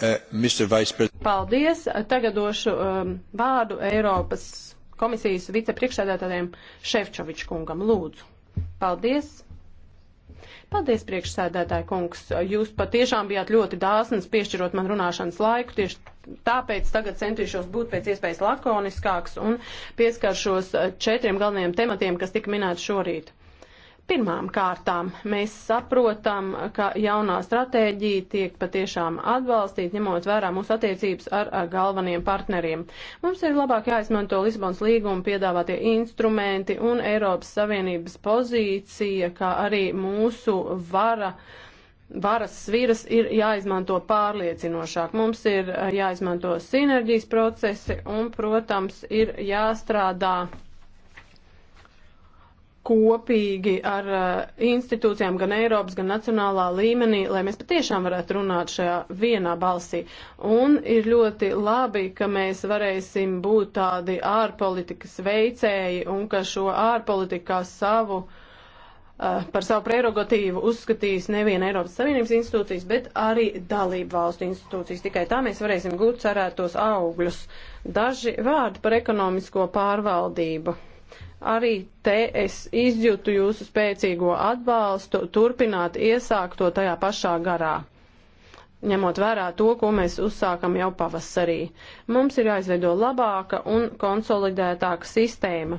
Uh, Paldies! Tagad došu um, vārdu Eiropas komisijas vicepriekšsēdētājiem Šefčovičkungam. Lūdzu! Paldies! Paldies, priekšsēdētāji kungs. Jūs patiešām bijāt ļoti dāsnas piešķirot man runāšanas laiku. Tieši tāpēc tagad centīšos būt pēc iespējas lakoniskāks un pieskaršos četriem galvenajiem tematiem, kas tika minēti šorīt. Pirmām kārtām mēs saprotam, ka jaunā stratēģija tiek patiešām atbalstīta, ņemot vērā mūsu attiecības ar, ar galveniem partneriem. Mums ir labāk jāizmanto Lisbons līguma piedāvātie instrumenti un Eiropas Savienības pozīcija, kā arī mūsu vara varas sviras ir jāizmanto pārliecinošāk. Mums ir jāizmanto sinerģijas procesi un, protams, ir jāstrādā kopīgi ar eh, institūcijām gan Eiropas, gan nacionālā līmenī, lai mēs patiešām varētu runāt šajā vienā balsī. Un ir ļoti labi, ka mēs varēsim būt tādi ārpolitikas veicēji un ka šo ārpolitikā savu eh, par savu prerogatīvu uzskatīs nevien Eiropas Savienības institūcijas, bet arī dalību valstu institūcijas. Tikai tā mēs varēsim gūt cerētos augļus. Daži vārdi par ekonomisko pārvaldību. Arī te es izjūtu jūsu spēcīgo atbalstu, turpināt iesākt to tajā pašā garā ņemot vērā to, ko mēs uzsākam jau pavasarī. Mums ir jāizveido labāka un konsolidētāka sistēma.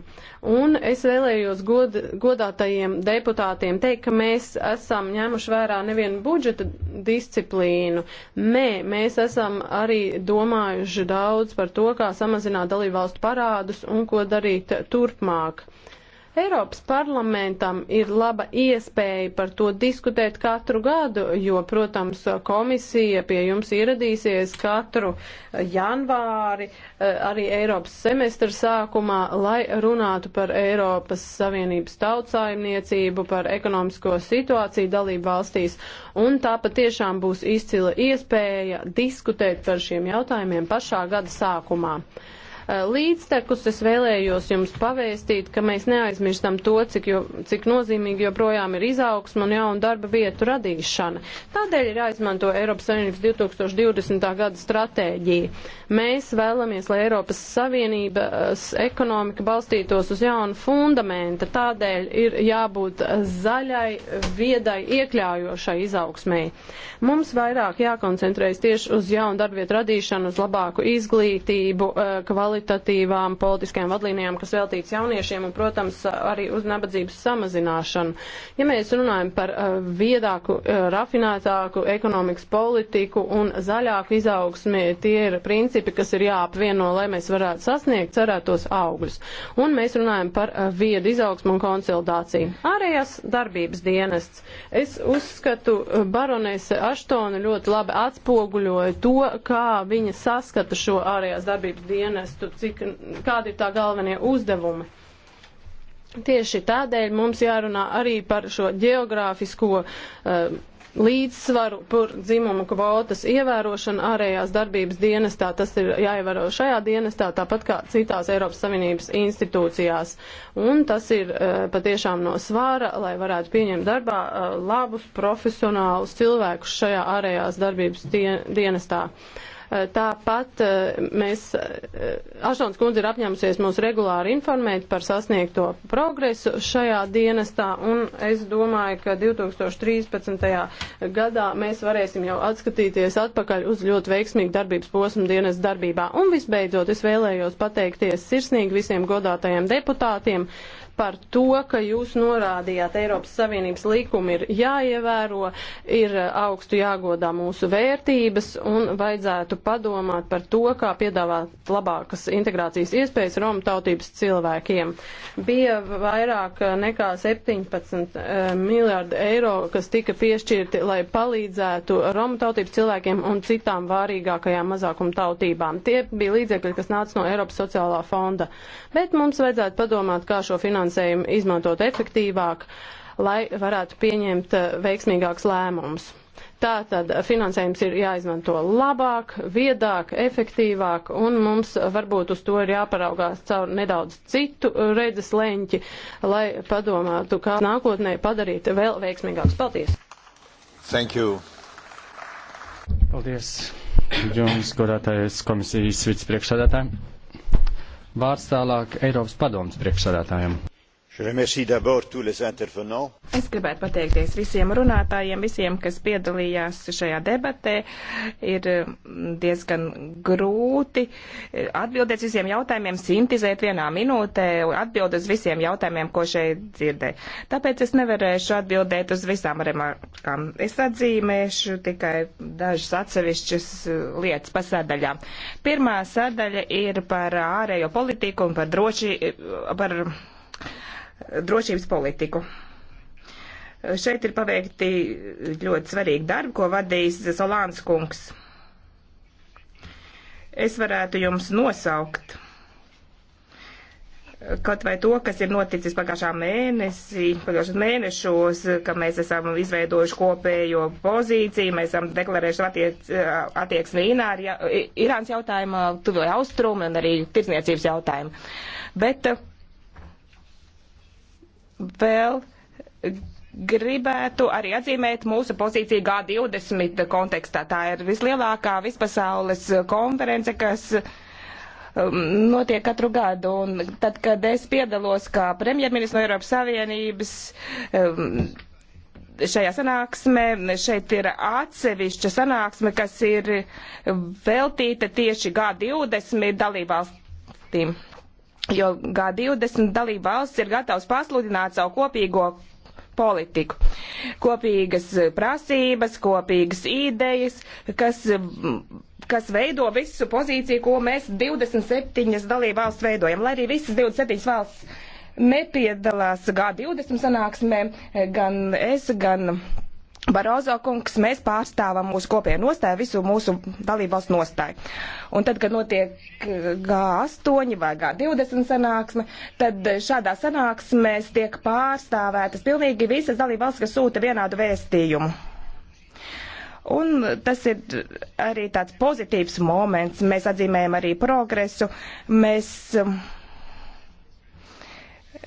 Un es vēlējos god, godātajiem deputātiem teikt, ka mēs esam ņēmuši vērā nevienu budžeta disciplīnu. Nē, mēs esam arī domājuši daudz par to, kā samazināt dalībvalstu parādus un ko darīt turpmāk. Eiropas parlamentam ir laba iespēja par to diskutēt katru gadu, jo, protams, komisija pie jums ieradīsies katru janvāri, eh, arī Eiropas semestra sākumā, lai runātu par Eiropas Savienības tautsājumniecību, par ekonomisko situāciju dalību valstīs. Un tā patiešām būs izcila iespēja diskutēt par šiem jautājumiem pašā gada sākumā. Thank you. Eh, līdztekus. Es vēlējos jums pavēstīt, ka mēs neaizmirstam to, cik, jo, cik nozīmīgi joprojām ir izaugsma un jauna darba vietu radīšana. Tādēļ ir jāizmanto Eiropas Savienības 2020. gada stratēģija. Mēs vēlamies, lai Eiropas Savienības ekonomika balstītos uz jaunu fundamentu. Tādēļ ir jābūt zaļai, viedai, iekļaujošai izaugsmēji. Mums vairāk jākoncentrējas tieši uz jaunu darbvietu radīšanu, uz labāku izglītību, eh, kvalitāti kvalitatīvām politiskajām vadlīnijām, kas veltīts jauniešiem un, protams, arī uz nabadzības samazināšanu. Ja mēs runājam par uh, viedāku, uh, rafinētāku ekonomikas politiku un zaļāku izaugsmi, tie ir principi, kas ir jāapvieno, lai mēs varētu sasniegt cerētos augļus. Un mēs runājam par uh, viedu izaugsmu un konsolidāciju. Ārējās darbības dienests. Es uzskatu, baronese Aštona ļoti labi atspoguļoja to, kā viņa saskata šo ārējās darbības dienestu saprastu, cik, kādi ir tā galvenie uzdevumi. Tieši tādēļ mums jārunā arī par šo geogrāfisko uh, līdzsvaru par dzimumu kvotas ievērošanu ārējās darbības dienestā. Tas ir jāievēro šajā dienestā, tāpat kā citās Eiropas Savienības institūcijās. Un tas ir uh, patiešām no svāra, lai varētu pieņemt darbā uh, labus profesionālus cilvēkus šajā ārējās darbības dien dienestā. Uh, Tāpat eh, mēs, eh, Ašons kundze ir apņēmusies mūs regulāri informēt par sasniegto progresu šajā dienestā, un es domāju, ka 2013. gadā mēs varēsim jau atskatīties atpakaļ uz ļoti veiksmīgu darbības posmu dienas darbībā. Un visbeidzot, es vēlējos pateikties sirsnīgi visiem godātajiem deputātiem, uh, par to, ka jūs norādījāt, Eiropas Savienības likumi ir jāievēro, ir augstu jāgodā mūsu vērtības un vajadzētu padomāt par to, kā piedāvāt labākas integrācijas iespējas Romu tautības cilvēkiem. Bija vairāk nekā 17 uh, eh, miljārdi eiro, kas tika piešķirti, lai palīdzētu Romu tautības cilvēkiem un citām vārīgākajām mazākuma tautībām. Tie bija līdzekļi, kas nāca no Eiropas sociālā fonda. Bet mums vajadzētu padomāt, kā šo finansējumu finansējumu izmantot efektīvāk, lai varētu pieņemt eh, veiksmīgākus lēmumus. Tātad finansējums ir jāizmanto labāk, viedāk, efektīvāk, un mums varbūt uz to ir jāparaugās caur nedaudz citu redzes leņķi, lai padomātu, kā nākotnē padarīt vēl veiksmīgāks. Paldies! Thank you! Paldies! Jums, godātais komisijas vicepriekšsādātājiem! Vārds tālāk Eiropas padomas priekšsādātājiem. Es gribētu pateikties visiem runātājiem, visiem, kas piedalījās šajā debatē. Ir mm, diezgan grūti e, atbildēt visiem jautājumiem, sintizēt vienā minūtē, atbild uz visiem jautājumiem, ko šeit dzirdēju. Tāpēc es nevarēšu atbildēt uz visām remarkām. Es atzīmēšu tikai dažas atsevišķas e, lietas pa sadaļām. Pirmā sadaļa ir par ārējo politiku un par droši, e, par drošības politiku. Šeit ir paveikti ļoti svarīgi darbi, ko vadīs Solāns kungs. Es varētu jums nosaukt kaut vai to, kas ir noticis pagājušā mēnesī, pagājušos mēnešos, ka mēs esam izveidojuši kopējo pozīciju, mēs esam deklarējuši attiec, attieksmi Irānas jautājumā, tuvajā austrumi un arī tirsniecības jautājumu. Bet uh, vēl gribētu arī atzīmēt mūsu pozīciju G20 kontekstā. Tā ir vislielākā vispasaules konference, kas um, notiek katru gadu. Un tad, kad es piedalos kā premjerministrs no Eiropas Savienības, um, šajā sanāksmē. Šeit ir atsevišķa sanāksme, kas ir veltīta tieši G20 dalībvalstīm jo G20 dalība valsts ir gatavs pasludināt savu kopīgo politiku. Kopīgas prasības, kopīgas idejas, kas, kas veido visu pozīciju, ko mēs 27 dalību valsts veidojam, lai arī visas 27 valsts nepiedalās G20 sanāksmē, gan es, gan Barozo kungs, mēs pārstāvam mūsu kopienu nostāju, visu mūsu dalībvalstu nostāju. Un tad, kad notiek eh, G8 vai G20 sanāksme, tad šādā sanāksmēs tiek pārstāvētas pilnīgi visas dalībvalsts, kas sūta vienādu vēstījumu. Un tas ir arī tāds pozitīvs moments. Mēs atzīmējam arī progresu. Mēs eh,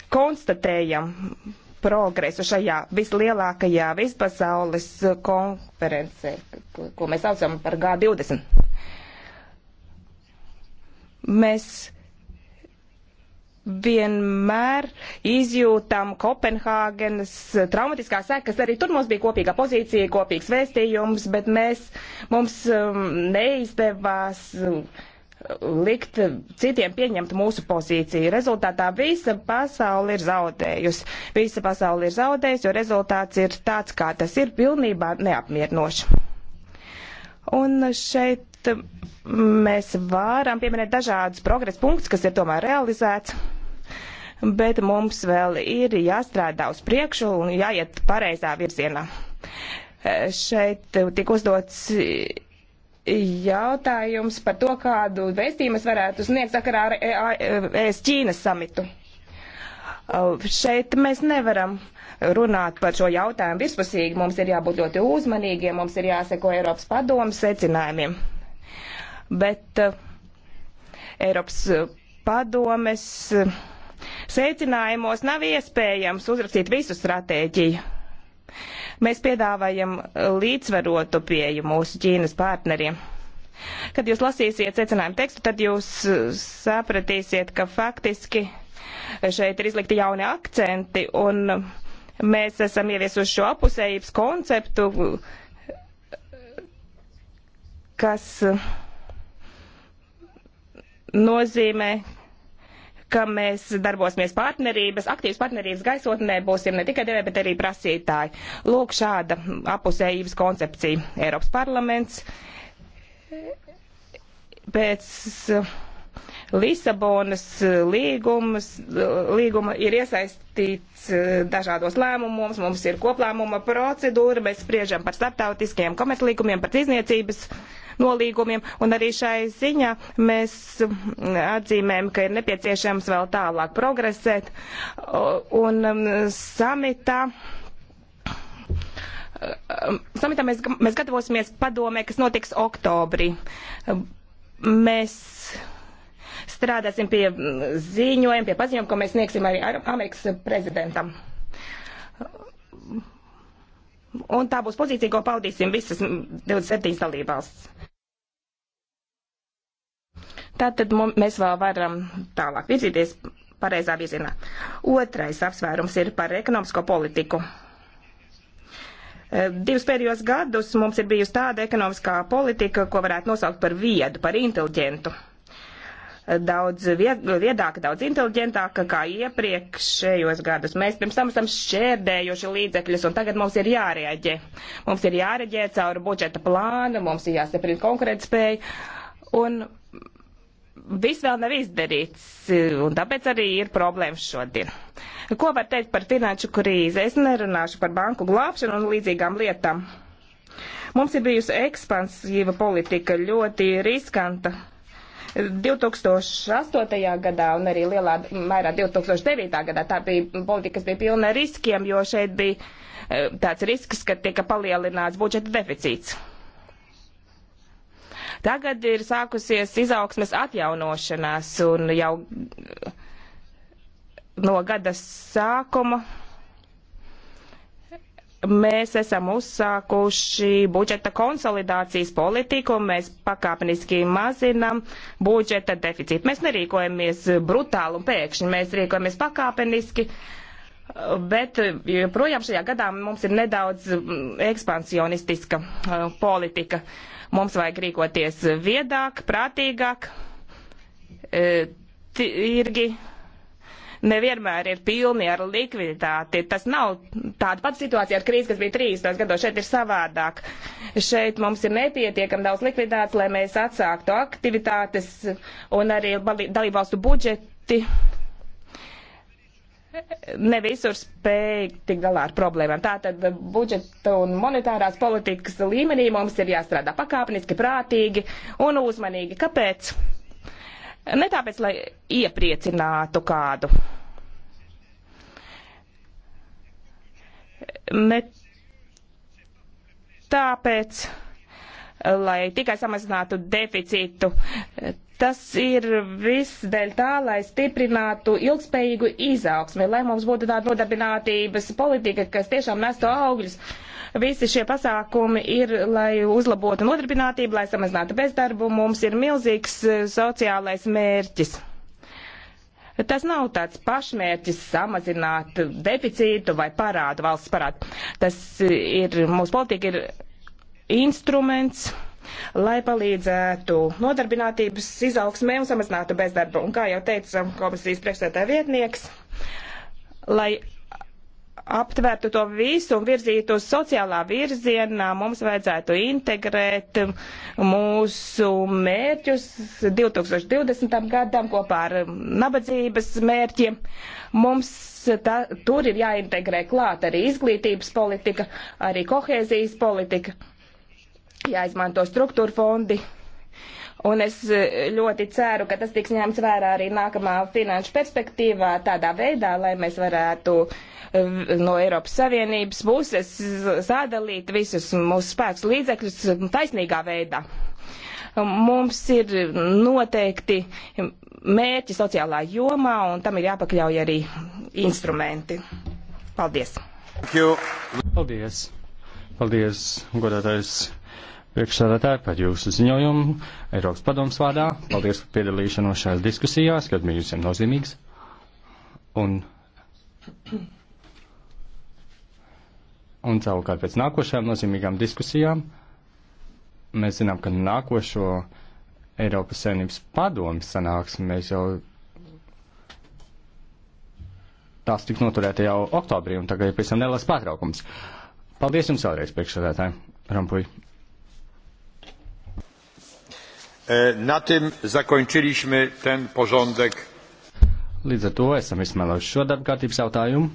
konstatējam progresu šajā vislielākajā vispasaules konferencē, ko mēs saucam par G20. Mēs vienmēr izjūtam Kopenhāgenes traumatiskās sekas. Arī tur mums bija kopīga pozīcija, kopīgs vēstījums, bet mēs, mums um, neizdevās. Um, likt citiem pieņemt mūsu pozīciju. Rezultātā visa pasaule ir zaudējusi. Visa pasaule ir zaudējusi, jo rezultāts ir tāds, kā tas ir, pilnībā neapmierinošs. Un šeit mēs varam pieminēt dažādus progresa punktus, kas ir tomēr realizēts. Bet mums vēl ir jāstrādā uz priekšu un jāiet pareizā virzienā. Šeit tika uzdots jautājums par to, kādu vēstījumu es varētu sniegt sakarā ar ES e e Ķīnas samitu. Uh, šeit mēs nevaram runāt par šo jautājumu vispusīgi. Mums ir jābūt ļoti uzmanīgiem, mums ir jāseko Eiropas padomu secinājumiem. Bet uh, Eiropas uh, padomes secinājumos nav iespējams uzrakstīt visu stratēģiju Mēs piedāvājam eh, līdzsvarotu pieju mūsu Ķīnas partneriem. Kad jūs lasīsiet secinājumu tekstu, tad jūs eh, sapratīsiet, ka faktiski eh, šeit ir izlikti jauni akcenti, un mēs esam ieviesuši šo apusējības konceptu, kas nozīmē, ka mēs darbosimies partnerības, aktīvas partnerības gaisotnē būsim ne tikai devēji, bet arī prasītāji. Lūk, šāda apusējības koncepcija. Eiropas parlaments pēc eh, Lisabonas eh, līgumas, eh, līguma ir iesaistīts dažādos lēmumos, mums ir koplēmuma procedūra, mēs spriežam par starptautiskiem komerclīgumiem, par izniecības nolīgumiem. Un arī šai ziņā mēs atzīmējam, ka ir nepieciešams vēl tālāk progresēt. Un um, samitā. Um, samitā mēs, mēs gatavosimies padomē, kas notiks oktobrī. Mēs strādāsim pie ziņojuma, pie paziņojuma, ko mēs sniegsim arī Amerikas prezidentam. Un tā būs pozīcija, ko paudīsim visas 27 dalībvalsts. Tātad mums, mēs vēl varam tālāk virzīties pareizā virzienā. Otrais apsvērums ir par ekonomisko politiku. Eh, divus pēdējos gadus mums ir bijusi tāda ekonomiskā politika, ko varētu nosaukt par viedu, par inteliģentu. Eh, daudz viedāka, daudz inteliģentāka kā iepriekšējos gadus. Mēs pirms tam esam šķērdējuši līdzekļus, un tagad mums ir jārēģē. Mums ir jārēģē caur budžeta plānu, mums ir jāstiprina konkurētspēja. Un viss vēl nav izdarīts, un tāpēc arī ir problēmas šodien. Ko var teikt par finanšu krīzi? Es nerunāšu par banku glābšanu un līdzīgām lietām. Mums ir bijusi ekspansīva politika, ļoti riskanta. 2008. gadā un arī lielā mērā 2009. gadā tā bija politika, kas bija pilna riskiem, jo šeit bija eh, tāds risks, ka tika palielināts budžeta deficīts Tagad ir sākusies izaugsmes atjaunošanās un jau no gada sākuma mēs esam uzsākuši budžeta konsolidācijas politiku, mēs pakāpeniski mazinam budžeta deficītu. Mēs nerīkojamies brutāli un pēkšņi, mēs rīkojamies pakāpeniski. Bet projām šajā gadā mums ir nedaudz ekspansionistiska eh, politika. Uh, Mums vajag rīkoties viedāk, prātīgāk. E, tirgi nevienmēr ir pilni ar likviditāti. Tas nav tāda pati situācija ar krīzi, kas bija 30. gados. Šeit ir savādāk. Šeit mums ir nepietiekami daudz likviditātes, lai mēs atsāktu aktivitātes un arī dalībvalstu budžeti ne visur spēj tikt galā ar problēmām. Tātad budžeta un monetārās politikas līmenī mums ir jāstrādā pakāpeniski, prātīgi un uzmanīgi. Kāpēc? Ne tāpēc, lai iepriecinātu kādu. Ne tāpēc, lai tikai samazinātu deficītu. Tas ir viss dēļ tā, lai stiprinātu ilgspējīgu izaugsmi, lai mums būtu tāda nodarbinātības politika, kas tiešām nestu augļus. Visi šie pasākumi ir, lai uzlabotu nodarbinātību, lai samazinātu bezdarbu. Mums ir milzīgs e, sociālais mērķis. Tas nav tāds pašmērķis samazināt deficītu vai parādu, valsts parādu. Tas e, ir, mūsu politika ir instruments lai palīdzētu nodarbinātības izaugsmē un samazinātu bezdarbu. Un kā jau teica komisijas priekšsētā vietnieks, lai aptvērtu to visu un virzītu uz sociālā virzienā, mums vajadzētu integrēt mūsu mērķus 2020. gadam kopā ar nabadzības mērķiem. Mums tā, tur ir jāintegrē klāt arī izglītības politika, arī kohēzijas politika jāizmanto struktūra fondi. Un es e, ļoti ceru, ka tas tiks ņemts vērā arī nākamā finanšu perspektīvā tādā veidā, lai mēs varētu e, no Eiropas Savienības puses sadalīt visus mūsu spēks līdzekļus taisnīgā veidā. Mums ir noteikti mērķi sociālā jomā, un tam ir jāpakļauj arī instrumenti. Paldies! Paldies! Paldies, godātais! priekšsēdētāji par jūsu ziņojumu Eiropas padoms vārdā. Paldies par piedalīšanos šajās diskusijās, kad bija visiem nozīmīgs. Un, un savukārt pēc nākošajām nozīmīgām diskusijām mēs zinām, ka nākošo Eiropas saimnības padomu sanāksmi mēs jau tās tika noturēta jau oktobrī, un tagad ir pēc tam neliels pārtraukums. Paldies jums vēlreiz, priekšsēdētāji Rampuji. E, na tym zakończyliśmy ten porządek. Līdz ar to esam izsmēluši šo darbkārtības jautājumu.